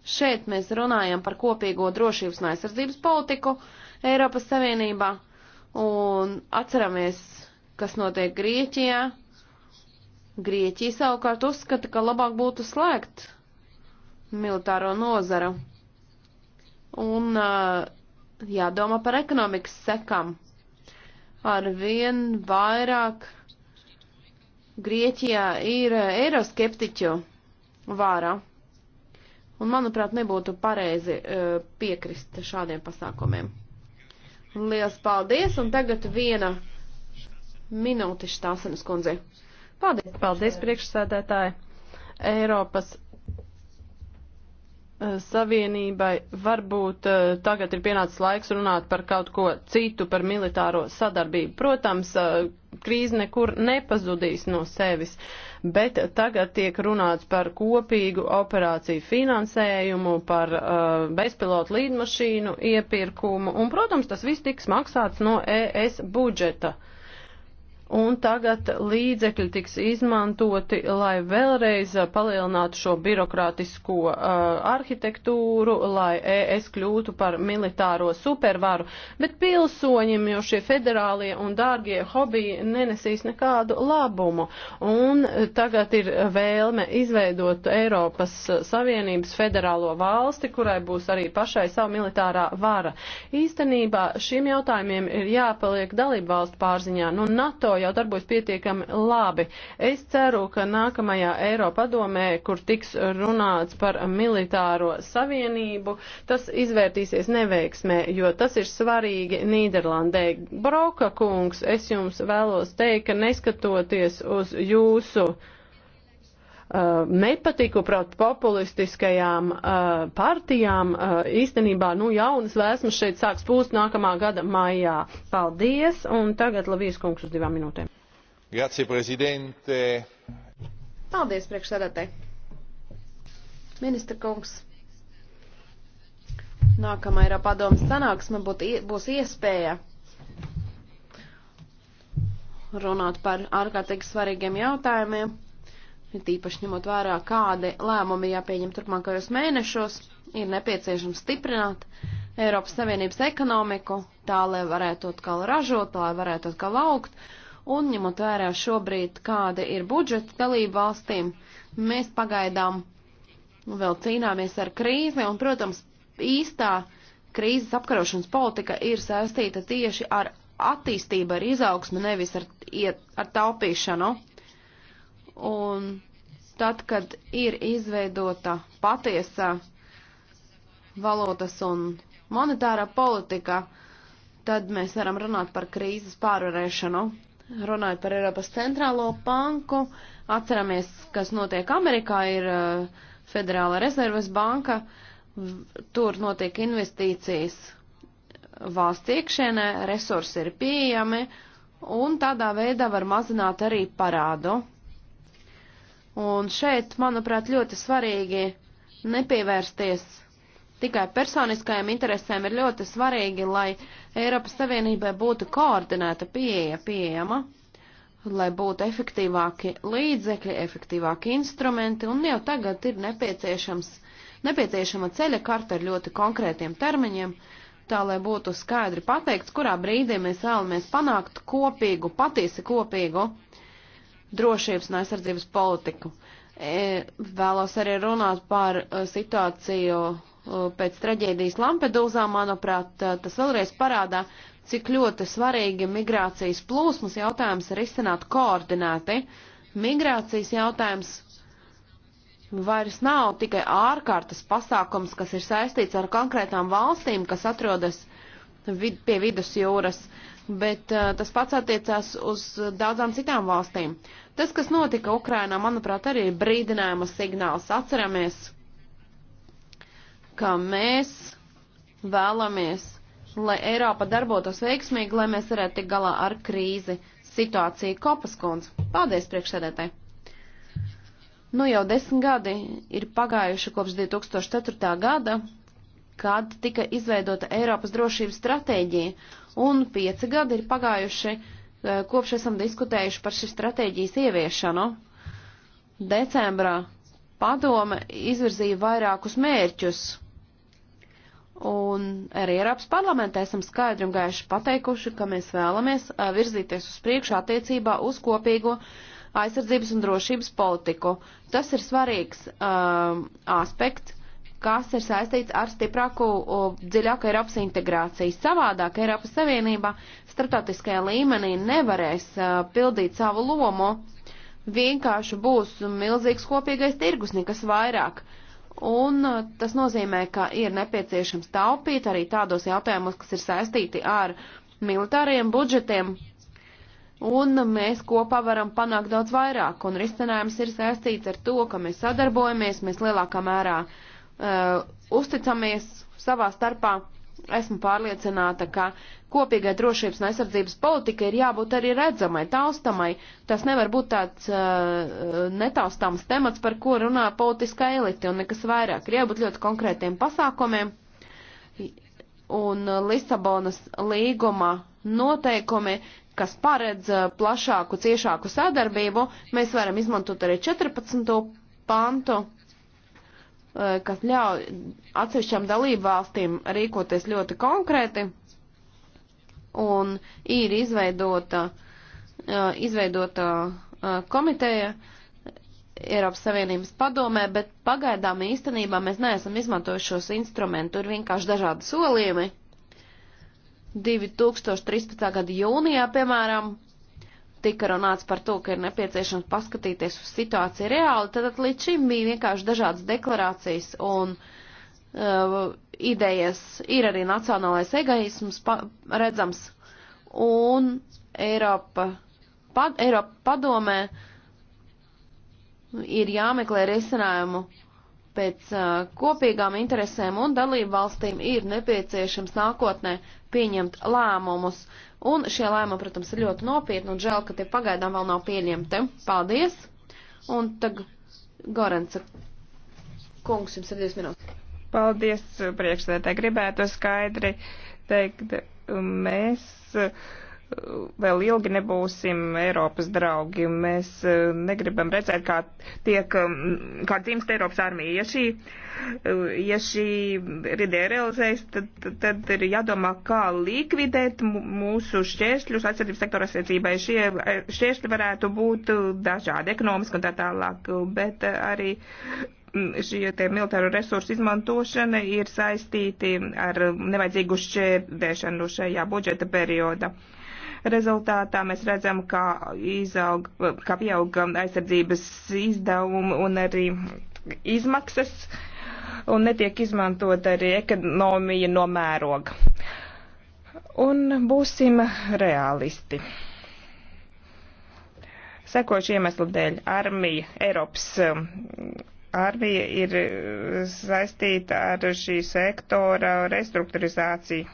šeit mēs runājam par kopīgo drošības un aizsardzības politiku Eiropas Savienībā, un atceramies, kas notiek Grieķijā. Grieķija savukārt uzskata, ka labāk būtu slēgt militāro nozaru. Un uh, jādomā par ekonomikas sekam. Arvien vairāk Grieķijā ir eh, eiroskeptiķu vārā. Un, manuprāt, nebūtu pareizi uh, piekrist šādiem pasākumiem. Lielas paldies, un tagad viena minūte štāsenes kundzei. Paldies. Paldies, priekšsēdētāji. Eiropas Eh, savienībai varbūt eh, tagad ir pienācis laiks runāt par kaut ko citu, par militāro sadarbību. Protams, eh, krīze nekur nepazudīs no sevis, bet tagad tiek runāts par kopīgu operāciju finansējumu, par uh, bezpilotu līdmašīnu iepirkumu, un, protams, tas viss tiks maksāts no ES budžeta. Uh, un tagad līdzekļi tiks izmantoti, lai vēlreiz palielinātu šo birokrātisko uh, arhitektūru, lai ES kļūtu par militāro supervaru, bet pilsoņiem jau šie federālie un dārgie hobiji nenesīs nekādu labumu. Un tagad ir vēlme izveidot Eiropas Savienības federālo valsti, kurai būs arī pašai savu militārā vara. Īstenībā šiem jautājumiem ir jāpaliek dalību valstu pārziņā. Nu, NATO jau darbojas pietiekami labi. Es ceru, ka nākamajā Eiropadomē, kur tiks runāts par militāro savienību, tas izvērtīsies neveiksmē, jo tas ir svarīgi Nīderlandē. Broka kungs, es jums vēlos teikt, ka neskatoties uz jūsu Eh, nepatiku pret populistiskajām uh, partijām, uh, īstenībā nu, jaunas vēsmas šeit sāks pūst nākamā gada maijā. Paldies, un tagad Lavijas kungs uz divām minūtēm. Grazie, prezidente. Paldies, priekšsēdētāji. Ministra kungs. Nākamā ir padomas sanāksme, būs iespēja runāt par ārkārtīgi svarīgiem jautājumiem tīpaši ņemot vērā, kādi lēmumi ir jāpieņem turpmākajos mēnešos, ir nepieciešams stiprināt Eiropas Savienības ekonomiku, tā lai varētu atkal ražot, lai varētu atkal augt, un ņemot vērā šobrīd, kāda ir budžeta dalība valstīm, mēs pagaidām vēl cīnāmies ar krīzi, un, protams, īstā krīzes apkarošanas politika ir saistīta tieši ar attīstību, ar izaugsmu, nevis ar, ar taupīšanu. Un tad, kad ir izveidota patiesa valūtas un monetārā politika, tad mēs varam runāt par krīzes pārvarēšanu. Runājot par Eiropas centrālo banku, atceramies, kas notiek Amerikā, ir uh, Federāla rezerves banka, tur notiek investīcijas valsts iekšēnē, resursi ir pieejami, un tādā veidā var mazināt arī parādu. Un šeit, manuprāt, ļoti svarīgi nepievērsties tikai personiskajām interesēm. Ir ļoti svarīgi, lai Eiropas Savienībai būtu koordinēta pieeja pieejama, lai būtu efektīvāki līdzekļi, efektīvāki instrumenti, un jau tagad ir nepieciešams, nepieciešama ceļa karta ar ļoti konkrētiem termiņiem, tā lai būtu skaidri pateikts, kurā brīdī mēs vēlamies panākt kopīgu, patiesi kopīgu drošības un aizsardzības politiku. E, vēlos arī runāt par e, situāciju e, pēc traģēdijas Lampedūzā. Manuprāt, tas vēlreiz parādā, cik ļoti svarīgi migrācijas plūsmas jautājums ir izcenāt koordinēti. Migrācijas jautājums vairs nav tikai ārkārtas pasākums, kas ir saistīts ar konkrētām valstīm, kas atrodas vid pie vidus jūras, bet uh, tas pats attiecās uz daudzām citām valstīm. Uh, Tas, kas notika Ukrainā, manuprāt, arī ir brīdinājuma signāls. Atceramies, ka mēs vēlamies, lai Eiropa darbotos veiksmīgi, lai mēs varētu tik galā ar krīzi situāciju kopaskundz. Paldies priekšsēdētāji! Nu jau desmit gadi ir pagājuši kopš 2004. gada, kad tika izveidota Eiropas drošības stratēģija, un pieci gadi ir pagājuši Eh, kopš esam diskutējuši par šīs stratēģijas ieviešanu. Decembrā padome izvirzīja vairākus mērķus, un arī Eiropas parlamentā esam skaidri un gaiši pateikuši, ka mēs vēlamies eh, virzīties uz priekšu attiecībā uz kopīgo aizsardzības un drošības politiku. Tas ir svarīgs um, aspekts kas ir saistīts ar stiprāku, dziļāku Eiropas integrāciju. Savādāk Eiropas Savienībā starptautiskajā līmenī nevarēs uh, pildīt savu lomu. Vienkārši būs milzīgs kopīgais tirgus, nekas vairāk. Un uh, tas nozīmē, ka ir nepieciešams taupīt arī tādos jautājumos, kas ir saistīti ar militāriem budžetiem. Un mēs kopā varam panākt daudz vairāk, un risinājums ir saistīts ar to, ka mēs sadarbojamies, mēs lielākā mērā uh, uh, uzticamies savā starpā. Esmu pārliecināta, ka kopīgai drošības un aizsardzības politika ir jābūt arī redzamai, taustamai. Tas nevar būt tāds uh, netaustāms temats, par ko runā politiskā elite un nekas vairāk. Ir jābūt ļoti konkrētiem pasākumiem. Un Lisabonas līguma noteikumi kas paredz uh, plašāku, ciešāku sadarbību. Mēs varam izmantot arī 14. pantu. Eh, kas ļauj atsevišķām dalību valstīm rīkoties ļoti konkrēti, un ir izveidota, eh, izveidota eh, komiteja Eiropas Savienības padomē, bet pagaidām īstenībā mēs neesam izmantojuši šos instrumentus, ir vienkārši dažādi solījumi. 2013. gada jūnijā, piemēram, tika runāts par to, ka ir nepieciešams paskatīties uz situāciju reāli, tad, tad līdz šim bija vienkārši dažādas deklarācijas un uh, idejas. Ir arī nacionālais egoisms redzams. Un Eiropa, pad, Eiropa padomē ir jāmeklē risinājumu Pēc uh, kopīgām interesēm un dalību valstīm ir nepieciešams nākotnē pieņemt lēmumus. Un šie lēmumi, protams, ir ļoti nopietni un žēl, ka tie pagaidām vēl nav pieņemti. Paldies! Un tagad Gorence kungs jums ir 20 minūtes. Paldies, priekšsēdētāji. Gribētu skaidri teikt, mēs. Uh, vēl ilgi nebūsim Eiropas draugi. Mēs e, negribam redzēt, kā tiek, kā dzimst Eiropas armija. Ja šī, e, ja šī ideja realizēs, tad, tad ir jādomā, kā likvidēt mūsu šķēršļus aizsardzības sektora aizsardzībai. Šie e, šķēršļi varētu būt dažādi, ekonomiski un tā tālāk, bet arī šie tie militāro resursu izmantošana ir saistīti ar nevajadzīgu šķērdēšanu šajā budžeta periodā. Uh, Rezultātā mēs redzam, kā, izaug, kā pieauga aizsardzības izdevumi un arī izmaksas, un netiek izmantot arī ekonomija no mēroga. Un būsim realisti. Sekošu iemeslu dēļ armija, Eiropas um, armija ir saistīta ar šī sektora restruktūrizāciju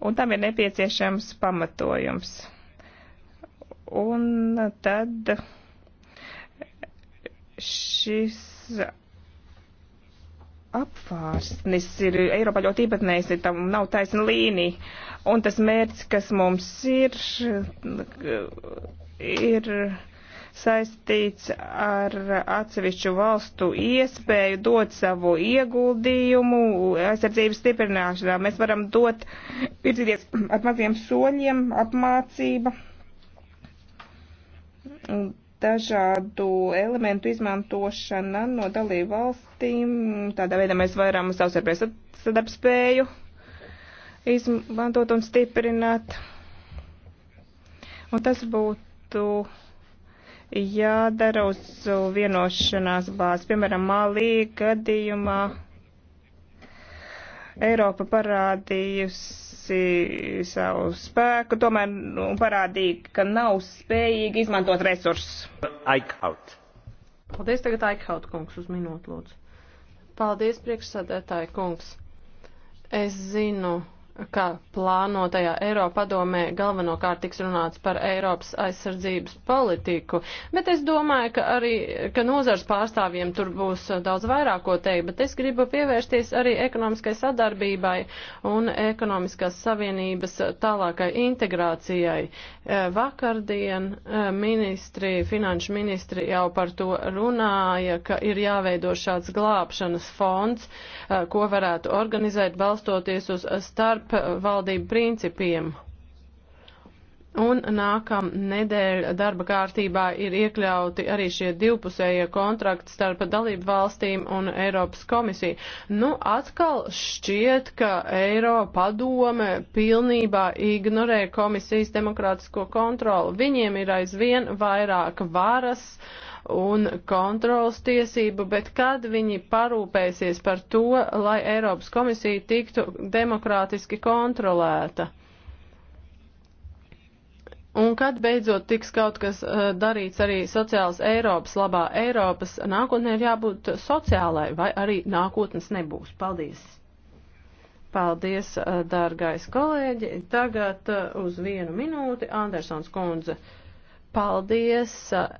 un tam ir nepieciešams pamatojums. Un tad šis apvārsnis ir Eiropā ļoti īpatnējs, tam nav taisna līnija. Un tas mērķis, kas mums ir, ir saistīts ar atsevišķu valstu iespēju dot savu ieguldījumu aizsardzības stiprināšanā. Mēs varam dot, virzīties ar maziem soļiem, apmācība, dažādu elementu izmantošana no dalību valstīm. Tādā veidā mēs varam savstarpēju sadarbspēju izmantot un stiprināt. Un tas būtu jādara uz vienošanās bāzes. Piemēram, Malī gadījumā Eiropa parādījusi savu spēku, tomēr nu, parādīja, ka nav spējīgi izmantot resursus. Aikaut. Paldies tagad Aikaut kungs uz minūtu lūdzu. Paldies priekšsādētāji kungs. Es zinu ka plānotajā Eiropadomē galvenokārt tiks runāts par Eiropas aizsardzības politiku, bet es domāju, ka arī ka nozars pārstāvjiem tur būs daudz vairāk ko teikt, bet es gribu pievērsties arī ekonomiskai sadarbībai un ekonomiskās savienības tālākai integrācijai. Eh, vakardien eh, ministri, finanšu ministri jau par to runāja, ka ir jāveido šāds glābšanas fonds, eh, ko varētu organizēt balstoties uz starp starp valdību principiem. Un nākam nedēļ darba kārtībā ir iekļauti arī šie divpusējie kontrakti starp dalību valstīm un Eiropas komisiju. Nu, atkal šķiet, ka Eiropa padome pilnībā ignorē komisijas demokrātisko kontroli. Viņiem ir aizvien vairāk varas. Uh, un kontrolas tiesību, bet kad viņi parūpēsies par to, lai Eiropas komisija tiktu demokrātiski kontrolēta? Un kad beidzot tiks kaut kas eh, darīts arī sociālas Eiropas labā, Eiropas nākotnē ir jābūt sociālai, vai arī nākotnes nebūs. Paldies! Paldies, eh, dārgais kolēģi! Tagad eh, uz vienu minūti Andersons kundze. Paldies!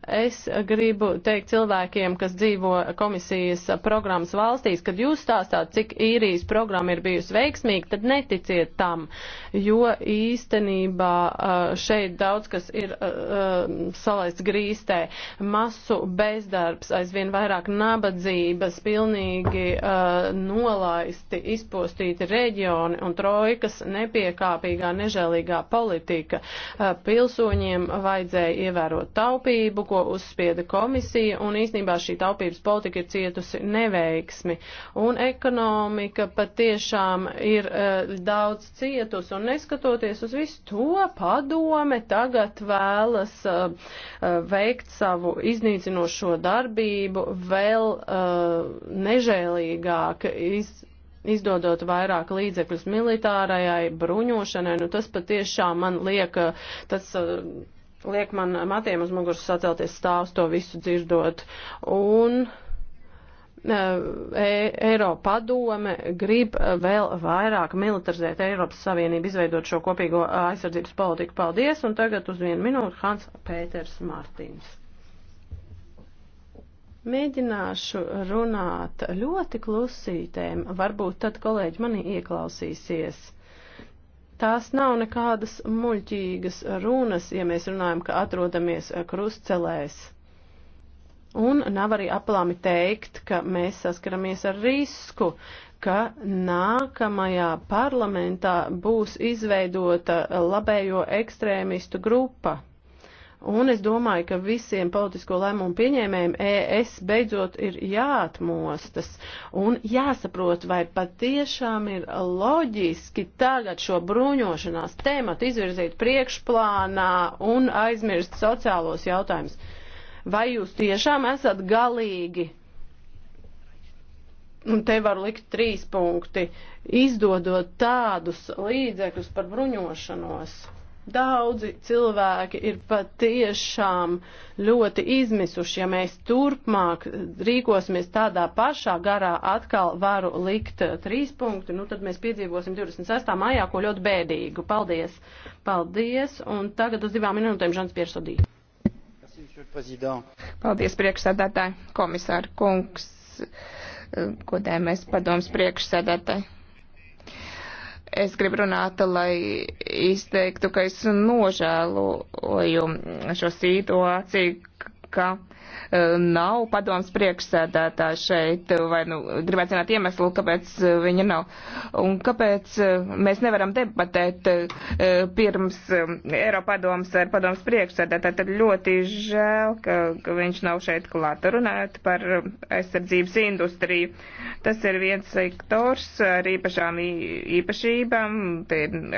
Es gribu teikt cilvēkiem, kas dzīvo komisijas programmas valstīs, kad jūs stāstāt, cik īrijas programma ir bijusi veiksmīga, tad neticiet tam, jo īstenībā šeit daudz kas ir salaists grīstē. Masu bezdarbs, aizvien vairāk nabadzības, pilnīgi nolaisti, izpostīti reģioni un trojkas nepiekāpīgā, nežēlīgā politika. Pilsoņiem vajadzēja ievērot taupību, ko uzspieda komisija, un īstenībā šī taupības politika ir cietusi neveiksmi. Un ekonomika patiešām ir uh, daudz cietusi, un neskatoties uz visu to, padome tagad vēlas uh, uh, veikt savu iznīcinošo darbību vēl uh, nežēlīgāk. Iz, izdodot vairāk līdzekļus militārajai bruņošanai, nu tas patiešām man liek, tas liek man matiem uz muguras sacelties stāvs to visu dzirdot. Un e, e Eiropa padome grib vēl vairāk militarizēt Eiropas Savienību, izveidot šo kopīgo aizsardzības politiku. Paldies, un tagad uz vienu minūtu Hans Pēters Mārtiņš. Mēģināšu runāt ļoti klusītēm, varbūt tad kolēģi mani ieklausīsies. Tās nav nekādas muļķīgas runas, ja mēs runājam, ka atrodamies krustcelēs. Un nav arī aplami teikt, ka mēs saskaramies ar risku, ka nākamajā parlamentā būs izveidota labējo ekstrēmistu grupa. Un es domāju, ka visiem politisko lēmumu pieņēmējiem ES beidzot ir jāatmostas un jāsaprot, vai patiešām ir loģiski tagad šo bruņošanās tēmatu izvirzīt priekšplānā un aizmirst sociālos jautājumus. Vai jūs tiešām esat galīgi? Un te var likt trīs punkti, izdodot tādus līdzekļus par bruņošanos. Daudzi cilvēki ir patiešām ļoti izmisuši. Ja mēs turpmāk rīkosimies tādā pašā garā, atkal varu likt eh, trīs punktu, nu tad mēs piedzīvosim 26. maijā, ko ļoti bēdīgu. Paldies! Paldies! Un tagad uz divām minūtēm Žants Piersodī. Paldies, priekšsēdētāji, komisāra kungs, eh, godējumais padoms priekšsēdētāji Es gribu runāt, lai izteiktu, ka es nožēloju šo situāciju, ka nav padoms priekšsēdētā šeit, vai nu, gribētu zināt iemeslu, kāpēc eh, viņa nav. Un kāpēc eh, mēs nevaram debatēt eh, pirms Eiropadoms ar padoms priekšsēdētā, tad ļoti žēl, ka, ka viņš nav šeit klāt runāt par aizsardzības industriju. Tas ir viens sektors ar īpašām īpašībām,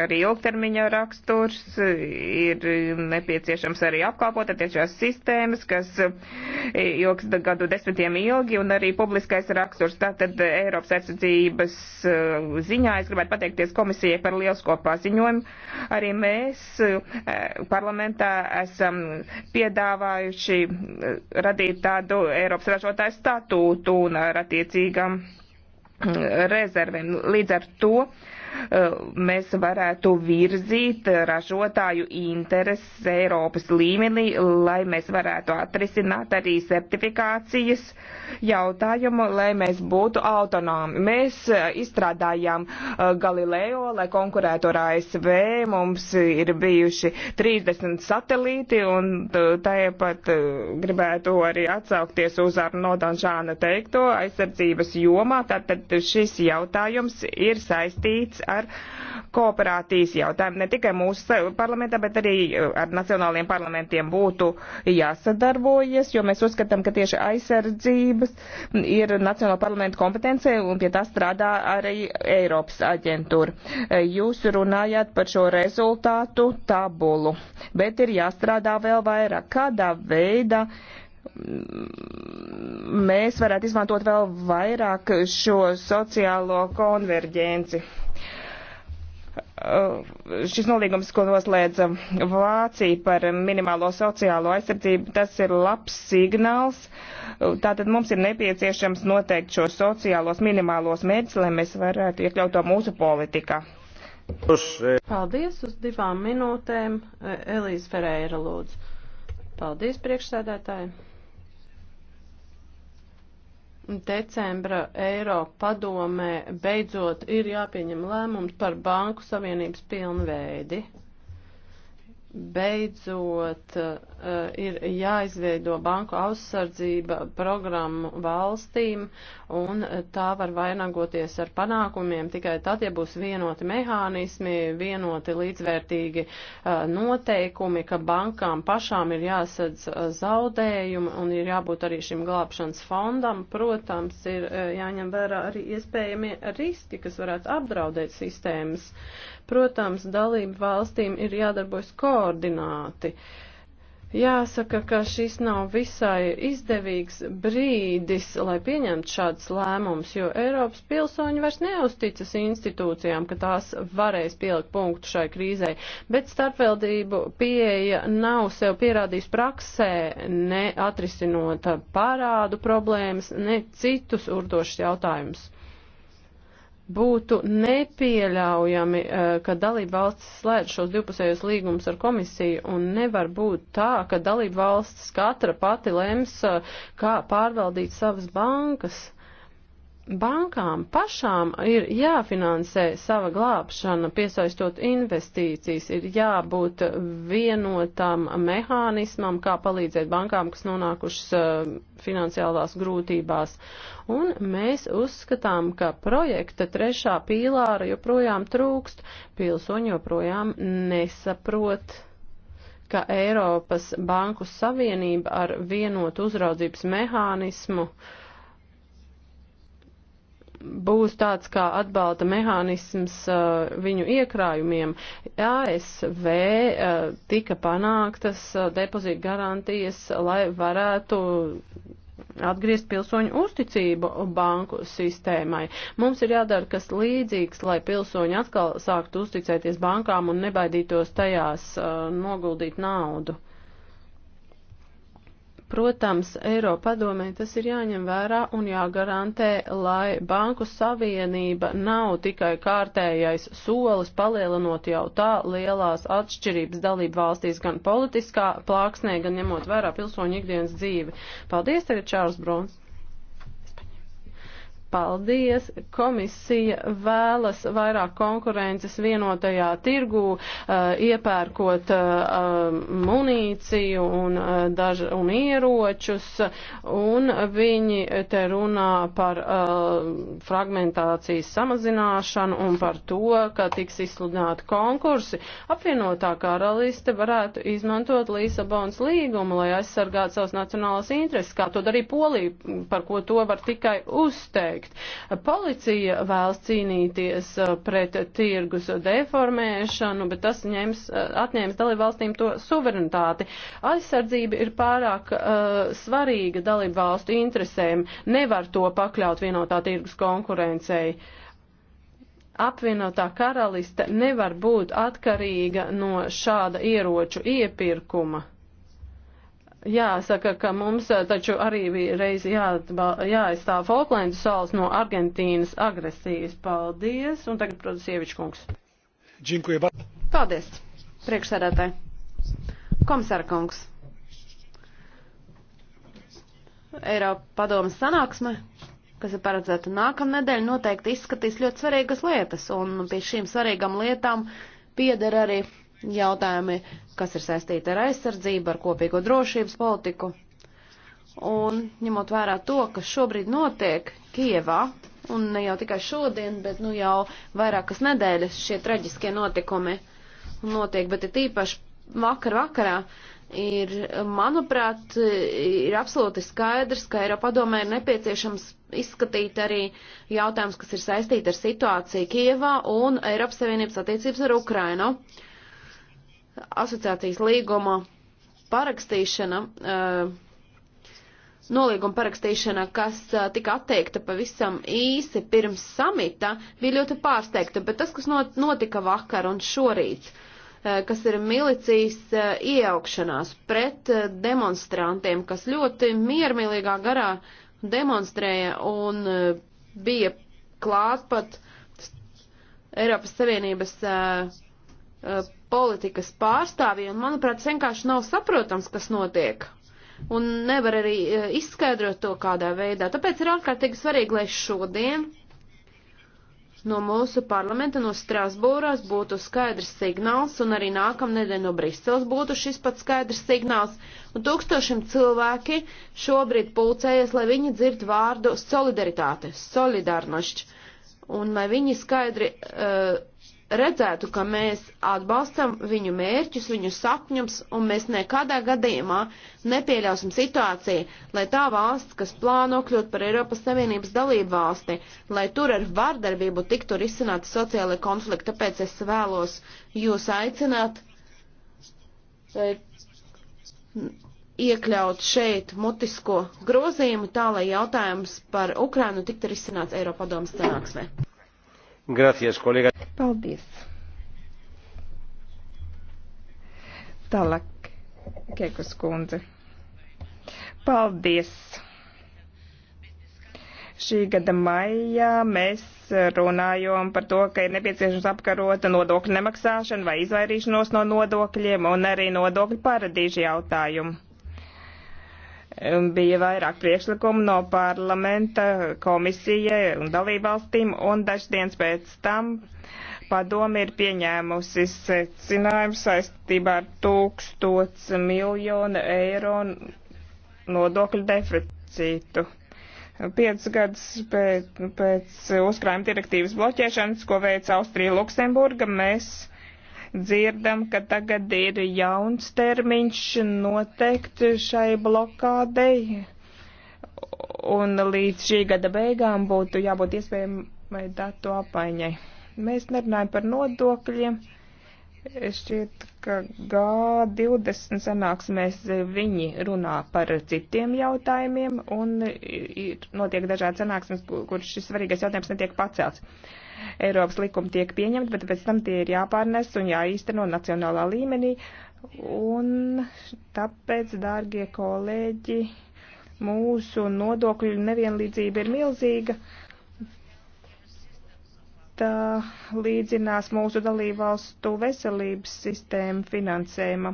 arī ilgtermiņa raksturs, ir nepieciešams arī apkalpot attiecībās sistēmas, kas ilgs gadu desmitiem ilgi, un arī publiskais raksturs. Tātad eh, Eiropas aizsardzības eh, ziņā es gribētu pateikties komisijai par lielisko paziņojumu. Arī mēs eh, parlamentā esam piedāvājuši radīt tādu Eiropas ražotāju statūtu un ar attiecīgam mm, rezerviem. Līdz ar to Eh, mēs varētu virzīt ražotāju intereses Eiropas līmenī, lai mēs varētu atrisināt arī certifikācijas jautājumu, lai mēs būtu autonomi. Mēs eh, izstrādājām eh, Galileo, lai konkurētu ar ASV, mums ir bijuši 30 satelīti un tāpat gribētu arī atsaukties uz Arno Danžāna teikto aizsardzības jomā, tātad šis jautājums ir saistīts ar kooperācijas jautājumu. Ne tikai mūsu parlamentā, bet arī uh, ar nacionāliem parlamentiem būtu jāsadarbojas, jo mēs uzskatām, ka tieši aizsardzības ir nacionāla parlamenta kompetence un pie tā strādā arī Eiropas aģentūra. Uh, jūs runājāt par šo rezultātu tabulu, bet ir jāstrādā vēl vairāk. Kādā veidā mm, mēs varētu izmantot vēl vairāk šo sociālo konverģenci? Uh, šis nolīgums, ko noslēdza Vācija par minimālo sociālo aizsardzību, tas ir labs signāls. Uh, tātad mums ir nepieciešams noteikt šos sociālos minimālos mērķus, lai mēs varētu iekļaut to mūsu politikā. Paldies uz divām minūtēm. Elīze Ferēra lūdzu. Paldies priekšsēdētāji decembra Eiropa padomē beidzot ir jāpieņem lēmums par Banku Savienības pilnveidi beidzot uh, ir jāizveido banku aussardzība programmu valstīm, un tā var vainagoties ar panākumiem tikai tad, ja būs vienoti mehānismi, vienoti līdzvērtīgi uh, noteikumi, ka bankām pašām ir jāsadz eh, zaudējumi un ir jābūt arī šim glābšanas fondam. Protams, ir uh, jāņem vērā arī iespējamie riski, kas varētu apdraudēt sistēmas Protams, dalību valstīm ir jādarbojas koordināti. Jāsaka, ka šis nav visai izdevīgs brīdis, lai pieņemtu šādus lēmumus, jo Eiropas pilsoņi vairs neusticas institūcijām, ka tās varēs pielikt punktu šai krīzē, bet starpveldību pieeja nav sev pierādījis praksē, neatrisinot parādu problēmas, ne citus urdošus jautājumus. Būtu nepieļaujami, eh, ka dalība valsts slēdz šos divpusējos līgumus ar komisiju un nevar būt tā, ka dalība valsts katra pati lems, eh, kā pārvaldīt savas bankas bankām pašām ir jāfinansē sava glābšana, piesaistot investīcijas, ir jābūt vienotam mehānismam, kā palīdzēt bankām, kas nonākušas eh, finansiālās grūtībās. Un mēs uzskatām, ka projekta trešā pīlāra joprojām trūkst, pilsoņi joprojām nesaprot ka Eiropas Banku Savienība ar vienotu uzraudzības mehānismu uh, būs tāds kā atbalta mehānisms uh, viņu iekrājumiem. ASV uh, tika panāktas uh, depozīta garantijas, lai varētu atgriezt pilsoņu uzticību banku sistēmai. Mums ir jādara kas līdzīgs, lai pilsoņi atkal sāktu uzticēties bankām un nebaidītos tajās uh, noguldīt naudu. Protams, Eiropa padomē tas ir jāņem vērā un jāgarantē, lai banku savienība nav tikai kārtējais solis palielinot jau tā lielās atšķirības dalību valstīs gan politiskā plāksnē, gan ņemot vērā pilsoņu ikdienas dzīvi. Paldies, tagad Čārls Brons. Paldies! Komisija vēlas vairāk konkurences vienotajā tirgū, eh, iepērkot eh, munīciju un, eh, daž, un ieročus, un viņi te runā par fragmentācijas samazināšanu un par to, ka tiks izsludināti konkursi. Apvienotā karaliste varētu izmantot Līsabonas līgumu, lai aizsargātu savas nacionālas intereses, kā to darīja Polija, par ko to var tikai uzteikt veikt. Policija vēlas cīnīties uh, pret tirgus deformēšanu, bet tas ņems, uh, atņēmis dalībvalstīm to suverenitāti. Aizsardzība ir pārāk uh, svarīga dalībvalstu interesēm. Nevar to pakļaut vienotā tirgus konkurencei. Uh, apvienotā karaliste nevar būt atkarīga no šāda ieroču iepirkuma. Jāsaka, ka mums eh, taču arī bija reizi jāaizstāv Falklendu salas no Argentīnas agresijas. Paldies! Un tagad, protams, Ievičkungs. Paldies, priekšsēdētāji. Komisāra kungs. Eiropa padomas sanāksme, kas ir paredzēta nākamnedēļ, noteikti izskatīs ļoti svarīgas lietas, un pie šīm svarīgām lietām pieder arī jautājumi kas ir saistīta ar aizsardzību, ar kopīgo drošības politiku. Un ņemot vērā to, kas šobrīd notiek Kievā, un ne jau tikai šodien, bet nu jau vairākas nedēļas šie traģiskie notikumi notiek, bet ir tīpaši vakar vakarā, ir, manuprāt, ir absolūti skaidrs, ka Eiropadomē ir nepieciešams izskatīt arī jautājums, kas ir saistīti ar situāciju Kievā un Eiropas Savienības attiecības ar Ukrainu. Uh, asociācijas līguma parakstīšana, eh, nolīguma parakstīšana, kas eh, tika atteikta pavisam īsi pirms samita, bija ļoti pārsteigta, bet tas, kas notika vakar un šorīt, eh, kas ir milicijas iejaukšanās pret demonstrantiem, kas ļoti miermīlīgā garā demonstrēja un bija klāt pat Eiropas Savienības uh, Uh, politikas pārstāvji, un manuprāt, vienkārši nav saprotams, kas notiek. Un nevar arī uh, izskaidrot to kādā veidā. Tāpēc ir ārkārtīgi svarīgi, lai šodien no mūsu parlamenta, no Strasbūrās būtu skaidrs signāls, un arī nākamnedēļ no Briseles būtu šis pats skaidrs signāls. Un tūkstošiem cilvēki šobrīd pulcējas, lai viņi dzird vārdu solidaritāte, solidarnošķi, un lai viņi skaidri. Uh, redzētu, ka mēs atbalstam viņu mērķus, viņu sapņus, un mēs nekādā gadījumā nepieļausim situāciju, lai tā valsts, kas plāno kļūt par Eiropas Savienības dalību valsti, lai tur ar vardarbību tiktu risināti sociālai konflikti. Tāpēc es vēlos jūs aicināt e, iekļaut šeit mutisko grozījumu tā, lai jautājums par Ukrainu tiktu risināts Eiropadomas sanāksmē. Gracias, kolēģi. Paldies. Tālāk, Kekus kundze. Paldies. Šī gada maijā mēs runājām par to, ka ir nepieciešams apkarot nodokļu nemaksāšanu vai izvairīšanos no nodokļiem un arī nodokļu paradīžu jautājumu bija vairāk priekšlikumu no parlamenta komisijai un dalībvalstīm, un dažas dienas pēc tam padomi ir pieņēmusi secinājumu saistībā ar tūkstots miljonu eiro nodokļu deficītu. Piecas gadus pēc, pēc uzkrājuma direktīvas bloķēšanas, ko veica Austrija Luksemburga, mēs dzirdam, ka tagad ir jauns termiņš noteikt šai blokādei, un līdz šī gada beigām būtu jābūt iespējamai datu apmaiņai. Mēs nerunājam par nodokļiem. Šķiet, ka G20 sanāksmēs viņi runā par citiem jautājumiem un ir, notiek dažādi sanāksmes, kur šis svarīgais jautājums netiek pacelts. Eiropas likumi tiek pieņemti, bet pēc tam tie ir jāpārnes un jāīsteno nacionālā līmenī. Un tāpēc, dārgie kolēģi, mūsu nodokļu nevienlīdzība ir milzīga. Tā līdzinās mūsu dalībvalstu veselības sistēma finansējuma.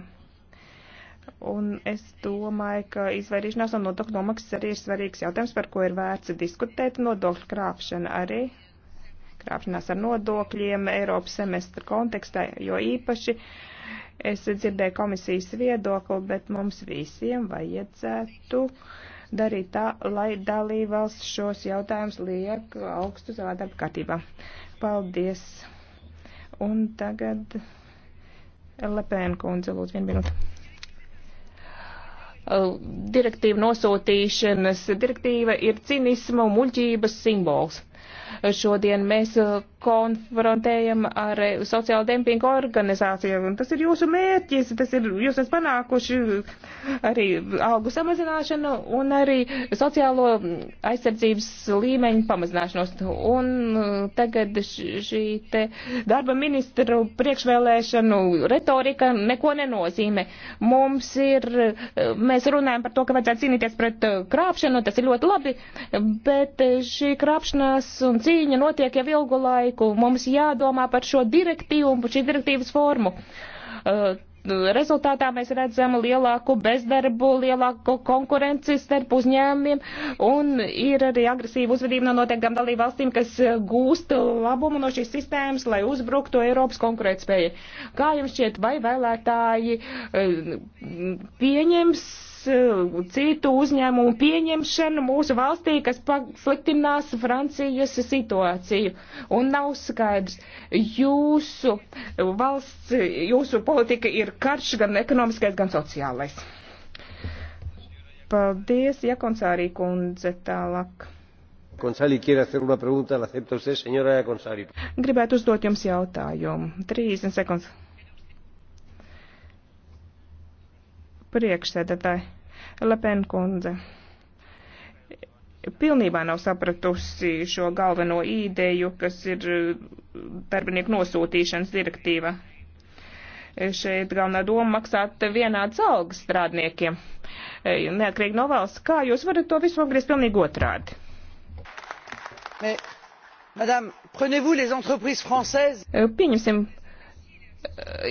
Un es domāju, ka izvairīšanās no nodokļu nomaksas arī ir svarīgs jautājums, par ko ir vērts diskutēt. Nodokļu krāpšana arī krāpšanās ar nodokļiem Eiropas semestra kontekstā, jo īpaši es dzirdēju komisijas viedokli, bet mums visiem vajadzētu darīt tā, lai dalībvalsts šos jautājumus liek augstu savā darba kārtībā. Paldies! Un tagad Lepēna kundze, lūdzu, vienu minūtu direktīva nosūtīšanas direktīva ir cinisma un muļķības simbols. Šodien mēs konfrontējam ar sociāla dempinga organizāciju. Un tas ir jūsu mērķis, tas ir, jūs esat panākuši arī algu samazināšanu un arī sociālo aizsardzības līmeņu pamazināšanos. Un uh, tagad šī te darba ministru priekšvēlēšanu retorika neko nenozīmē. Mums ir, uh, mēs runājam par to, ka vajadzētu cīnīties pret uh, krāpšanu, tas ir ļoti labi, bet šī krāpšanās un cīņa notiek jau ilgu laiku politiku. Mums jādomā par šo direktīvu un šī direktīvas formu. Uh, rezultātā mēs redzam lielāku bezdarbu, lielāku konkurenci starp uzņēmumiem un ir arī agresīva uzvedība no noteiktām dalību valstīm, kas gūst labumu no šīs sistēmas, lai uzbruktu Eiropas konkurētspēju. Kā jums šķiet, vai vēlētāji uh, pieņems Uh, citu uzņēmumu pieņemšanu mūsu valstī, kas pasliktinās Francijas situāciju. Un nav skaidrs, jūsu valsts, jūsu politika ir karš gan ekonomiskais, gan sociālais. Paldies, Jakonsārī kundze, tālāk. Consali quiere hacer una pregunta, la acepta usted, señora Consali. Gribētu uzdot jums jautājumu. 30 sekundes. priekšsēdētāji. Lepenkundze pilnībā nav sapratusi šo galveno īdeju, kas ir eh, darbinieku nosūtīšanas direktīva. Šeit galvenā doma maksāt vienādas algas strādniekiem. Eh, Neatkarīgi no valsts, kā jūs varat to visu apgriezt pilnīgi otrādi? Mais, madame, prenez-vous les entreprises françaises? Eh, pieņemsim,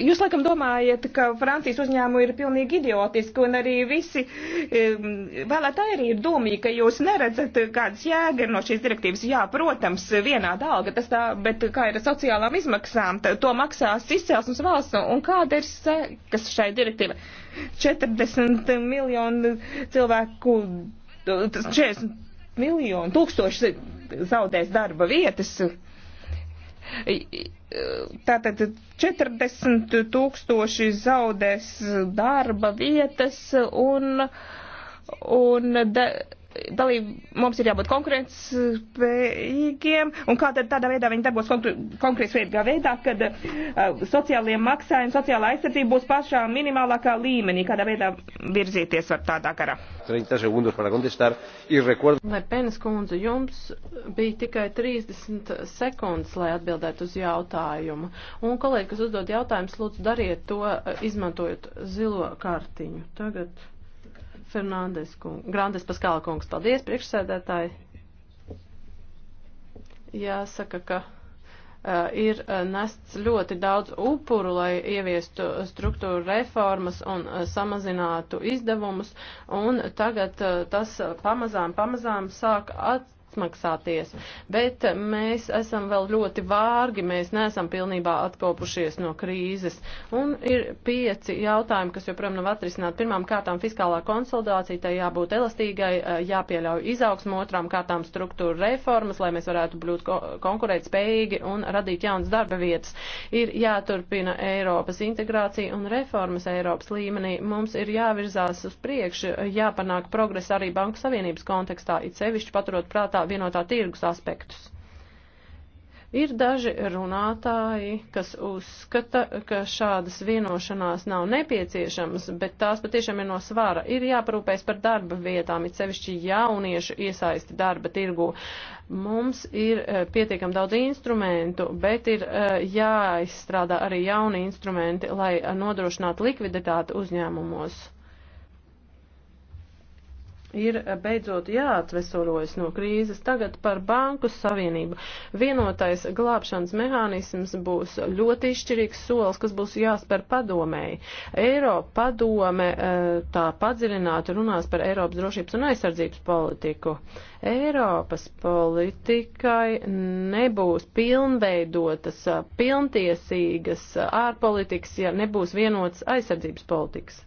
Jūs laikam domājat, ka Francijas uzņēmumi ir pilnīgi idiotiski, un arī visi vēlētāji arī ir domīgi, ka jūs neredzat, kādas jēga ir no šīs direktīvas. Jā, protams, vienāda alga, tas tā, bet kā ir ar sociālām izmaksām, to maksās izcelsmes valsts, un kāda ir sekas šai direktīva? 40 miljonu cilvēku, 40 miljonu, tūkstoši zaudēs darba vietas. Tātad 40 tūkstoši zaudēs darba vietas un, un de, dalību, mums ir jābūt konkurētspējīgiem, un kā tad tādā veidā viņi darbos konkurētspējīgā veidā, kad uh, sociālajiem maksājumiem, sociālā aizsardzība būs pašā minimālākā līmenī, kādā veidā virzīties var tādā garā. 30 sekundes para contestar y recuerdo. Lai Penes kundze, jums bija tikai 30 sekundes, lai atbildētu uz jautājumu. Un kolēģi, kas uzdod jautājumus, lūdzu dariet to, uh, izmantojot zilo kartiņu. Tagad. Fernandes kungs, Grandes Paskāla kungs, paldies, priekšsēdētāji. Jāsaka, ka uh, ir uh, nests ļoti daudz upuru, lai ieviestu struktūru reformas un uh, samazinātu izdevumus, un tagad uh, tas uh, pamazām, pamazām sāk at, atmaksāties, bet mēs esam vēl ļoti vārgi, mēs neesam pilnībā atkopušies no krīzes. Un ir pieci jautājumi, kas joprojām nav atrisināti. Pirmām kārtām fiskālā konsolidācija, tai jābūt elastīgai, eh, jāpieļauj izaugsmu, otrām kārtām struktūra reformas, lai mēs varētu būt konkurēt spējīgi un radīt jaunas darba vietas. Ir jāturpina Eiropas integrācija un reformas Eiropas līmenī. Mums ir jāvirzās uz priekšu, jāpanāk progresa arī Banku Savienības kontekstā, it sevišķi paturot prātā vienotā tirgus aspektus. Ir daži runātāji, kas uzskata, ka šādas vienošanās nav nepieciešamas, bet tās patiešām ir no svara. Ir jāparūpēs par darba vietām, it sevišķi jauniešu iesaisti darba tirgu. Mums ir eh, pietiekam daudz instrumentu, bet ir eh, jāizstrādā arī jauni instrumenti, lai eh, nodrošinātu likviditāti uzņēmumos ir beidzot jāatvesoļojas no krīzes. Tagad par banku savienību. Vienotais glābšanas mehānisms būs ļoti izšķirīgs solis, kas būs jāspēr padomēji. Eiro padome eh, tā padziļināti runās par Eiropas drošības un aizsardzības politiku. Eiropas politikai nebūs pilnveidotas, eh, pilntiesīgas eh, ārpolitikas, ja nebūs vienotas aizsardzības politikas.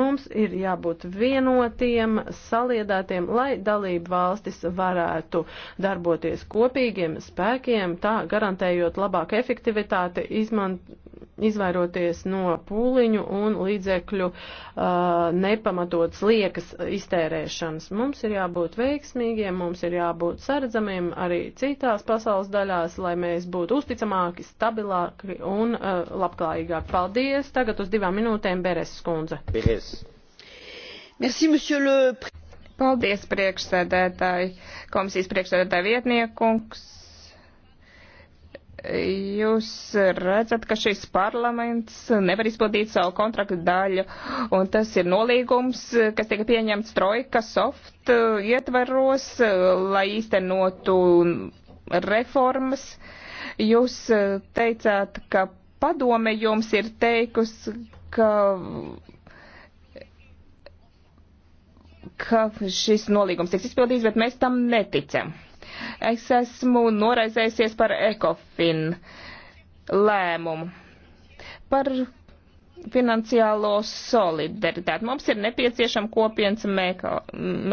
Mums ir jābūt vienotiem, saliedētiem, lai dalību valstis varētu darboties kopīgiem spēkiem, tā garantējot labāku efektivitāti, izmantojot izvairoties no pūliņu un līdzekļu uh, nepamatots liekas iztērēšanas. Mums ir jābūt veiksmīgiem, mums ir jābūt saredzamiem arī citās pasaules daļās, lai mēs būtu uzticamāki, stabilāki un uh, labklājīgāki. Paldies! Tagad uz divām minūtēm Beres skundze. Merci, monsieur le... Paldies, priekšsēdētāji, komisijas priekšsēdētāja vietniekums jūs redzat, ka šis parlaments nevar izpildīt savu kontraktu daļu, un tas ir nolīgums, kas tika pieņemts Trojka soft ietvaros, lai īstenotu reformas. Jūs teicāt, ka padome jums ir teikus, ka ka šis nolīgums tiks izpildīts, bet mēs tam neticam. Es esmu noraizējusies par ECOFIN lēmumu. Par finansiālo solidaritāti. Mums ir nepieciešama kopienas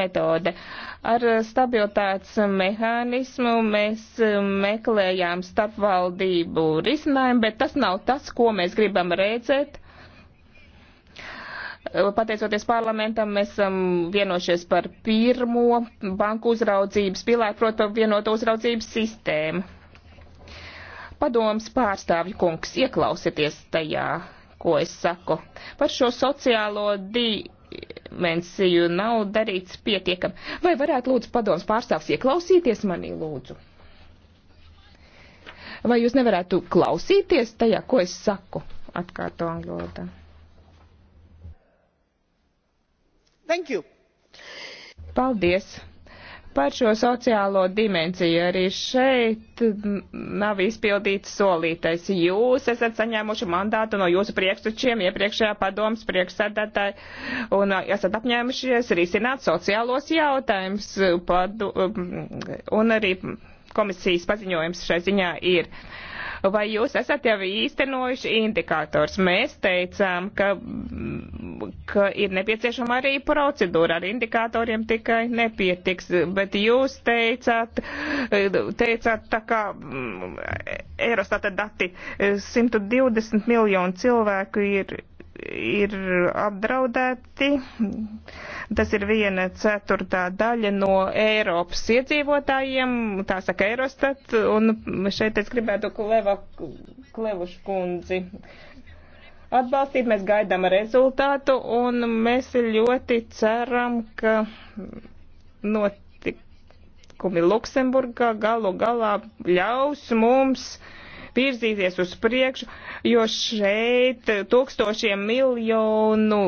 metode. Ar stabilitātes mehānismu mēs meklējām starpvaldību risinājumu, bet tas nav tas, ko mēs gribam redzēt Pateicoties parlamentam, mēs esam vienošies par pirmo banku uzraudzības pilētu, protams, vienoto uzraudzības sistēmu. Padoms pārstāvju kungs, ieklausieties tajā, ko es saku. Par šo sociālo dimensiju nav darīts pietiekam. Vai varētu lūdzu padoms pārstāvs ieklausīties manī lūdzu? Vai jūs nevarētu klausīties tajā, ko es saku? Atkārto angļu valodā. Thank you! Paldies! par šo sociālo dimensiju. Arī šeit nav izpildīts solītais. Jūs esat saņēmuši mandātu no jūsu priekštučiem, iepriekšējā padomas priekšsēdētāji, un uh, esat apņēmušies risināt sociālos jautājumus. Um, un arī komisijas paziņojums šai ziņā ir. Uh, vai jūs esat jau īstenojuši indikators? Mēs teicām, ka, ka ir nepieciešama arī procedūra, ar indikatoriem tikai nepietiks, bet jūs teicāt, teicāt tā kā mm, Eurostata dati 120 eh, miljonu cilvēku ir ir apdraudēti. Tas ir viena ceturtā daļa no Eiropas iedzīvotājiem, tā saka Eurostat, un šeit es gribētu Kleva, Klevušu kundzi atbalstīt. Mēs gaidām rezultātu, un mēs ļoti ceram, ka notikumi Luksemburgā galu galā ļaus mums virzīties uz priekšu, jo šeit tūkstošiem miljonu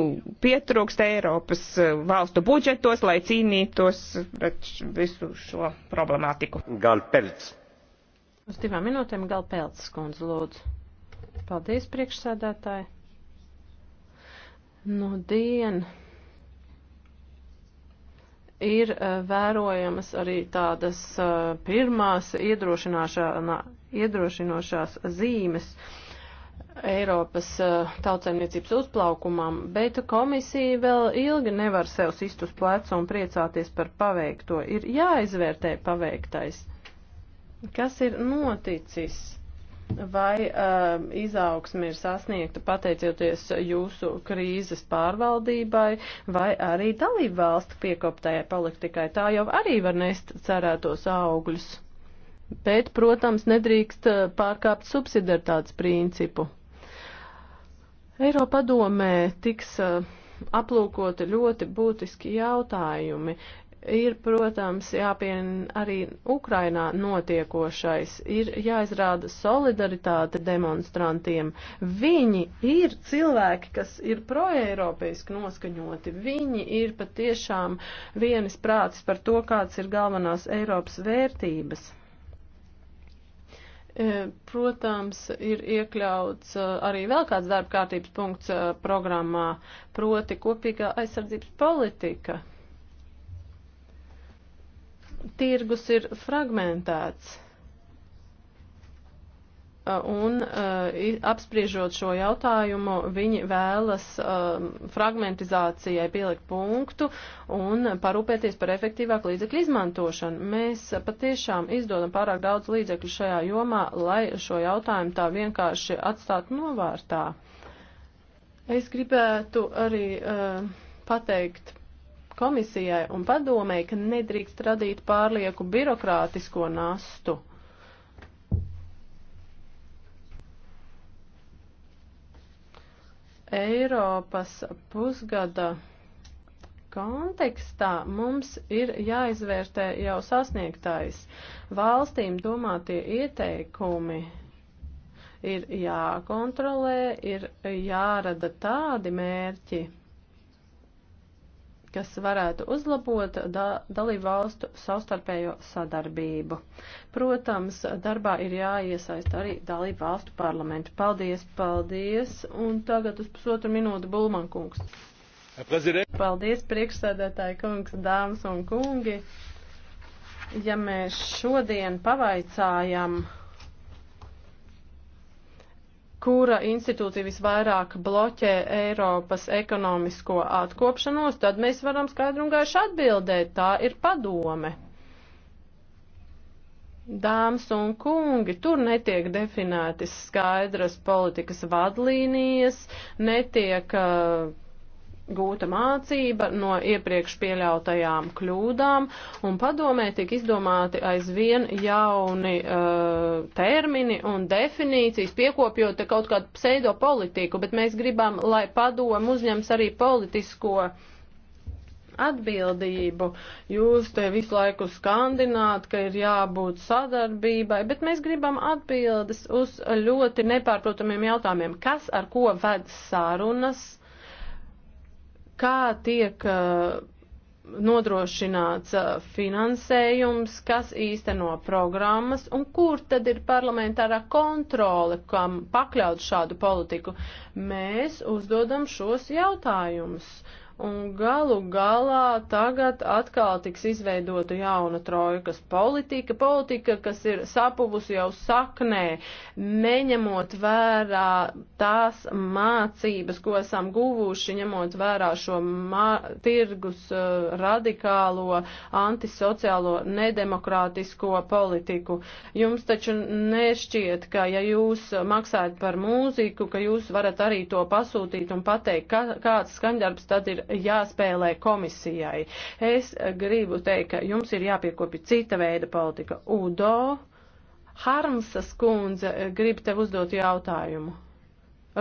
pietrūkst Eiropas eh, valstu budžetos, lai cīnītos pret visu šo problemātiku. Galpelts. Uz divām minūtēm Galpelts, kundze, lūdzu. Paldies, priekšsēdētāji. Nu, dien ir eh, vērojamas arī tādas eh, pirmās iedrošināšanā iedrošinošās zīmes. Eiropas eh, tautsēmniecības uzplaukumam, bet komisija vēl ilgi nevar sev sist uz pleca un priecāties par paveikto. Ir jāizvērtē paveiktais. Kas ir noticis? Vai uh, izaugsme ir sasniegta pateicoties jūsu krīzes pārvaldībai, vai arī dalību valstu piekoptajai politikai? Tā jau arī var nest cerētos augļus bet, protams, nedrīkst eh, pārkāpt subsidiaritātes principu. Eiropadomē tiks eh, aplūkoti ļoti būtiski jautājumi. Ir, protams, jāpien arī Ukrainā notiekošais, ir jāizrāda solidaritāte demonstrantiem. Viņi ir cilvēki, kas ir proeiropeiski noskaņoti, viņi ir patiešām vienis prātis par to, kāds ir galvenās Eiropas vērtības. E, protams, ir iekļauts e, arī vēl kāds darba kārtības punkts e, programmā, proti kopīgā aizsardzības politika. Tirgus ir fragmentēts. Uh, un uh, apspriežot šo jautājumu, viņi vēlas uh, fragmentizācijai pielikt punktu un parūpēties par efektīvāku līdzekļu izmantošanu. Mēs patiešām izdodam pārāk daudz līdzekļu šajā jomā, lai šo jautājumu tā vienkārši atstātu novārtā. Es gribētu arī uh, pateikt komisijai un padomēji, ka nedrīkst radīt pārlieku birokrātisko nastu Eiropas pusgada kontekstā mums ir jāizvērtē jau sasniegtais valstīm domātie ieteikumi. Ir jākontrolē, ir jārada tādi mērķi, kas varētu uzlabot da dalību valstu savstarpējo sadarbību. Protams, darbā ir jāiesaist arī dalību valstu parlamentu. Paldies, paldies, un tagad uz pusotru minūtu Bulmankungs. Paldies, priekšsēdētāji kungs, dāmas un kungi. Ja mēs šodien pavaicājam kura institūcija visvairāk bloķē Eiropas ekonomisko atkopšanos, tad mēs varam skaidru un gaišu atbildēt, tā ir padome. Dāmas un kungi, tur netiek definētas skaidras politikas vadlīnijas, netiek uh, gūta mācība no iepriekš pieļautajām kļūdām, un padomē tiek izdomāti aizvien jauni uh, termini un definīcijas, piekopjot kaut kādu pseidopolitiku, bet mēs gribam, lai padomu uzņems arī politisko atbildību. Jūs te visu laiku skandināt, ka ir jābūt sadarbībai, bet mēs gribam atbildes uz ļoti nepārprotamiem jautājumiem. Kas ar ko ved sarunas? kā tiek uh, nodrošināts uh, finansējums, kas īsteno programmas un kur tad ir parlamentārā kontrole, kam pakļaut šādu politiku. Mēs uzdodam šos jautājumus un galu galā tagad atkal tiks izveidota jauna trojkas politika, politika, kas ir sapuvusi jau saknē, neņemot vērā tās mācības, ko esam guvuši, ņemot vērā šo tirgus uh, radikālo, antisociālo, nedemokrātisko politiku. Jums taču nešķiet, ka ja jūs maksājat par mūziku, ka jūs varat arī to pasūtīt un pateikt, kā, kāds skaņdarbs tad ir jāspēlē komisijai. Es gribu teikt, ka jums ir jāpiekopja cita veida politika. Udo Harmsas kundze grib tev uzdot jautājumu.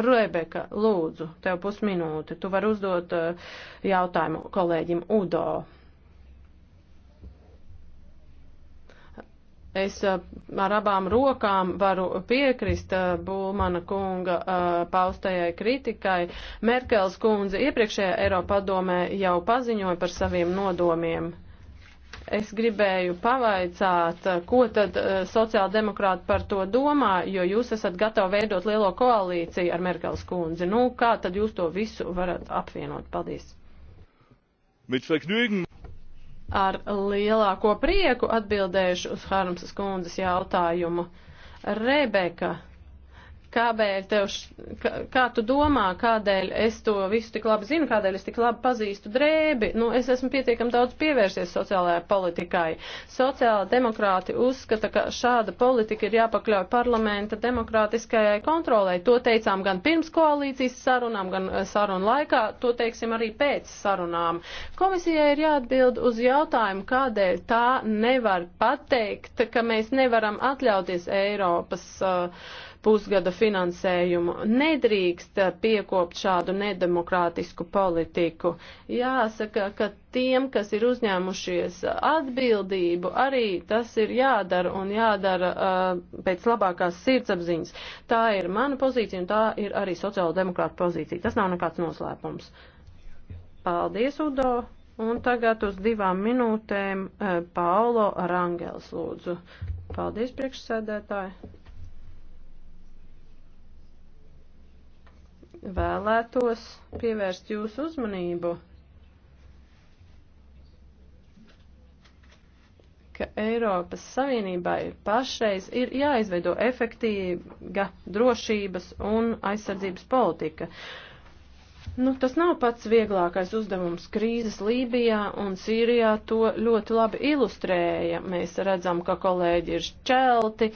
Rebeka, lūdzu, tev pusminūte. Tu vari uzdot eh, jautājumu kolēģim Udo. Es eh, ar abām rokām varu piekrist eh, Bulmana kunga eh, paustajai kritikai. Merkels kundze iepriekšējā Eiropadomē jau paziņoja par saviem nodomiem. Es gribēju pavaicāt, ko tad sociāldemokrāti par to domā, jo jūs esat gatavi veidot lielo koalīciju ar Merkels kundzi. Nu, kā tad jūs to visu varat apvienot? Paldies! Mit Vergnügen! ar lielāko prieku atbildēšu uz Harmsas kundzes jautājumu. Rebeka. Kādēļ tev, š... kā, kā tu domā, kādēļ es to visu tik labi zinu, kādēļ es tik labi pazīstu drēbi? Nu, es esmu pietiekam daudz pievērsies sociālajai politikai. Sociāla demokrāti uzskata, ka šāda politika ir jāpakļauj parlamenta demokrātiskajai kontrolē. To teicām gan pirms koalīcijas sarunām, gan eh, sarunu laikā, to teiksim arī pēc sarunām. Komisijai ir jāatbild uz jautājumu, kādēļ tā nevar pateikt, ka mēs nevaram atļauties Eiropas uh, pusgada finansējumu. Nedrīkst piekopt šādu nedemokrātisku politiku. Jāsaka, ka tiem, kas ir uzņēmušies atbildību, arī tas ir jādara un jādara uh, pēc labākās sirdsapziņas. Tā ir mana pozīcija un tā ir arī sociāla demokrāta pozīcija. Tas nav nekāds noslēpums. Paldies, Udo! Un tagad uz divām minūtēm uh, Paulo Rangels lūdzu. Paldies, priekšsēdētāji! vēlētos pievērst jūsu uzmanību, ka Eiropas Savienībai pašreiz ir jāizveido efektīva drošības un aizsardzības politika. Uh, Nu, tas nav pats vieglākais uzdevums krīzes Lībijā un Sīrijā to ļoti labi ilustrēja. Mēs redzam, ka kolēģi ir šķelti,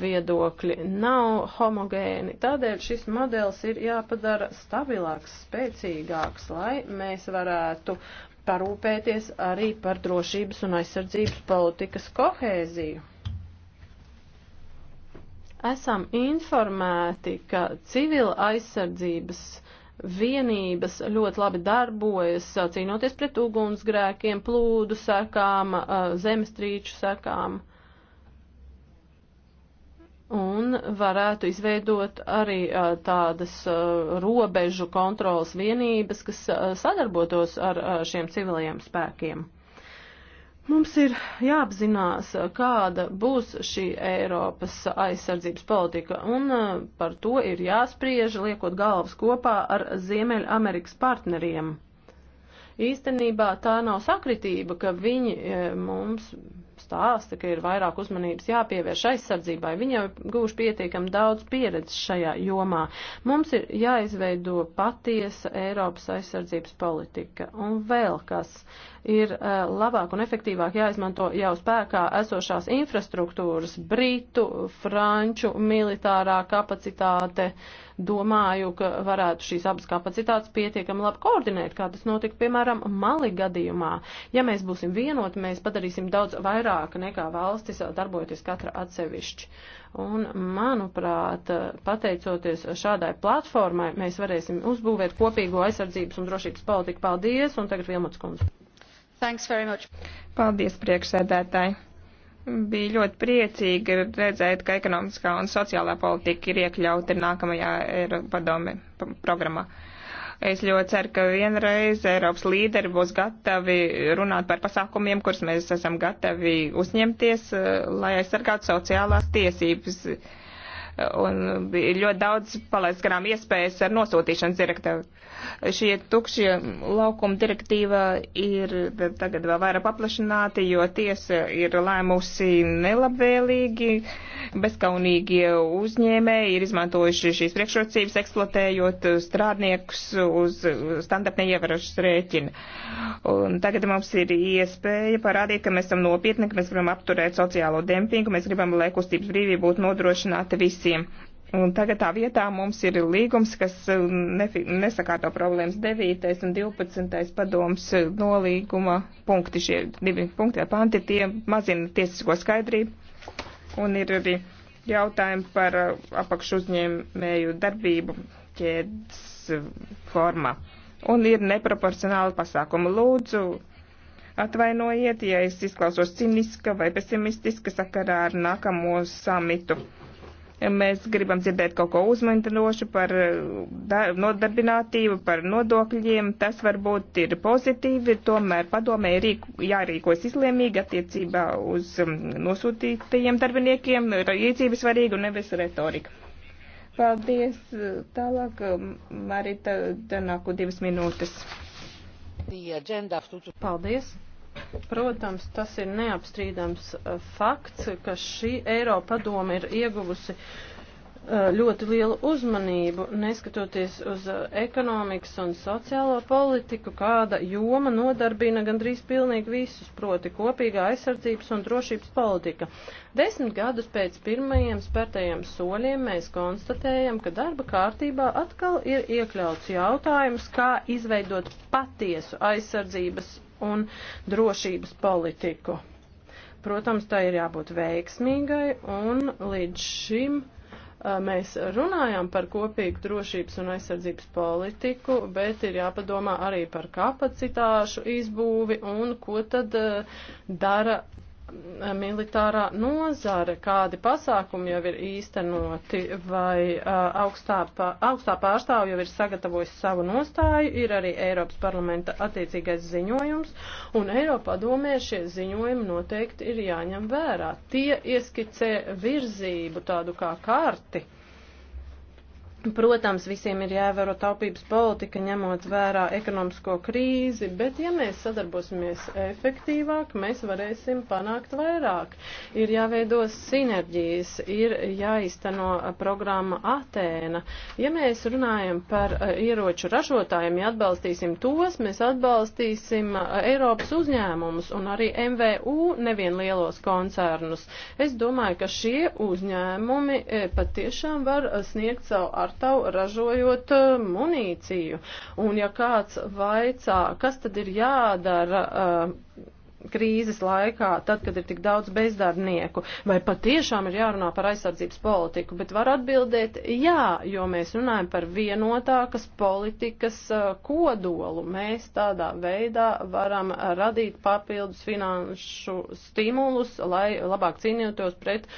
viedokļi nav homogēni. Tādēļ šis modelis ir jāpadara stabilāks, spēcīgāks, lai mēs varētu parūpēties arī par drošības un aizsardzības politikas kohēziju. Esam informēti, ka civila aizsardzības vienības ļoti labi darbojas, cīnoties pret ugunsgrēkiem, plūdu sekām, zemestrīču sekām. Un varētu izveidot arī tādas robežu kontrolas vienības, kas sadarbotos ar šiem civiliem spēkiem. Mums ir jāapzinās, kāda būs šī Eiropas aizsardzības politika, un uh, par to ir jāspriež, liekot galvas kopā ar Ziemeļamerikas partneriem. Īstenībā tā nav sakritība, ka viņi uh, mums stāsta, ka ir vairāk uzmanības jāpievērš aizsardzībai. Viņi jau gūši pietiekam daudz pieredzes šajā jomā. Mums ir jāizveido patiesa Eiropas aizsardzības politika. Un vēl kas. Uh, ir uh, labāk un efektīvāk jāizmanto jau spēkā esošās infrastruktūras, britu, franču militārā kapacitāte. Domāju, ka varētu šīs abas kapacitātes pietiekami labi koordinēt, kā tas notika, piemēram, Mali gadījumā. Ja mēs būsim vienoti, mēs padarīsim daudz vairāk nekā valstis eh, darbojoties katra atsevišķi. Un, manuprāt, pateicoties šādai platformai, mēs varēsim uzbūvēt kopīgo aizsardzības un drošības politiku. Paldies, un tagad Vilmots Kunds. Paldies, priekšsēdētāji! Bija ļoti priecīgi redzēt, ka ekonomiskā un sociālā politika ir iekļauta nākamajā padome programmā. Es ļoti ceru, ka vienreiz Eiropas līderi būs gatavi runāt par pasākumiem, kurus mēs esam gatavi uzņemties, lai aizsargātu sociālās tiesības un bija ļoti daudz palaist garām iespējas ar nosūtīšanas direktīvu. Šie tukšie laukuma direktīva ir tagad vēl vairāk paplašināti, jo tiesa ir lēmusi nelabvēlīgi bezkaunīgie uzņēmēji ir izmantojuši šīs priekšrocības, eksploatējot strādniekus uz standarta neievarošas rēķina. Un tagad mums ir iespēja parādīt, ka mēs esam nopietni, ka mēs gribam apturēt sociālo dempingu, mēs gribam, lai kustības brīvība būtu nodrošināta visiem. Un tagad tā vietā mums ir līgums, kas nesakārto problēmas 9. un 12. padoms nolīguma punkti, šie divi punkti vai panti, tie mazina tiesisko skaidrību Un ir arī jautājumi par uh, apakšu uzņēmēju darbību ķēdes uh, formā. Un ir neproporcionāli pasākumi. Lūdzu, atvainojiet, ja es izklausos ciniska vai pesimistiska sakarā ar nākamo samitu. Mēs gribam dzirdēt kaut ko uzmantinošu par eh, nodarbinātību, par nodokļiem. Tas varbūt ir pozitīvi, tomēr padomē ir jārīkojas izlēmīgi attiecībā uz um, nosūtītajiem darbiniekiem. Rīcība svarīga un nevis retorika. Paldies. Tālāk um, Marita Danāku divas minūtes. Paldies. Protams, tas ir neapstrīdams uh, fakts, ka šī Eiropa padoma ir ieguvusi uh, ļoti lielu uzmanību, neskatoties uz uh, ekonomikas un sociālo politiku, kāda joma nodarbina gandrīz pilnīgi visus, proti kopīgā aizsardzības un drošības politika. Desmit gadus pēc pirmajiem spērtajiem soļiem mēs konstatējam, ka darba kārtībā atkal ir iekļauts jautājums, kā izveidot patiesu aizsardzības un drošības politiku. Protams, tā ir jābūt veiksmīgai un līdz šim mēs runājam par kopīgu drošības un aizsardzības politiku, bet ir jāpadomā arī par kapacitāšu izbūvi un ko tad dara militārā nozare, kādi pasākumi jau ir īstenoti, vai augstā, augstā pārstāv jau ir sagatavojis savu nostāju, ir arī Eiropas parlamenta attiecīgais ziņojums, un Eiropā domē šie ziņojumi noteikti ir jāņem vērā. Tie ieskicē virzību tādu kā karti. Protams, visiem ir jāievēro taupības politika, ņemot vērā ekonomisko krīzi, bet ja mēs sadarbosimies efektīvāk, mēs varēsim panākt vairāk. Ir jāveido sinerģijas, ir jāizteno programma Atēna. Ja mēs runājam par eh, ieroču ražotājiem, ja atbalstīsim tos, mēs atbalstīsim eh, Eiropas uzņēmumus un arī MVU nevien lielos koncernus. Es domāju, ka šie uzņēmumi eh, patiešām var sniegt savu ar sastāvu, ražojot uh, munīciju. Un ja kāds vaicā, kas tad ir jādara, uh, krīzes laikā, tad, kad ir tik daudz bezdarbnieku, vai patiešām ir jārunā par aizsardzības politiku, bet var atbildēt jā, jo mēs runājam par vienotākas politikas kodolu. Mēs tādā veidā varam radīt papildus finanšu stimulus, lai labāk cīnītos pret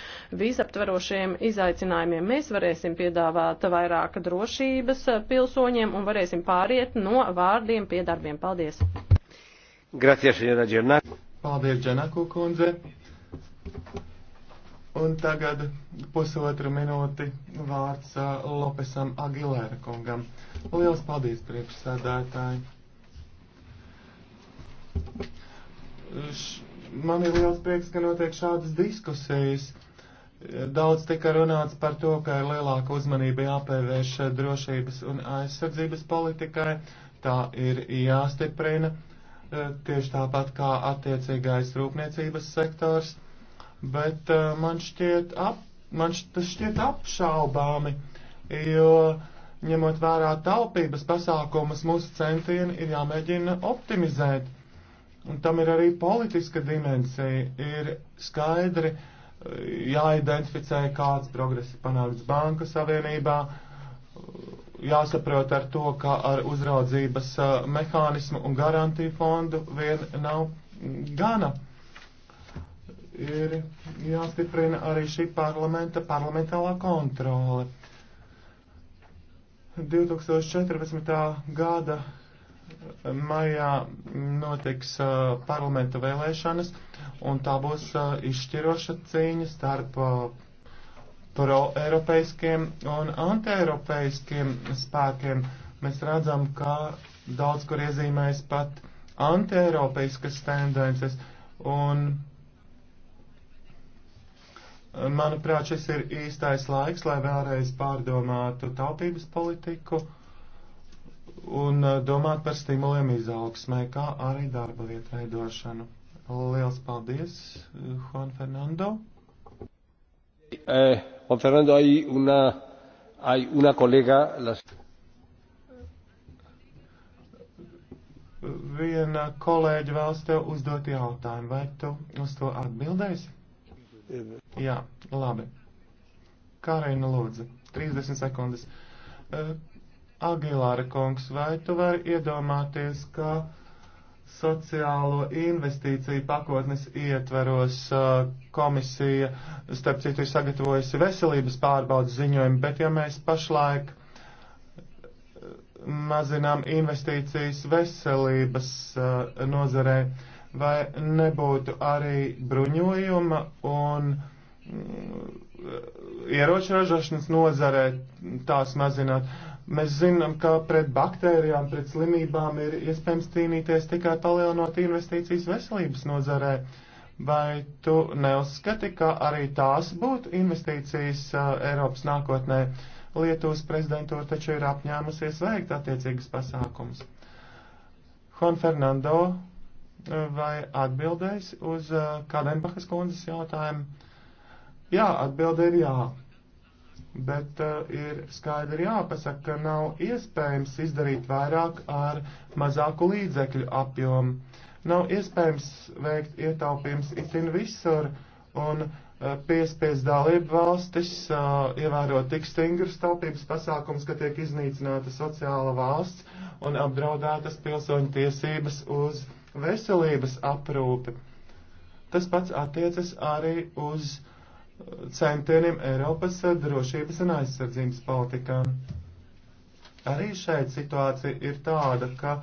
visaptverošiem izaicinājumiem. Mēs varēsim piedāvāt vairāk drošības pilsoņiem un varēsim pāriet no vārdiem pie darbiem. Paldies! Gracias, senora Džernaku. Paldies, Džernaku kundze. Un tagad pusotru minūti vārds uh, Lopesam Agilēra kungam. Lielas paldies, priekšsēdētāji. Man ir liels prieks, ka notiek šādas diskusijas. Daudz tika runāts par to, ka ir lielāka uzmanība jāpievērš drošības un aizsardzības politikai. Tā ir jāstiprina Eh, tieši tāpat kā attiecīgais rūpniecības sektors, bet eh, man šķiet, ap, man tas šķiet apšaubāmi, jo ņemot vērā taupības pasākumus, mūsu centieni ir jāmēģina optimizēt. Un tam ir arī politiska dimensija. Ir skaidri eh, jāidentificē, kāds progress ir panākts Banku Savienībā, uh, jāsaprot ar to, ka ar uzraudzības uh, mehānismu un garantiju fondu vien nav gana. Ir jāstiprina arī šī parlamenta parlamentālā kontrole. 2014. gada maijā notiks uh, parlamenta vēlēšanas, un tā būs uh, izšķiroša cīņa starp proeiropeiskiem un antieiropeiskiem spēkiem. Mēs redzam, ka daudz kur iezīmēs pat antieiropeiskas tendences. Un, manuprāt, šis ir īstais laiks, lai vēlreiz pārdomātu taupības politiku un eh, domāt par stimuliem izaugsmē, kā arī darba vietu veidošanu. Liels paldies, eh, Juan Fernando! Uh. Juan Fernando, hay una, hay una colega. Las... Viena kolēģi vēlas tev uzdot jautājumu, vai tu uz to atbildēsi? Jā, labi. Kārina lūdzu, 30 sekundes. Uh, Agilāra kungs, vai tu vari iedomāties, ka sociālo investīciju pakotnes ietveros uh, komisija, starp citu, ir sagatavojusi veselības pārbaudas ziņojumu, bet ja mēs pašlaik uh, mazinām investīcijas veselības uh, nozarē, vai nebūtu arī bruņojuma un mm, ieroču ražošanas nozarē tās mazināt? Mēs zinām, ka pret baktērijām, pret slimībām ir iespējams cīnīties tikai palielinot investīcijas veselības nozarē. Vai tu neuzskati, ka arī tās būtu investīcijas uh, Eiropas nākotnē? Lietuvas prezidentūra taču ir apņēmusies veikt attiecīgas pasākums. Juan Fernando, uh, vai atbildēs uz uh, Kādenbachas kundzes jautājumu? Jā, atbilde ir jā bet uh, ir skaidri jāpasaka, ka nav iespējams izdarīt vairāk ar mazāku līdzekļu apjomu. Nav iespējams veikt ietaupījums itin visur un uh, eh, piespies dalību valstis uh, ievērot tik stingrus taupības pasākums, ka tiek iznīcināta sociāla valsts un apdraudētas pilsoņu tiesības uz veselības aprūpi. Tas pats attiecas arī uz uh, centieniem Eiropas drošības un aizsardzības politikā. Arī šeit situācija ir tāda, ka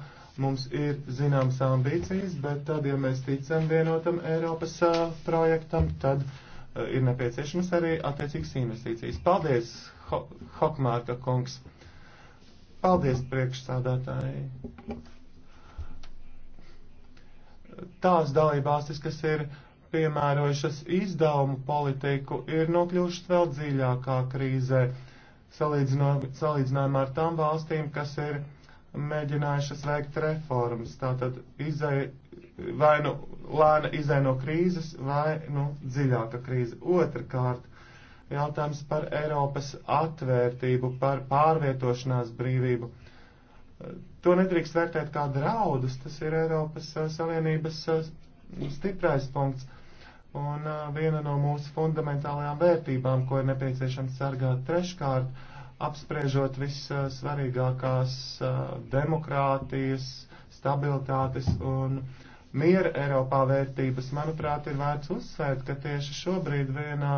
mums ir zināmas ambīcijas, bet tad, ja mēs ticam vienotam Eiropas projektam, tad ir nepieciešamas arī attiecīgas investīcijas. Paldies, Ho Hokmārka kungs! Paldies, priekšsādātāji! Tās dalībāstis, kas ir uh, piemērojušas izdevumu politiku, ir nokļuvušas vēl dziļākā krīzē, salīdzinājumā ar tām valstīm, kas ir mēģinājušas veikt reformas. Tātad izai, vai nu lēna izai no krīzes, vai nu dziļāka krīze. Otrakārt, jautājums par Eiropas atvērtību, par pārvietošanās brīvību. To nedrīkst vērtēt kā draudus, tas ir Eiropas Savienības stiprais punkts un viena no mūsu fundamentālajām vērtībām, ko ir nepieciešams sargāt treškārt, apspriežot vissvarīgākās demokrātijas, stabilitātes un miera Eiropā vērtības, manuprāt, ir vērts uzsvērt, ka tieši šobrīd vienā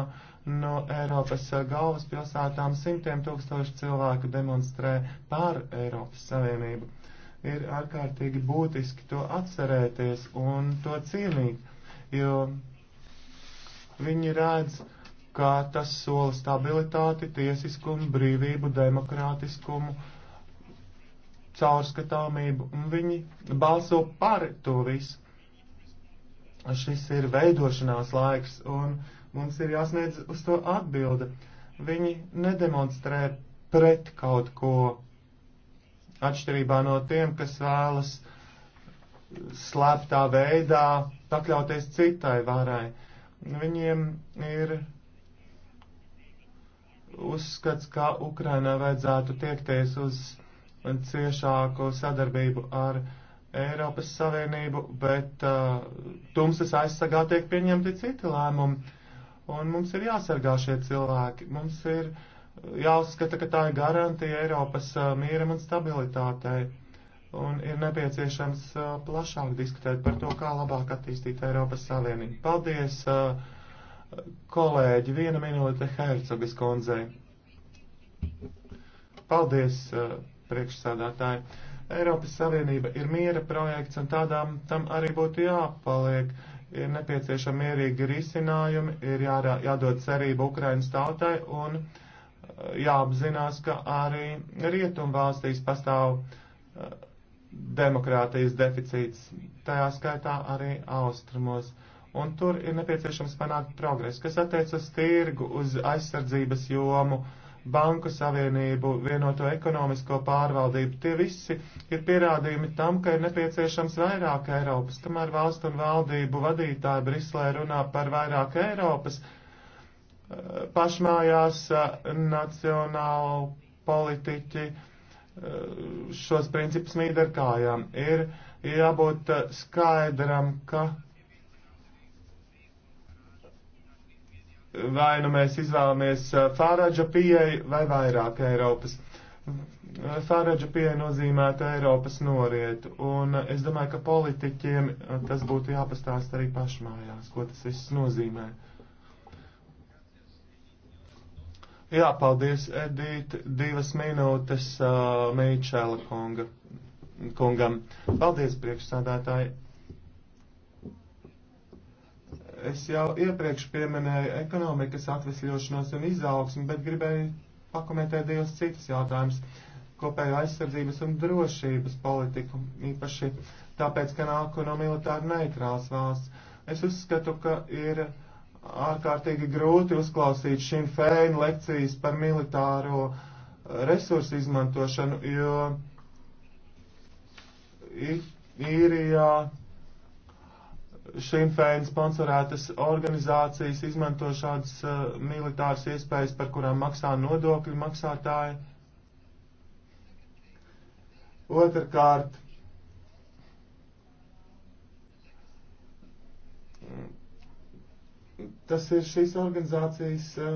no Eiropas galvaspilsētām simtiem tūkstoši cilvēku demonstrē pār Eiropas Savienību. Ir ārkārtīgi būtiski to atcerēties un to cienīt, jo Viņi redz, kā tas sola stabilitāti, tiesiskumu, brīvību, demokrātiskumu, caurskatāmību, un viņi balso par to visu. Šis ir veidošanās laiks, un mums ir jāsniedz uz to atbilde. Viņi nedemonstrē pret kaut ko, atšķirībā no tiem, kas vēlas slēptā veidā pakļauties citai varai. Uh, Viņiem ir uzskats, ka Ukrainā vajadzētu tiekties uz ciešāku sadarbību ar Eiropas Savienību, bet uh, tumsas aizsargā tiek pieņemti citi lēmumi. Un mums ir jāsargā šie cilvēki. Mums ir jāuzskata, ka tā ir garantija Eiropas uh, mīram un stabilitātei un ir nepieciešams uh, plašāk diskutēt par to, kā labāk attīstīt Eiropas Savienību. Paldies, uh, kolēģi, viena minūte Hercogas kundzei. Paldies, uh, priekšsādātāji. Eiropas Savienība ir miera projekts, un tādām tam arī būtu jāpaliek. Ir nepieciešami mierīgi risinājumi, ir jā, jādod cerība Ukrainas tautai, un jāapzinās, ka arī rietumvalstīs pastāv uh, demokrātijas deficīts, tajā skaitā arī austrumos. Un tur ir nepieciešams panākt progresu, kas attiec uz tirgu, uz aizsardzības jomu, banku savienību, vienoto ekonomisko pārvaldību. Tie visi ir pierādījumi tam, ka ir nepieciešams vairāk Eiropas, kamēr valstu un valdību vadītāji Brislē runā par vairāk Eiropas, eh, pašmājās eh, nacionālu politiķi Eh, šos principus mīd ar kājām. Ir jābūt eh, skaidram, ka vai nu mēs izvēlamies eh, Fāraģa pieeju vai vairāk Eiropas. Fāraģa pieeja nozīmētu Eiropas norietu, un es domāju, ka politiķiem tas būtu jāpastāst arī pašmājās, ko tas viss nozīmē. Uh, Jā, paldies, Edīte. Divas minūtes uh, Meičēla kunga, kungam. Paldies, priekšsādātāji. Es jau iepriekš pieminēju ekonomikas atvesļošanos un izaugsmu, bet gribēju pakomentēt divas citas jautājumas. Kopējo aizsardzības un drošības politiku, īpaši tāpēc, ka nāku no militāri neitrās valsts. Es uzskatu, ka ir. Uh, ārkārtīgi grūti uzklausīt šīm fēnu lekcijas par militāro eh, resursu izmantošanu, jo īrijā šīm fēnu sponsorētas organizācijas izmanto šādas uh, militāras iespējas, par kurām maksā nodokļu maksātāji. Otrakārt, tas ir šīs organizācijas eh,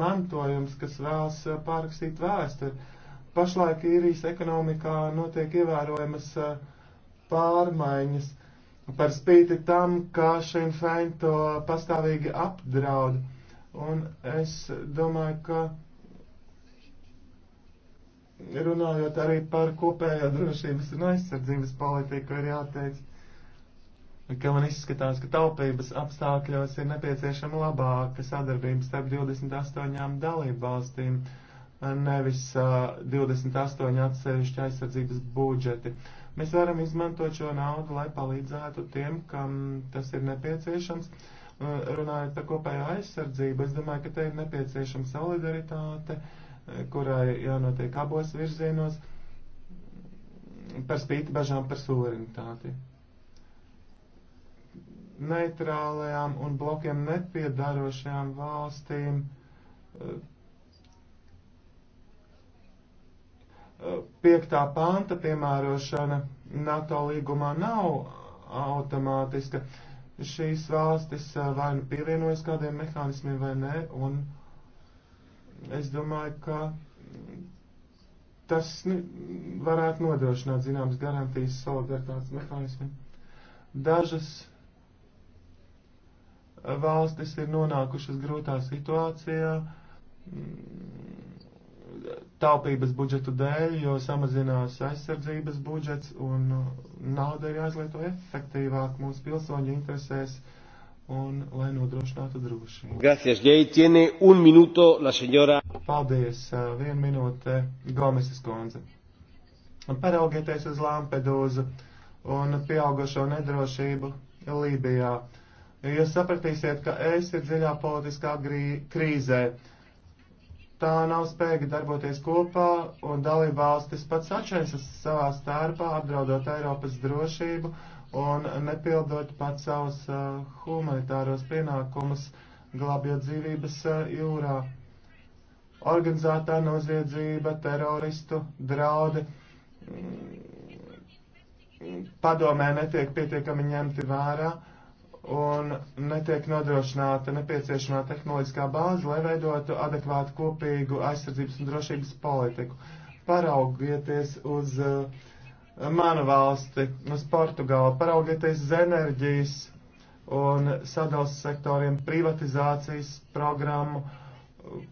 mantojums, kas vēlas eh, pārrakstīt vēsturi. Pašlaik īrijas ekonomikā notiek ievērojamas eh, pārmaiņas par spīti tam, kā šim fēn to pastāvīgi apdraud. Un es domāju, ka runājot arī par kopējo drošības un aizsardzības politiku ir jāteic ka man izskatās, ka taupības apstākļos ir nepieciešama labāka sadarbība starp 28 dalību valstīm, nevis uh, 28 atsevišķi aizsardzības budžeti. Mēs varam izmantot šo naudu, lai palīdzētu tiem, kam tas ir nepieciešams. Runājot par kopējo aizsardzību, es domāju, ka te ir nepieciešama solidaritāte, kurai jānotiek abos virzienos, par spīti bažām par suverenitāti neitrālajām un blokiem nepiedarošajām valstīm eh, eh, piektā panta piemērošana NATO līgumā nav automātiska. Šīs valstis eh, vai nu pievienojas kādiem mehānismiem vai nē, un es domāju, ka tas varētu nodrošināt zināmas garantijas solidaritātes mehānismiem. Dažas valstis ir nonākušas grūtā situācijā mm, taupības budžetu dēļ, jo samazinās aizsardzības budžets un nauda ir jāizlieto efektīvāk mūsu pilsoņu interesēs un lai nodrošinātu drošību. Gracias, Jay. Tiene un minuto la señora. Paldies. Vienu minūte Gomesis kundze. Paraugieties uz Lampedūzu un pieaugušo nedrošību Lībijā. Jūs sapratīsiet, ka es ir dziļā politiskā krīzē. Tā nav spēja darboties kopā, un dalībvalstis pats atšķaisas savā starpā, apdraudot Eiropas drošību un nepildot pats savus uh, humanitāros pienākumus, glābjot dzīvības uh, jūrā. Organizētā noziedzība, teroristu draudi mm, padomē netiek pietiekami ņemti vērā. Uh, un netiek nodrošināta nepieciešamā tehnoloģiskā bāze, lai veidotu adekvātu kopīgu aizsardzības un drošības politiku. Paraugieties uz uh, manu valsti, uz Portugālu, paraugieties uz enerģijas un sadals sektoriem privatizācijas programmu,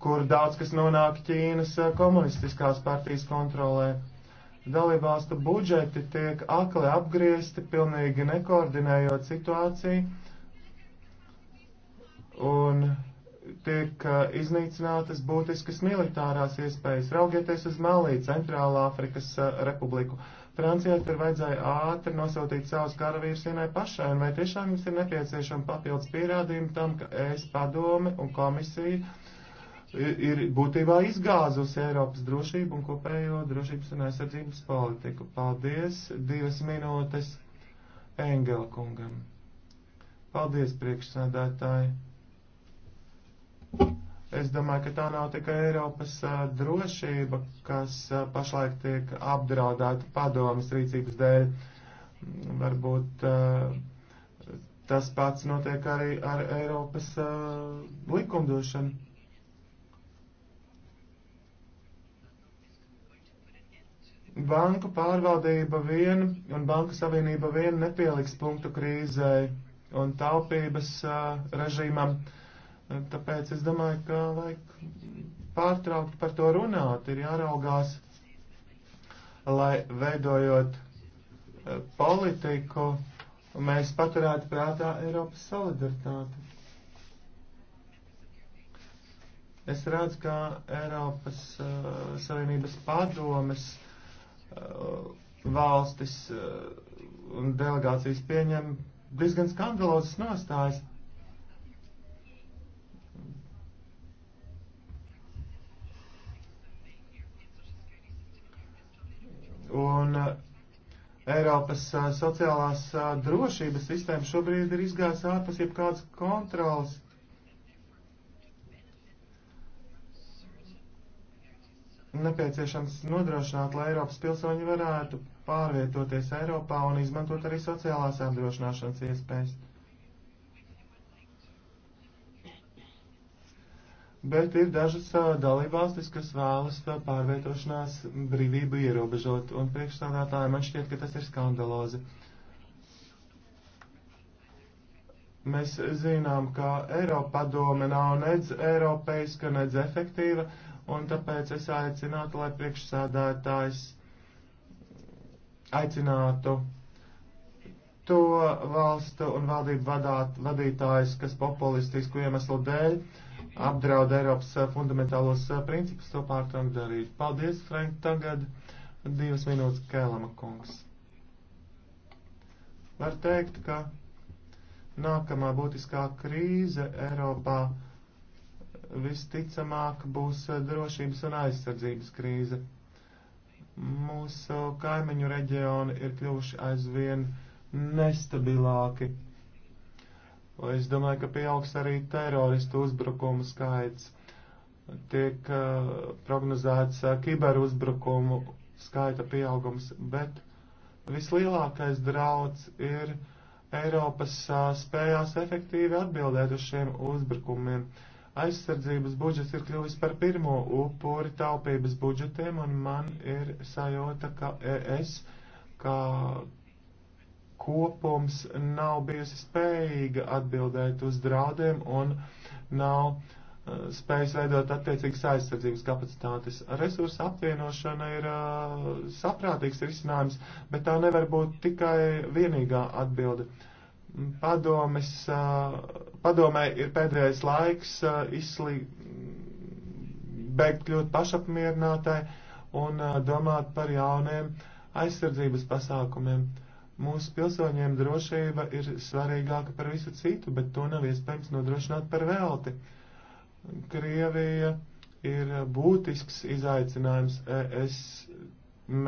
kur daudz kas nonāk Ķīnas eh, komunistiskās partijas kontrolē. Dalībvalstu budžeti tiek akli apgriezti, pilnīgi nekoordinējot situāciju un tiek uh, iznīcinātas būtiskas militārās iespējas. Raugieties uz Malī, Centrālā Afrikas uh, Republiku. Francijai tur vajadzēja ātri nosūtīt savus karavīrus vienai pašai, un vai tiešām jums ir nepieciešama papildus pierādījumi tam, ka es padome un komisija ir būtībā izgāzusi Eiropas drošību un kopējo drošības un aizsardzības politiku. Paldies, divas minūtes Engela kungam. Paldies, priekšsādātāji. Es domāju, ka tā nav tikai Eiropas uh, drošība, kas uh, pašlaik tiek apdraudēta padomas rīcības dēļ. Varbūt uh, tas pats notiek arī ar Eiropas uh, likumdošanu. Banku pārvaldība vien un banku savienība vien nepieliks punktu krīzai un taupības uh, režīmam. Uh, Tāpēc es domāju, ka vajag pārtraukt par to runāt, ir jāraugās, lai veidojot eh, politiku, mēs paturētu prātā Eiropas solidaritāti. Es redzu, ka Eiropas uh, Savienības padomes uh, valstis uh, un delegācijas pieņem diezgan skandalozes nostājas. Un eh, Eiropas eh, sociālās eh, drošības sistēma šobrīd ir izgājusi ārpus jebkādas kontrolas. Nepieciešams nodrošināt, lai Eiropas pilsoņi varētu pārvietoties Eiropā un izmantot arī sociālās apdrošināšanas iespējas. bet ir dažas dalībvalstis, kas vēlas pārvietošanās brīvību ierobežot, un priekšstādātāji man šķiet, ka tas ir skandalozi. Mēs zinām, ka Eiropa padome nav nedz eiropeiska, nedz efektīva, un tāpēc es aicinātu, lai priekšsādātājs aicinātu to valstu un valdību vadāt, vadītājs, kas populistisku iemeslu dēļ uh, apdraud Eiropas eh, fundamentālos eh, principus, to pārtraukt darīt. Paldies, Frank, tagad divas minūtes Kēlama kungs. Var teikt, ka nākamā būtiskā krīze Eiropā eh, visticamāk būs drošības un aizsardzības krīze. Mūsu kaimiņu reģioni ir kļuvuši aizvien nestabilāki Es domāju, ka pieaugs arī teroristu uzbrukumu skaits. Tiek uh, prognozēts uh, kiberuzbrukumu skaita pieaugums, bet vislielākais drauds ir Eiropas uh, spējās efektīvi atbildēt uz šiem uzbrukumiem. Aizsardzības budžets ir kļuvis par pirmo upuri taupības budžetiem, un man ir sajūta, ka es, kā kopums nav bijusi spējīga atbildēt uz draudiem un nav uh, spējas veidot attiecīgas aizsardzības kapacitātes. Resursa apvienošana ir uh, saprātīgs risinājums, bet tā nevar būt tikai vienīgā atbilde. Padomes, uh, padomē ir pēdējais laiks uh, izslī, beigt kļūt pašapmierinātai un uh, domāt par jauniem aizsardzības pasākumiem. Uh, Mūsu pilsoņiem drošība ir svarīgāka par visu citu, bet to nav iespējams nodrošināt par velti. Krievija ir būtisks izaicinājums ES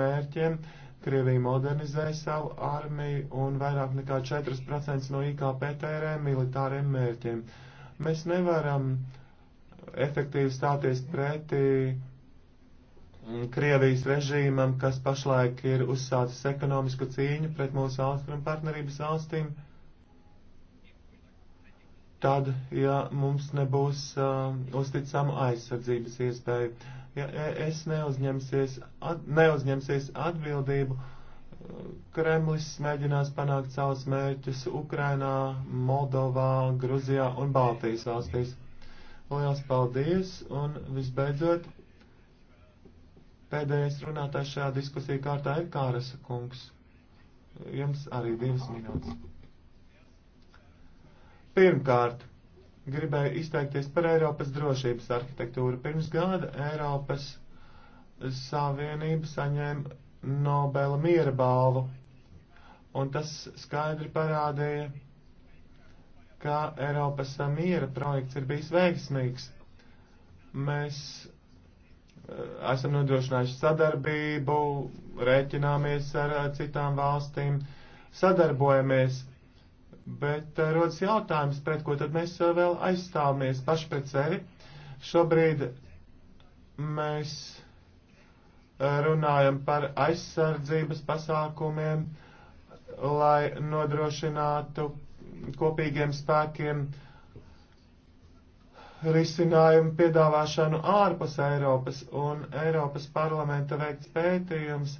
mērķiem. Krievija modernizē savu armiju un vairāk nekā 4% no IKP tērē militāriem mērķiem. Mēs nevaram efektīvi stāties pretī Krievijas režīmam, kas pašlaik ir uzsācis ekonomisku cīņu pret mūsu austrumu partnerības valstīm, tad, ja mums nebūs uh, uzticama aizsardzības iespēja, ja es neuzņemsies, at, neuzņemsies atbildību, um, Kremlis mēģinās panākt savus mērķus Ukrainā, Moldovā, Gruzijā un Baltijas valstīs. Lielas paldies un visbeidzot Pēdējais runātājs šajā diskusija kārtā ir Kāras kungs. Jums arī divas minūtes. Pirmkārt, gribēju izteikties par Eiropas drošības arhitektūru. Pirms gada Eiropas Savienība saņēma Nobela miera balvu, un tas skaidri parādīja, ka Eiropas miera projekts ir bijis veiksmīgs. Mēs Eh, esam nodrošinājuši sadarbību, rēķināmies ar eh, citām valstīm, sadarbojamies, bet eh, rodas jautājums, pret ko tad mēs vēl aizstāvamies paši pret sevi. Šobrīd mēs runājam par aizsardzības pasākumiem, lai nodrošinātu kopīgiem spēkiem uh, risinājumu piedāvāšanu ārpus Eiropas un Eiropas parlamenta veikts pētījums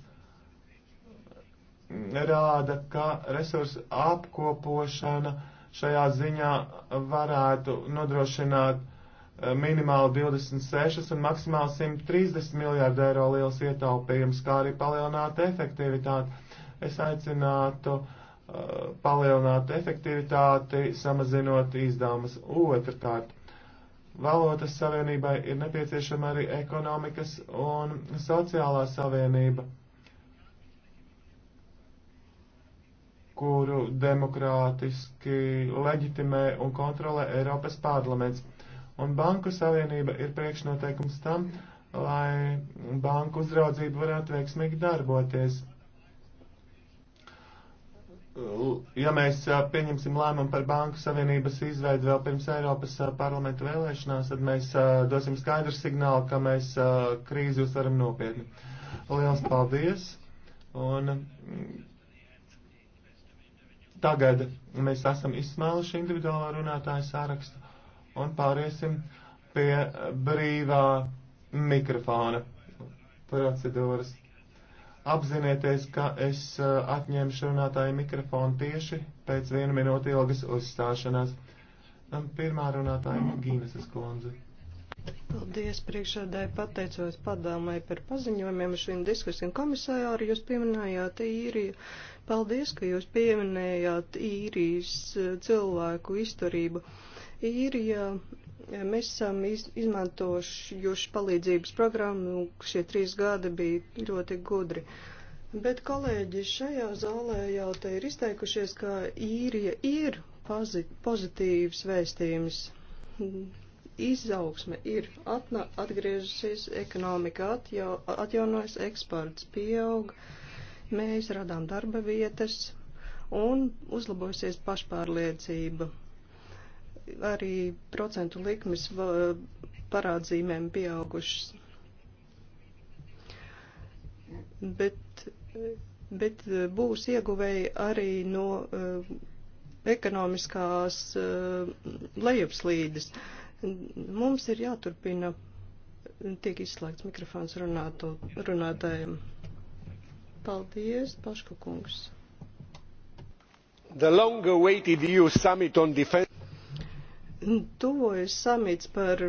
rāda, ka resursu apkopošana šajā ziņā varētu nodrošināt eh, minimāli 26 un maksimāli 130 miljārdu eiro liels ietaupījums, kā arī palielināt efektivitāti. Es aicinātu uh, palielināt efektivitāti, samazinot izdevumus. Otrakārt, Valotas savienībai ir nepieciešama arī ekonomikas un sociālā savienība, kuru demokrātiski leģitimē un kontrolē Eiropas parlaments. Un banku savienība ir priekšnoteikums tam, lai banku uzraudzība varētu veiksmīgi darboties ja mēs pieņemsim lēmumu par Banku Savienības izveidu vēl pirms Eiropas parlamentu vēlēšanās, tad mēs dosim skaidru signālu, ka mēs krīzi uzvaram nopietni. Liels paldies! Un mm, tagad mēs esam izsmēluši individuālā runātāja sārakstu un pāriesim pie brīvā mikrofona procedūras. Apzinieties, ka es atņemšu runātāju mikrofonu tieši pēc viena minūte ilgas uzstāšanās. Pirmā runātāja Gīneses kundze. Paldies priekšādāji pateicos padomai par paziņojumiem šīm diskusijām. Komisāri, jūs pieminējāt īriju. Paldies, ka jūs pieminējāt īrijas cilvēku izturību. Īrija Mēs esam izmantojuši palīdzības programmu, šie trīs gadi bija ļoti gudri. Bet kolēģi šajā zālē jau te ir izteikušies, ka īrija ir pozitīvs vēstījums. Izaugsme ir atna, atgriežusies, ekonomika atja, atjaunojas, eksports pieaug, mēs radām darba vietas un uzlabosies pašpārliecība arī procentu likmes parādzīmēm pieaugušas. Bet, bet būs ieguvēji arī no uh, ekonomiskās uh, lejupslīdes. Mums ir jāturpina, tiek izslēgts mikrofons runāto, runātājiem. Paldies, Paška kungs. The long-awaited EU summit on defense tuvojas samits par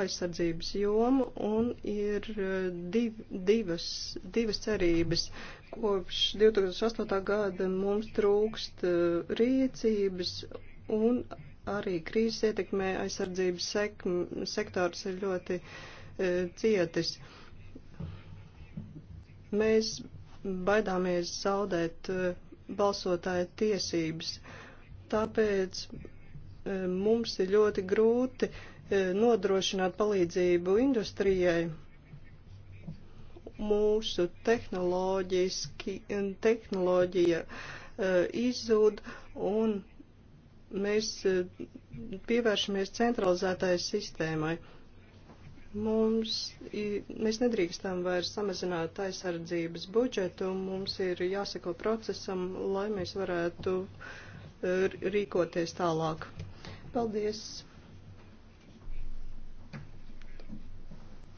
aizsardzības jomu un ir eh, div, divas, divas cerības. Kopš 2008. gada mums trūkst eh, rīcības un arī krīzes ietekmē aizsardzības sek sektors ir ļoti e, cietis. Mēs baidāmies zaudēt e, balsotāju tiesības, tāpēc E, mums ir ļoti grūti e, nodrošināt palīdzību industrijai. Mūsu tehnoloģija e, izzūd un mēs pievēršamies centralizētai sistēmai. Mums, mēs nedrīkstam vairs samazināt aizsardzības budžetu, mums ir jāseko procesam, lai mēs varētu rīkoties tālāk. Paldies!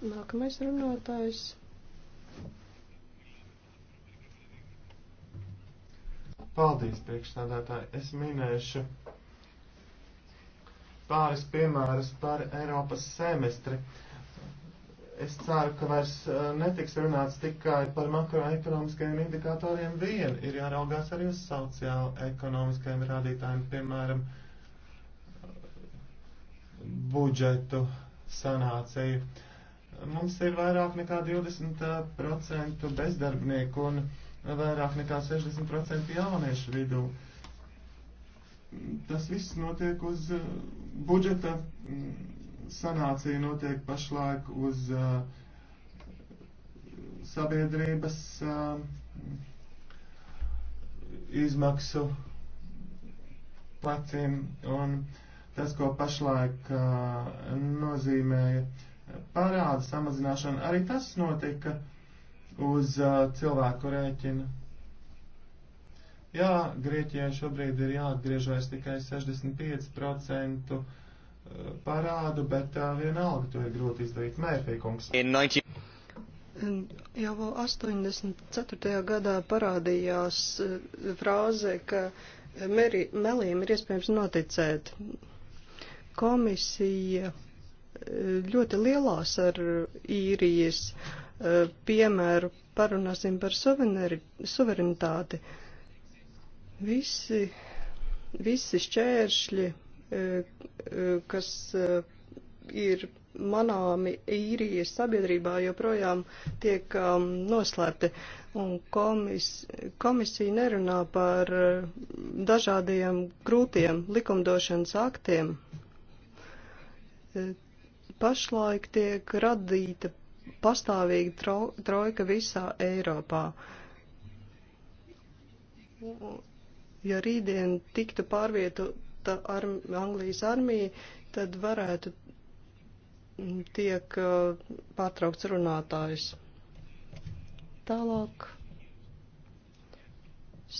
Nākamais runātājs. Paldies, priekšstādātāji. Es minēšu pāris piemērus par Eiropas semestri. Es ceru, ka vairs e, netiks runāts tikai par makroekonomiskajiem indikatoriem vien. Ir jāraugās arī uz sociālo ekonomiskajiem rādītājiem, piemēram, uh, budžetu sanāciju. Mums ir vairāk nekā 20% eh, bezdarbnieku un vairāk nekā 60% jauniešu vidū. Tas viss notiek uz eh, budžeta mm, sanācija, notiek pašlaik uz uh, sabiedrības uh, izmaksu pleciem. Un Tas, ko pašlaik nozīmēja parāda samazināšana, arī tas notika uz cilvēku rēķina. Jā, Grieķijai šobrīd ir jāatgriežas tikai 65% parādu, bet vienalga to ir grūti izdarīt. Mērfīkungs. 90... Jau 84. gadā parādījās frāze, ka merī, melīm ir iespējams noticēt. Komisija eh, ļoti lielās ar īrijas eh, piemēru parunāsim par suverenitāti. Visi, visi šķēršļi, eh, kas ir manāmi īrijas sabiedrībā, joprojām tiek um, noslēpti. Un komis, komisija nerunā par dažādiem grūtiem likumdošanas aktiem, Pašlaik tiek radīta pastāvīga tro, trojka visā Eiropā. Ja rītdien tiktu pārvietota arm, Anglijas armija, tad varētu mm, tiek uh, pārtraukts runātājs. Tālāk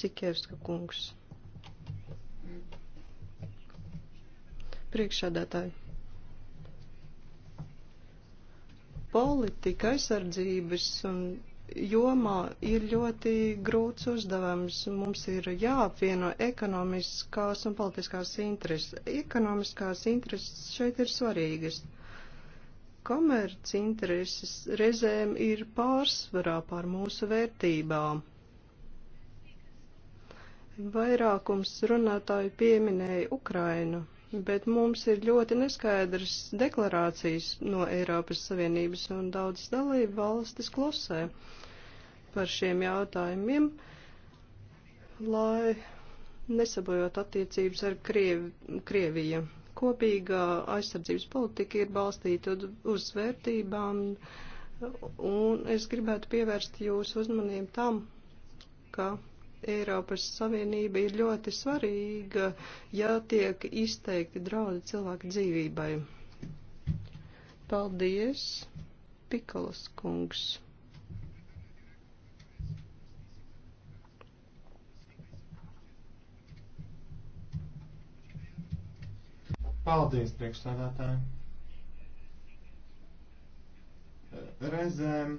Sikierska kungs. Priekšsēdētāji. politika aizsardzības un jomā ir ļoti grūts uzdevums. Mums ir jāapvieno ekonomiskās un politiskās intereses. Ekonomiskās intereses šeit ir svarīgas. Komerc intereses reizēm ir pārsvarā pār mūsu vērtībām. Vairākums runātāju pieminēja Ukrainu bet mums ir ļoti neskaidrs deklarācijas no Eiropas Savienības un daudzas dalību valstis klusē par šiem jautājumiem, lai nesabojot attiecības ar Krievi, Krieviju. Kopīgā aizsardzības politika ir balstīta uz vērtībām, un es gribētu pievērst jūsu uzmanību tam, ka Eiropas Savienība ir ļoti svarīga, ja tiek izteikti draudi cilvēku dzīvībai. Paldies, Pikalas kungs. Paldies, priekšsādātāji. Reizēm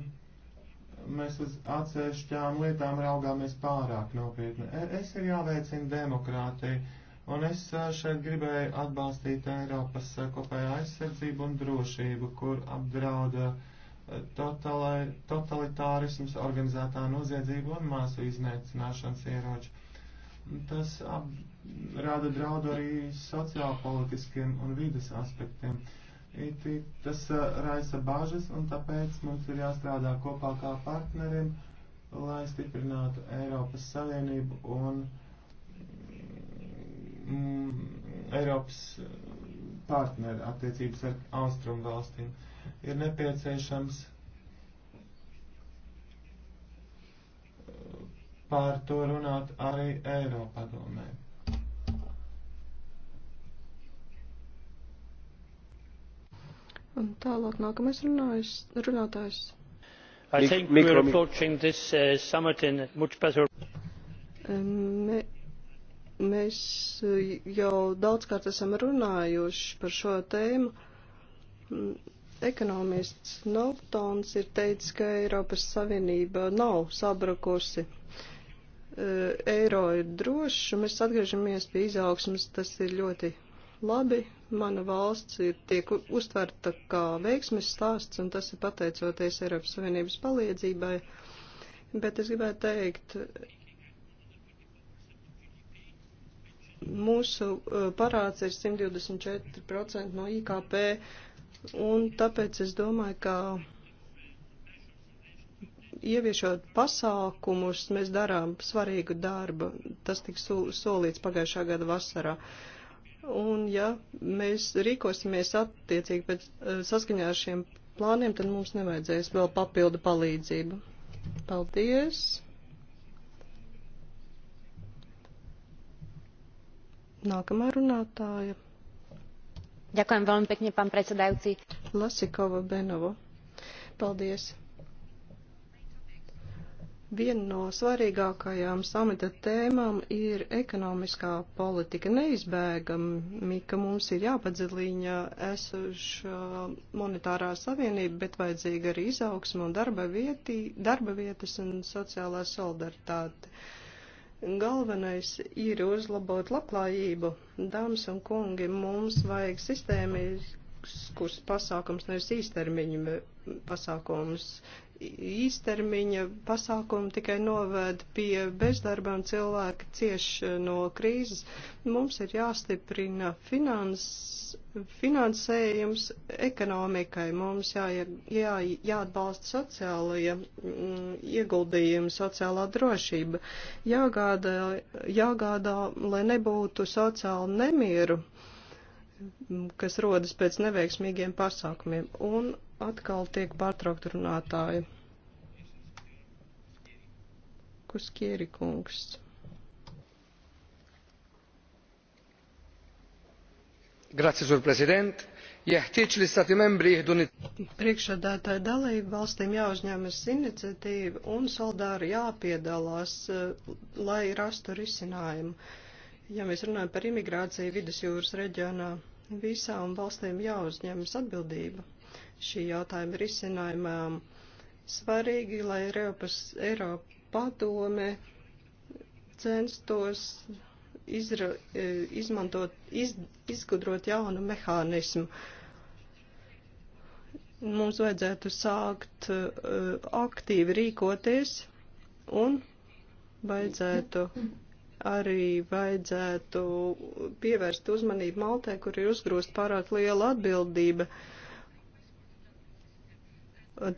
mēs uz atsevišķām lietām raugāmies pārāk nopietni. E, es ir jāveicina demokrātija, un es e, šeit gribēju atbalstīt Eiropas e, kopējā aizsardzību un drošību, kur apdrauda totalai, totalitārisms, organizētā noziedzība un māsu iznēcināšanas ieroči. Tas ap, rada draudu arī sociālpolitiskiem un vidas aspektiem. Uh, tas uh, raisa bažas, un tāpēc mums ir jāstrādā kopā kā partneriem, lai stiprinātu Eiropas Savienību un mm, Eiropas uh, partneri attiecības ar austrumu valstīm. Ir nepieciešams uh, pār to runāt arī Eiropadomē. Un tālāk nākamais runājs, runātājs. I think we are approaching this uh, summit in much better. Me, mēs uh, jau daudzkārt esam runājuši par šo tēmu. Mm, ekonomists Novtons ir teicis, ka Eiropas Savienība nav sabrukusi. Uh, eiro ir drošs, un mēs atgriežamies pie izaugsmas, tas ir ļoti Labi, mana valsts ir tiek uztverta kā veiksmes stāsts, un tas ir pateicoties Eiropas Savienības palīdzībai. Bet es gribētu teikt, mūsu uh, parāds ir 124% no IKP, un tāpēc es domāju, ka ieviešot pasākumus, mēs darām svarīgu darbu. Tas tika solīts pagājušā gada vasarā. Uh, Un ja mēs rīkosimies attiecīgi pēc eh, saskaņā ar šiem plāniem, tad mums nevajadzēs vēl papildu palīdzību. Paldies! Nākamā runātāja. Ďakujem veľmi pekne, pán predsedajúci. Lasikova Benovo. Paldies. Viena no svarīgākajām samita tēmām ir ekonomiskā politika. Neizbēgami, ka mums ir jāpadziļina esoša monetārā savienība, bet vajadzīga arī izaugsma un darba, vieti, darba vietas un sociālā solidaritāte. Galvenais ir uzlabot labklājību. Dāmas un kungi, mums vajag sistēmiskus pasākums, nevis īstermiņu pasākums īstermiņa pasākumi tikai noved pie bezdarba un cilvēki cieš no krīzes. Mums ir jāstiprina finans, finansējums ekonomikai, mums jā, jā, jāatbalsta sociālajie mm, ieguldījumi, sociālā drošība, jāgādā, jāgādā, lai nebūtu sociālu nemieru kas rodas pēc neveiksmīgiem pasākumiem. Un Atkal tiek pārtraukt runātāji. Kuskieri kungs. Grazie, prezident. Jeħtieġ li stati membri jieħdu Priekšsēdētāji dalību valstīm jāuzņemas iniciatīva un soldāri jāpiedalās, eh, lai rastu risinājumu. Ja mēs runājam par imigrāciju vidusjūras reģionā, visām valstīm jāuzņemas atbildība šī jautājuma risinājumam. Svarīgi, lai Eiropas Eiropa padome censtos izra, e, izmantot, iz, izgudrot jaunu mehānismu. Mums vajadzētu sākt e, aktīvi rīkoties un vajadzētu arī vajadzētu pievērst uzmanību Maltē, kur ir uzgrūst pārāk liela atbildība. Uh,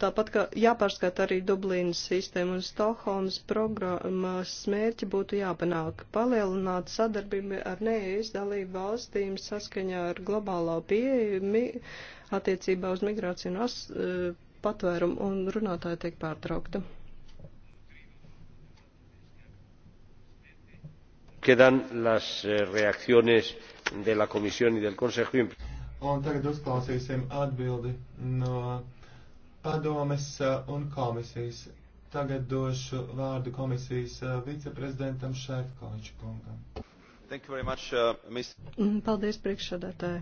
Tāpat kā jāpārskata arī Dublīnas sistēma un Stokholmas programmas smērķi būtu jāpanāk palielināt sadarbību ar neēs dalību valstīm saskaņā ar globālā pieejami attiecībā uz migrāciju un as, e, patvērumu un runātāja tiek pārtraukta. Quedan las e, reacciones de la Comisión y del Consejo. Un tagad uzklausīsim atbildi no padomes eh, un komisijas. Tagad došu vārdu komisijas eh, viceprezidentam Šefkoviča kungam. Much, uh, miss... Mm, paldies, priekšsādātāji.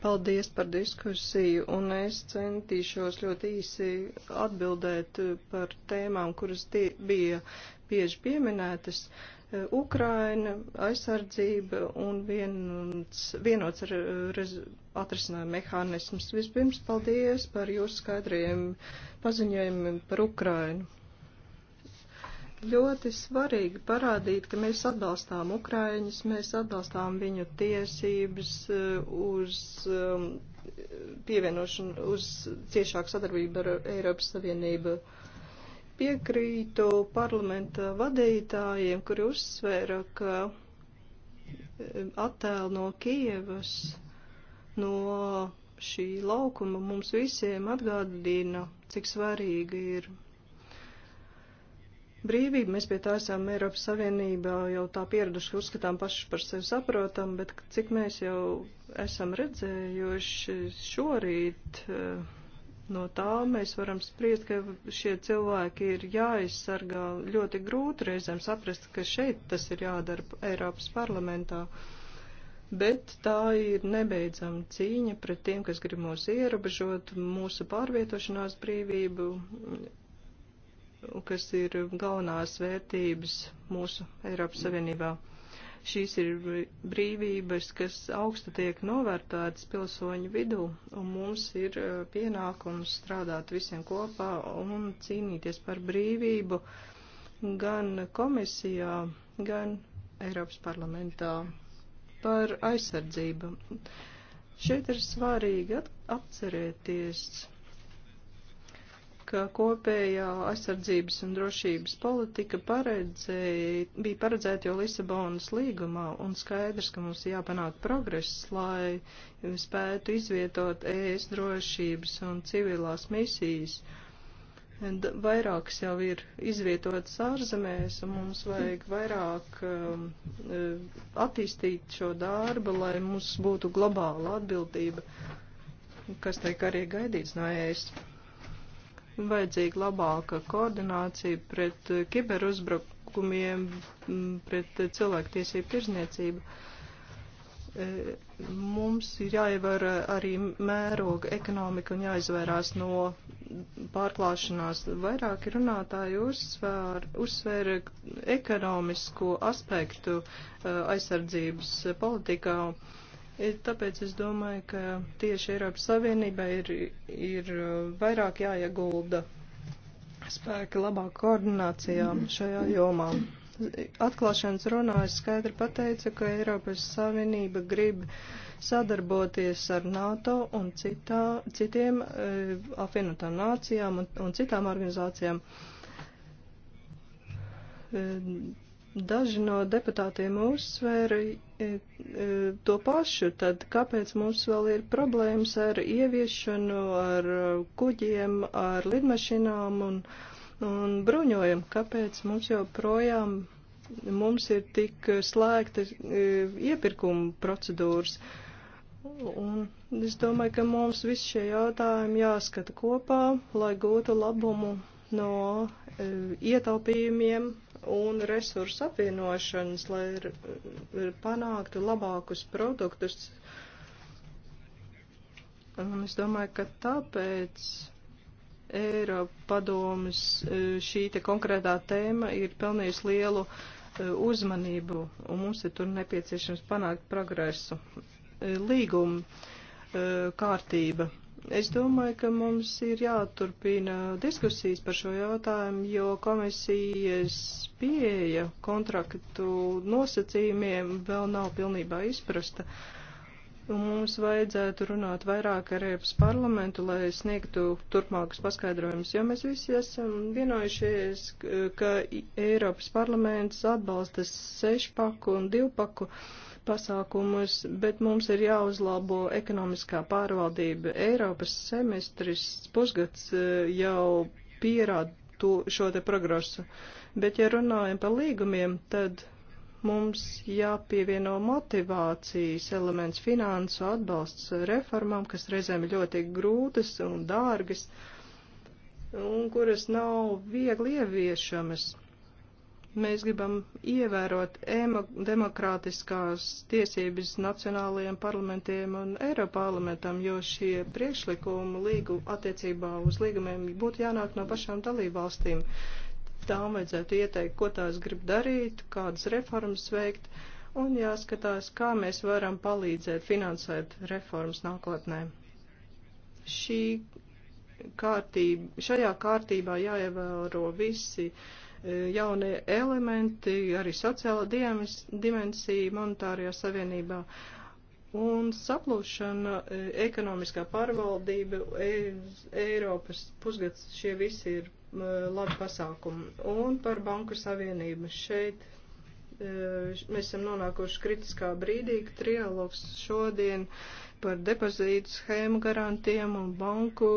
Paldies par diskusiju, un es centīšos ļoti īsi atbildēt par tēmām, kuras tie bija bieži pieminētas. Uh, Ukraina, aizsardzība un viens, vienots ar atrisinājuma mehānisms. Vispirms paldies par jūsu skaidrajiem paziņojumiem par Ukrainu. Ļoti svarīgi parādīt, ka mēs atbalstām Ukraiņus, mēs atbalstām viņu tiesības uh, uz um, pievienošanu, uz ciešāku sadarbību ar Eiropas Savienību. Uh, piekrītu parlamenta vadītājiem, kuri uzsvēra, ka e, attēlu no Kievas, no šī laukuma mums visiem atgādina, cik svarīga ir brīvība. Mēs pie tā esam Eiropas Savienībā jau tā pieraduši, ka uzskatām paši par sevi saprotam, bet cik mēs jau esam redzējuši šorīt. Uh, No tā mēs varam spriest, ka šie cilvēki ir jāaizsargā ļoti grūti reizēm saprast, ka šeit tas ir jādara Eiropas parlamentā. Bet tā ir nebeidzama cīņa pret tiem, kas grib mūs ierobežot, mūsu pārvietošanās brīvību, kas ir galvenās vērtības mūsu Eiropas Savienībā. Mm. Šīs ir brīvības, kas augstu tiek novērtētas pilsoņu vidū, un mums ir eh, pienākums strādāt visiem kopā un cīnīties par brīvību gan komisijā, gan Eiropas parlamentā par aizsardzību. Šeit ir svarīgi atcerēties ka kopējā aizsardzības un drošības politika paredzēja, bija paredzēta jau Lisabonas līgumā un skaidrs, ka mums jāpanāk progress, lai spētu izvietot ES drošības un civilās misijas. Vairākas jau ir izvietotas ārzemēs, un mums vajag vairāk um, uh, attīstīt šo darbu, lai mums būtu globāla atbildība, kas tiek arī gaidīts no ēst. E vajadzīga labāka koordinācija pret eh, kiberuzbrukumiem, pret eh, cilvēktiesību tirzniecību. Eh, mums ir jāievar arī mēroga ekonomika un jāizvairās no pārklāšanās. Vairāki runātāji uzsvēr, uzsvēra ekonomisko aspektu aizsardzības politikā. Uh, Tāpēc es domāju, ka tieši Eiropas Savienībai ir, ir uh, vairāk jāiegulda spēki labāk koordinācijā šajā jomā. Atklāšanas runā es skaidri pateicu, ka Eiropas Savienība grib sadarboties ar NATO un citā, citiem e, apvienotām nācijām un, un citām organizācijām. E, Daži no deputātiem uzsvēra e, e, to pašu, tad kāpēc mums vēl ir problēmas ar ieviešanu, ar e, kuģiem, ar lidmašinām un, un bruņojumu? Kāpēc mums joprojām mums ir tik slēgta iepirkuma procedūras? Un es domāju, ka mums visi šie jautājumi jāskata kopā, lai gūtu labumu no ietaupījumiem un resursu apvienošanas, lai panāktu labākus produktus. Un es domāju, ka tāpēc Eiropa padomas e, šī te konkrētā tēma ir pelnījusi lielu e, uzmanību, un mums ir tur nepieciešams panākt progresu. E, Līguma kārtība Es domāju, ka mums ir jāturpina diskusijas par šo jautājumu, jo komisijas pieeja kontraktu nosacījumiem vēl nav pilnībā izprasta. Un mums vajadzētu runāt vairāk ar Eiropas parlamentu, lai sniegtu turpmākus paskaidrojumus, jo mēs visi esam vienojušies, ka Eiropas parlaments atbalsta sešpaku un divpaku. paku pasākumus, bet mums ir jāuzlabo ekonomiskā pārvaldība. Eiropas semestris pusgads e, jau pierāda to, šo te progresu. Bet, ja runājam par līgumiem, tad mums jāpievieno motivācijas elements finansu atbalsts reformām, kas reizēm ir ļoti grūtas un dārgas, un kuras nav viegli ieviešamas. Mēs gribam ievērot demokrātiskās tiesības nacionālajiem parlamentiem un Eiroparlamentam, jo šie priekšlikumi līgu attiecībā uz līgumiem būtu jānāk no pašām dalībvalstīm. Tām vajadzētu ieteikt, ko tās grib darīt, kādas reformas veikt un jāskatās, kā mēs varam palīdzēt finansēt reformas nākotnē. Šī kārtība, šajā kārtībā jāievēro visi uh, E, jaunie elementi, arī sociāla dimensija monetārajā savienībā. Un saplūšana, e, ekonomiskā pārvaldība, e, Eiropas pusgads, šie visi ir labi pasākumi. Un par banku savienību šeit mēs esam nonākuši kritiskā brīdī, ka trialogs šodien par depozītu schēmu garantiem un banku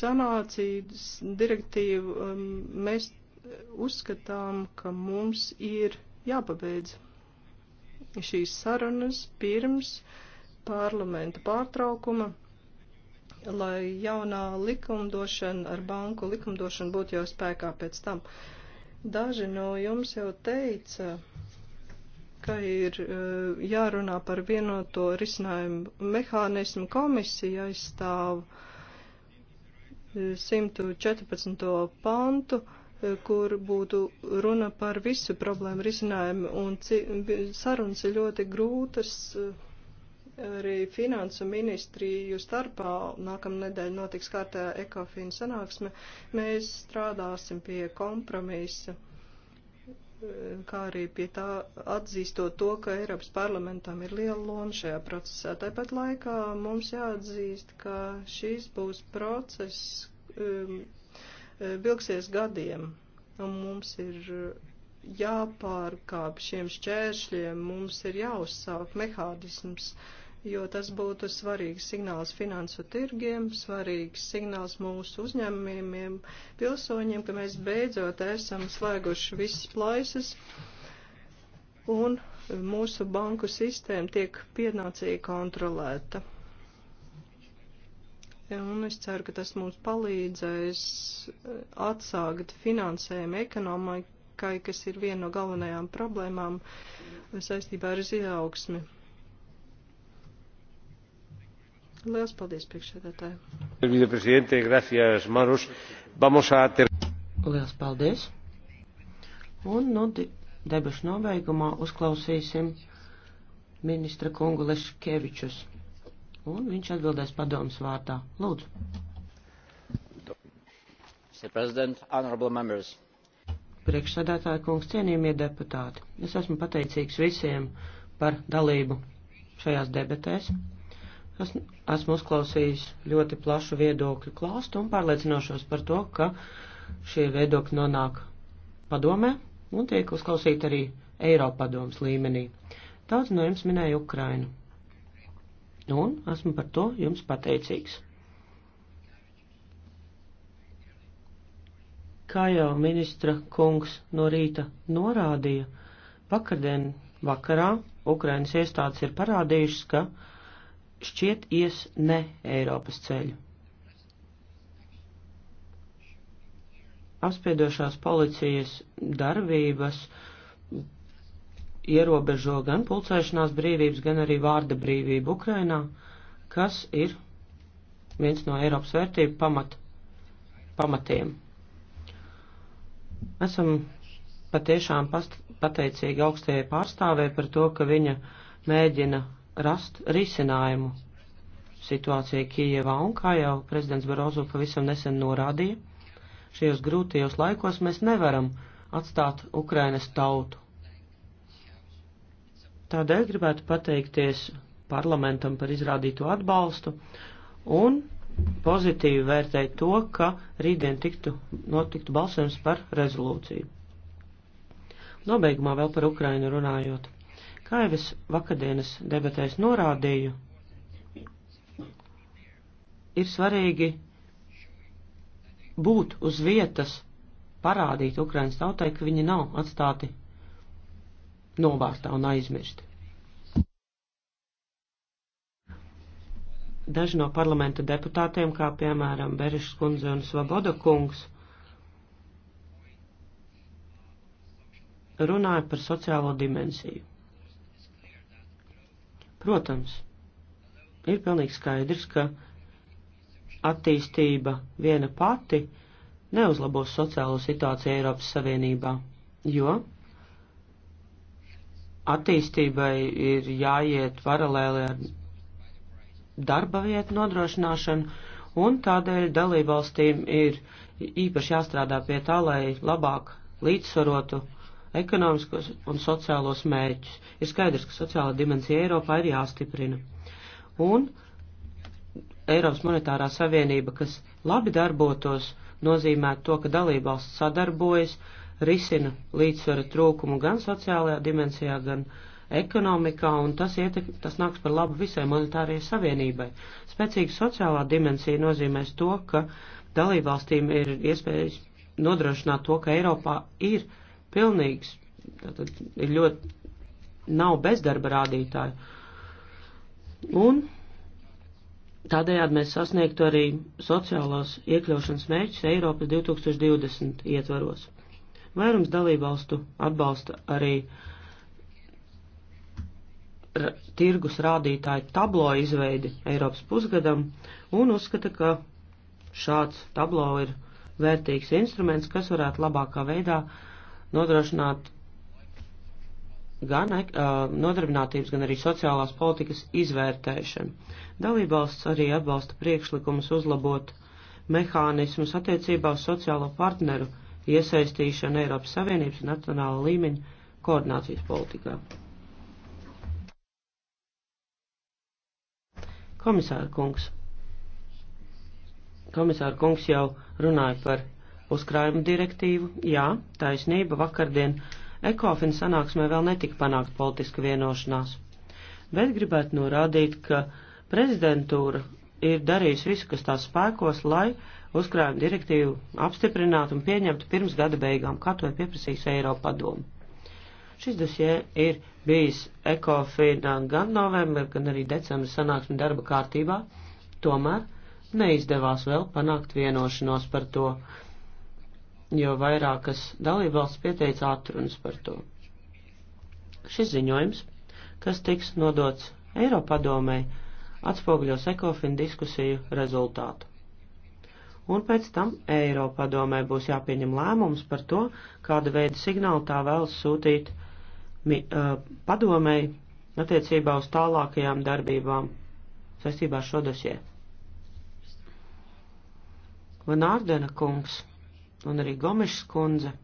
sanācijas direktīvu um, mēs uzskatām, ka mums ir jāpabeidz šīs sarunas pirms parlamenta pārtraukuma, lai jaunā likumdošana ar banku likumdošanu būtu jau spēkā pēc tam. Daži no jums jau teica, ka ir eh, jārunā par vienoto risinājumu mehānismu komisija aizstāv 114. Eh, pantu, kur būtu runa par visu problēmu risinājumu, un sarunas ir ļoti grūtas eh, arī finansu ministriju starpā. Nākamnedēļ notiks kārtējā ekofīna sanāksme. Mēs strādāsim pie kompromisa, eh, kā arī pie tā atzīstot to, ka Eiropas parlamentam ir liela loma šajā procesā. Tāpat laikā mums jāatzīst, ka šīs būs process, eh, Eh, vilksies gadiem. Un mums ir eh, jāpārkāp šiem šķēršļiem, mums ir jāuzsāk mehānisms, jo tas būtu svarīgs signāls finansu tirgiem, svarīgs signāls mūsu uzņēmumiem, pilsoņiem, ka mēs beidzot esam slēguši visas plaisas un mūsu banku sistēma tiek pienācīgi kontrolēta. Un es ceru, ka tas mums palīdzēs eh, atsākt finansējumu ekonomikai, kas ir viena no galvenajām problēmām eh, saistībā ar izaugsmi. Lielas paldies, priekšsēdētāji. Lielas paldies. Un nu no debašu nobeigumā uzklausīsim ministra kungu Leškevičus un viņš atbildēs padomas vārdā. Lūdzu. Mr. President, honorable members priekšsādātāja kungs, cienījamie deputāti, es esmu pateicīgs visiem par dalību šajās debatēs. Es, esmu uzklausījis ļoti plašu viedokļu klāstu un pārliecinošos par to, ka šie viedokļi nonāk padomē un tiek uzklausīti arī Eiropadomas līmenī. Daudz no jums minēja Ukrainu un esmu par to jums pateicīgs. Kā jau ministra kungs no rīta norādīja, vakardien vakarā Ukrainas iestādes ir parādījušas, ka šķiet ies ne Eiropas ceļu. Apspiedošās policijas darbības uh, ierobežo gan pulcēšanās brīvības, gan arī vārda brīvību Ukrainā, kas ir viens no Eiropas vērtību pamat, pamatiem. Esam patiešām past, pateicīgi augstajai pārstāvē par to, ka viņa mēģina rast risinājumu situācijai Kijevā, un kā jau prezidents Barozo pavisam nesen norādīja, šajos grūtajos laikos mēs nevaram atstāt Ukrainas tautu Tādēļ gribētu pateikties parlamentam par izrādīto atbalstu un pozitīvi vērtēt to, ka rītdien tiktu, notiktu balsojums par rezolūciju. Nobeigumā vēl par Ukrainu runājot. Kā jau es vakardienas debatēs norādīju, ir svarīgi būt uz vietas, parādīt Ukrainas tautai, ka viņi nav atstāti novārtā un aizmirsti. Daži no parlamenta deputātiem, kā piemēram Berišs kundze un Svoboda kungs, runāja par sociālo dimensiju. Protams, ir pilnīgi skaidrs, ka attīstība viena pati neuzlabos sociālo situāciju Eiropas Savienībā, jo attīstībai ir jāiet paralēli ar darba vietu nodrošināšanu, un tādēļ dalībvalstīm ir īpaši jāstrādā pie tā, lai labāk līdzsvarotu ekonomiskos un sociālos mērķus. Ir skaidrs, ka sociāla dimensija Eiropā ir jāstiprina. Un Eiropas monetārā savienība, kas labi darbotos, nozīmē to, ka dalībvalsts sadarbojas, uh, risina līdzsvara trūkumu gan sociālajā dimensijā, gan ekonomikā, un tas, ietek, tas nāks par labu visai monetārajai savienībai. Spēcīga sociālā dimensija nozīmēs to, ka dalībvalstīm ir iespējas nodrošināt to, ka Eiropā ir pilnīgs, tātad ir ļoti, nav bezdarba rādītāju. Un Tādējādi mēs sasniegtu arī sociālās iekļaušanas mērķus Eiropas 2020 ietvaros. Vairums dalībvalstu atbalsta arī tirgus rādītāju tablo izveidi Eiropas pusgadam un uzskata, ka šāds tablo ir vērtīgs instruments, kas varētu labākā veidā nodrošināt gan uh, nodarbinātības, gan arī sociālās politikas izvērtēšanu. Dalībvalsts arī atbalsta priekšlikumus uzlabot mehānismus attiecībā uz sociālo partneru iesaistīšanu Eiropas Savienības un nacionāla līmeņa koordinācijas politikā. Komisāra kungs. Komisāra kungs jau runāja par uzkrājumu direktīvu. Jā, taisnība vakardien Ekofina sanāksmē vēl netika panākt politiska vienošanās. Bet gribētu norādīt, ka prezidentūra ir darījusi visu, kas tās spēkos, lai uh, uzkrājuma direktīvu apstiprinātu un pieņemtu pirms gada beigām, kā to ir pieprasījis Eiropa padomu. Šis dosie ir bijis ekofīnā gan novembra, gan arī decembra sanāksmi darba kārtībā, tomēr neizdevās vēl panākt vienošanos par to, jo vairākas dalībvalsts pieteica atrunas par to. Šis ziņojums, kas tiks nodots Eiropadomē, atspoguļos ekofin diskusiju rezultātu un pēc tam Eiropadomē būs jāpieņem lēmums par to, kāda veida signālu tā vēlas sūtīt mi, uh, padomēji attiecībā uz tālākajām darbībām saistībā ar šo dosie. Lenārdena kungs un arī Gomešs kundze.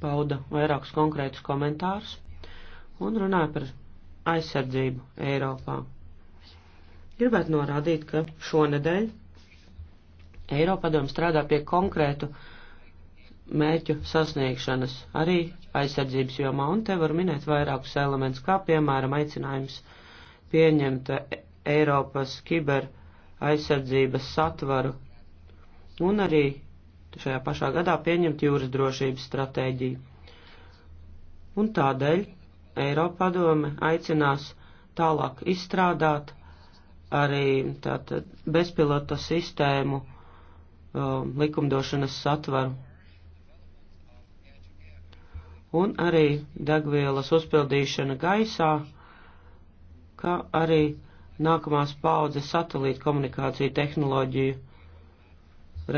pauda vairākus konkrētus komentārus un runāja par aizsardzību Eiropā. Gribētu norādīt, ka šonedēļ Eiropadomu strādā pie konkrētu mērķu sasniegšanas arī aizsardzības jomā, un te var minēt vairākus elementus, kā piemēram aicinājums pieņemt Eiropas kiber aizsardzības satvaru un arī šajā pašā gadā pieņemt jūras drošības stratēģiju. Un tādēļ Eiropa padome aicinās tālāk izstrādāt arī tātad bezpilota sistēmu um, likumdošanas satvaru. Un arī degvielas uzpildīšana gaisā, kā arī nākamās paudzes satelīta komunikāciju tehnoloģiju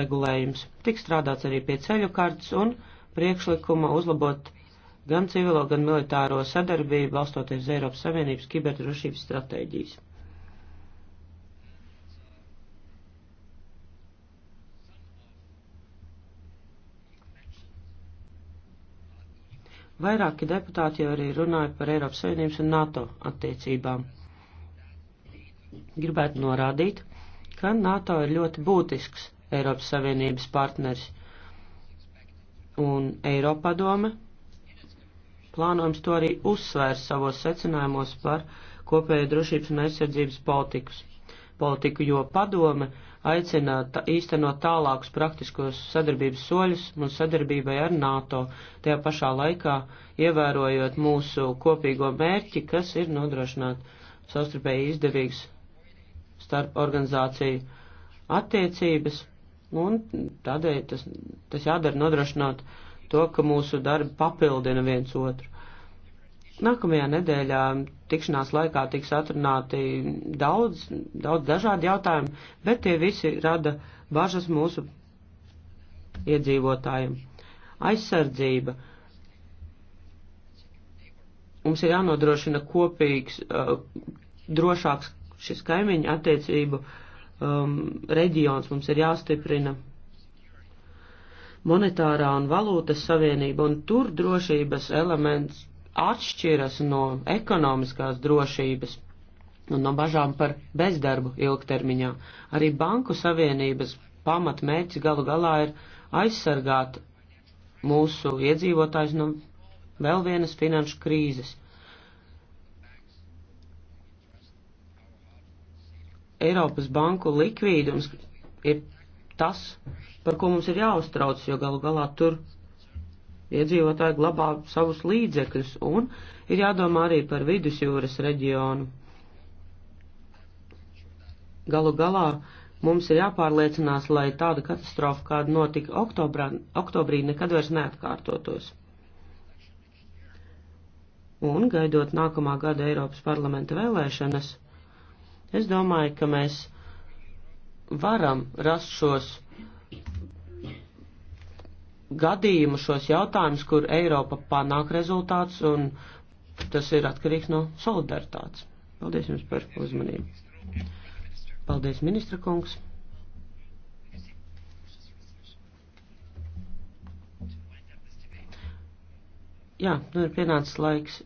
regulējums. Tik strādāts arī pie ceļu kartes un priekšlikuma uzlabot gan civilo, gan militāro sadarbību, balstoties uz Eiropas Savienības kiberdrošības stratēģijas. Vairāki deputāti jau arī runāja par Eiropas Savienības un NATO attiecībām. Gribētu norādīt, ka NATO ir ļoti būtisks Eiropas Savienības partners, un Eiropadome plānojums to arī uzsvērs savos secinājumos par kopējo drošības un aizsardzības politikus. politiku, jo padome aicina tā, īstenot tālākus praktiskos sadarbības soļus un sadarbībai ar NATO, tajā pašā laikā ievērojot mūsu kopīgo mērķi, kas ir nodrošināt savstarpēji izdevīgs starp organizāciju attiecības, un tādēļ tas, tas jādara nodrošināt uh, to, ka mūsu darbi papildina viens otru. Nākamajā nedēļā tikšanās laikā tiks atrunāti daudz, daudz dažādi jautājumi, bet tie visi rada bažas mūsu iedzīvotājiem. Aizsardzība. Mums ir jānodrošina kopīgs, uh, drošāks šis kaimiņu attiecību um, reģions. Mums ir jāstiprina monetārā un valūtas savienība, un tur drošības elements atšķiras no ekonomiskās drošības un no bažām par bezdarbu ilgtermiņā. Arī banku savienības pamatmērķis galu galā ir aizsargāt mūsu iedzīvotājs no vēl vienas finanšu krīzes. Eiropas banku likvīdums ir tas, par ko mums ir jāuztrauc, jo galu galā tur iedzīvotāji glabā savus līdzekļus un ir jādomā arī par vidusjūras reģionu. Galu galā mums ir jāpārliecinās, lai tāda katastrofa, kāda notika oktobrā, oktobrī, nekad vairs neatkārtotos. Un gaidot nākamā gada Eiropas parlamenta vēlēšanas, es domāju, ka mēs varam rast šos gadījumus, šos jautājumus, kur Eiropa panāk rezultāts, un tas ir atkarīgs no solidaritātes. Paldies jums par uzmanību. Paldies, ministra kungs. Jā, nu ir pienācis laiks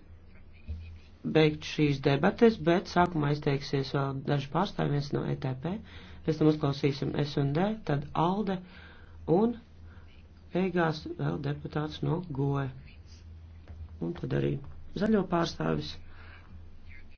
beigt šīs debates, bet sākumā izteiksies vēl daži pārstāvji, viens no ETP pēc tam uzklausīsim S&D, tad ALDE un beigās vēl deputāts no GOE. Un tad arī zaļo pārstāvis.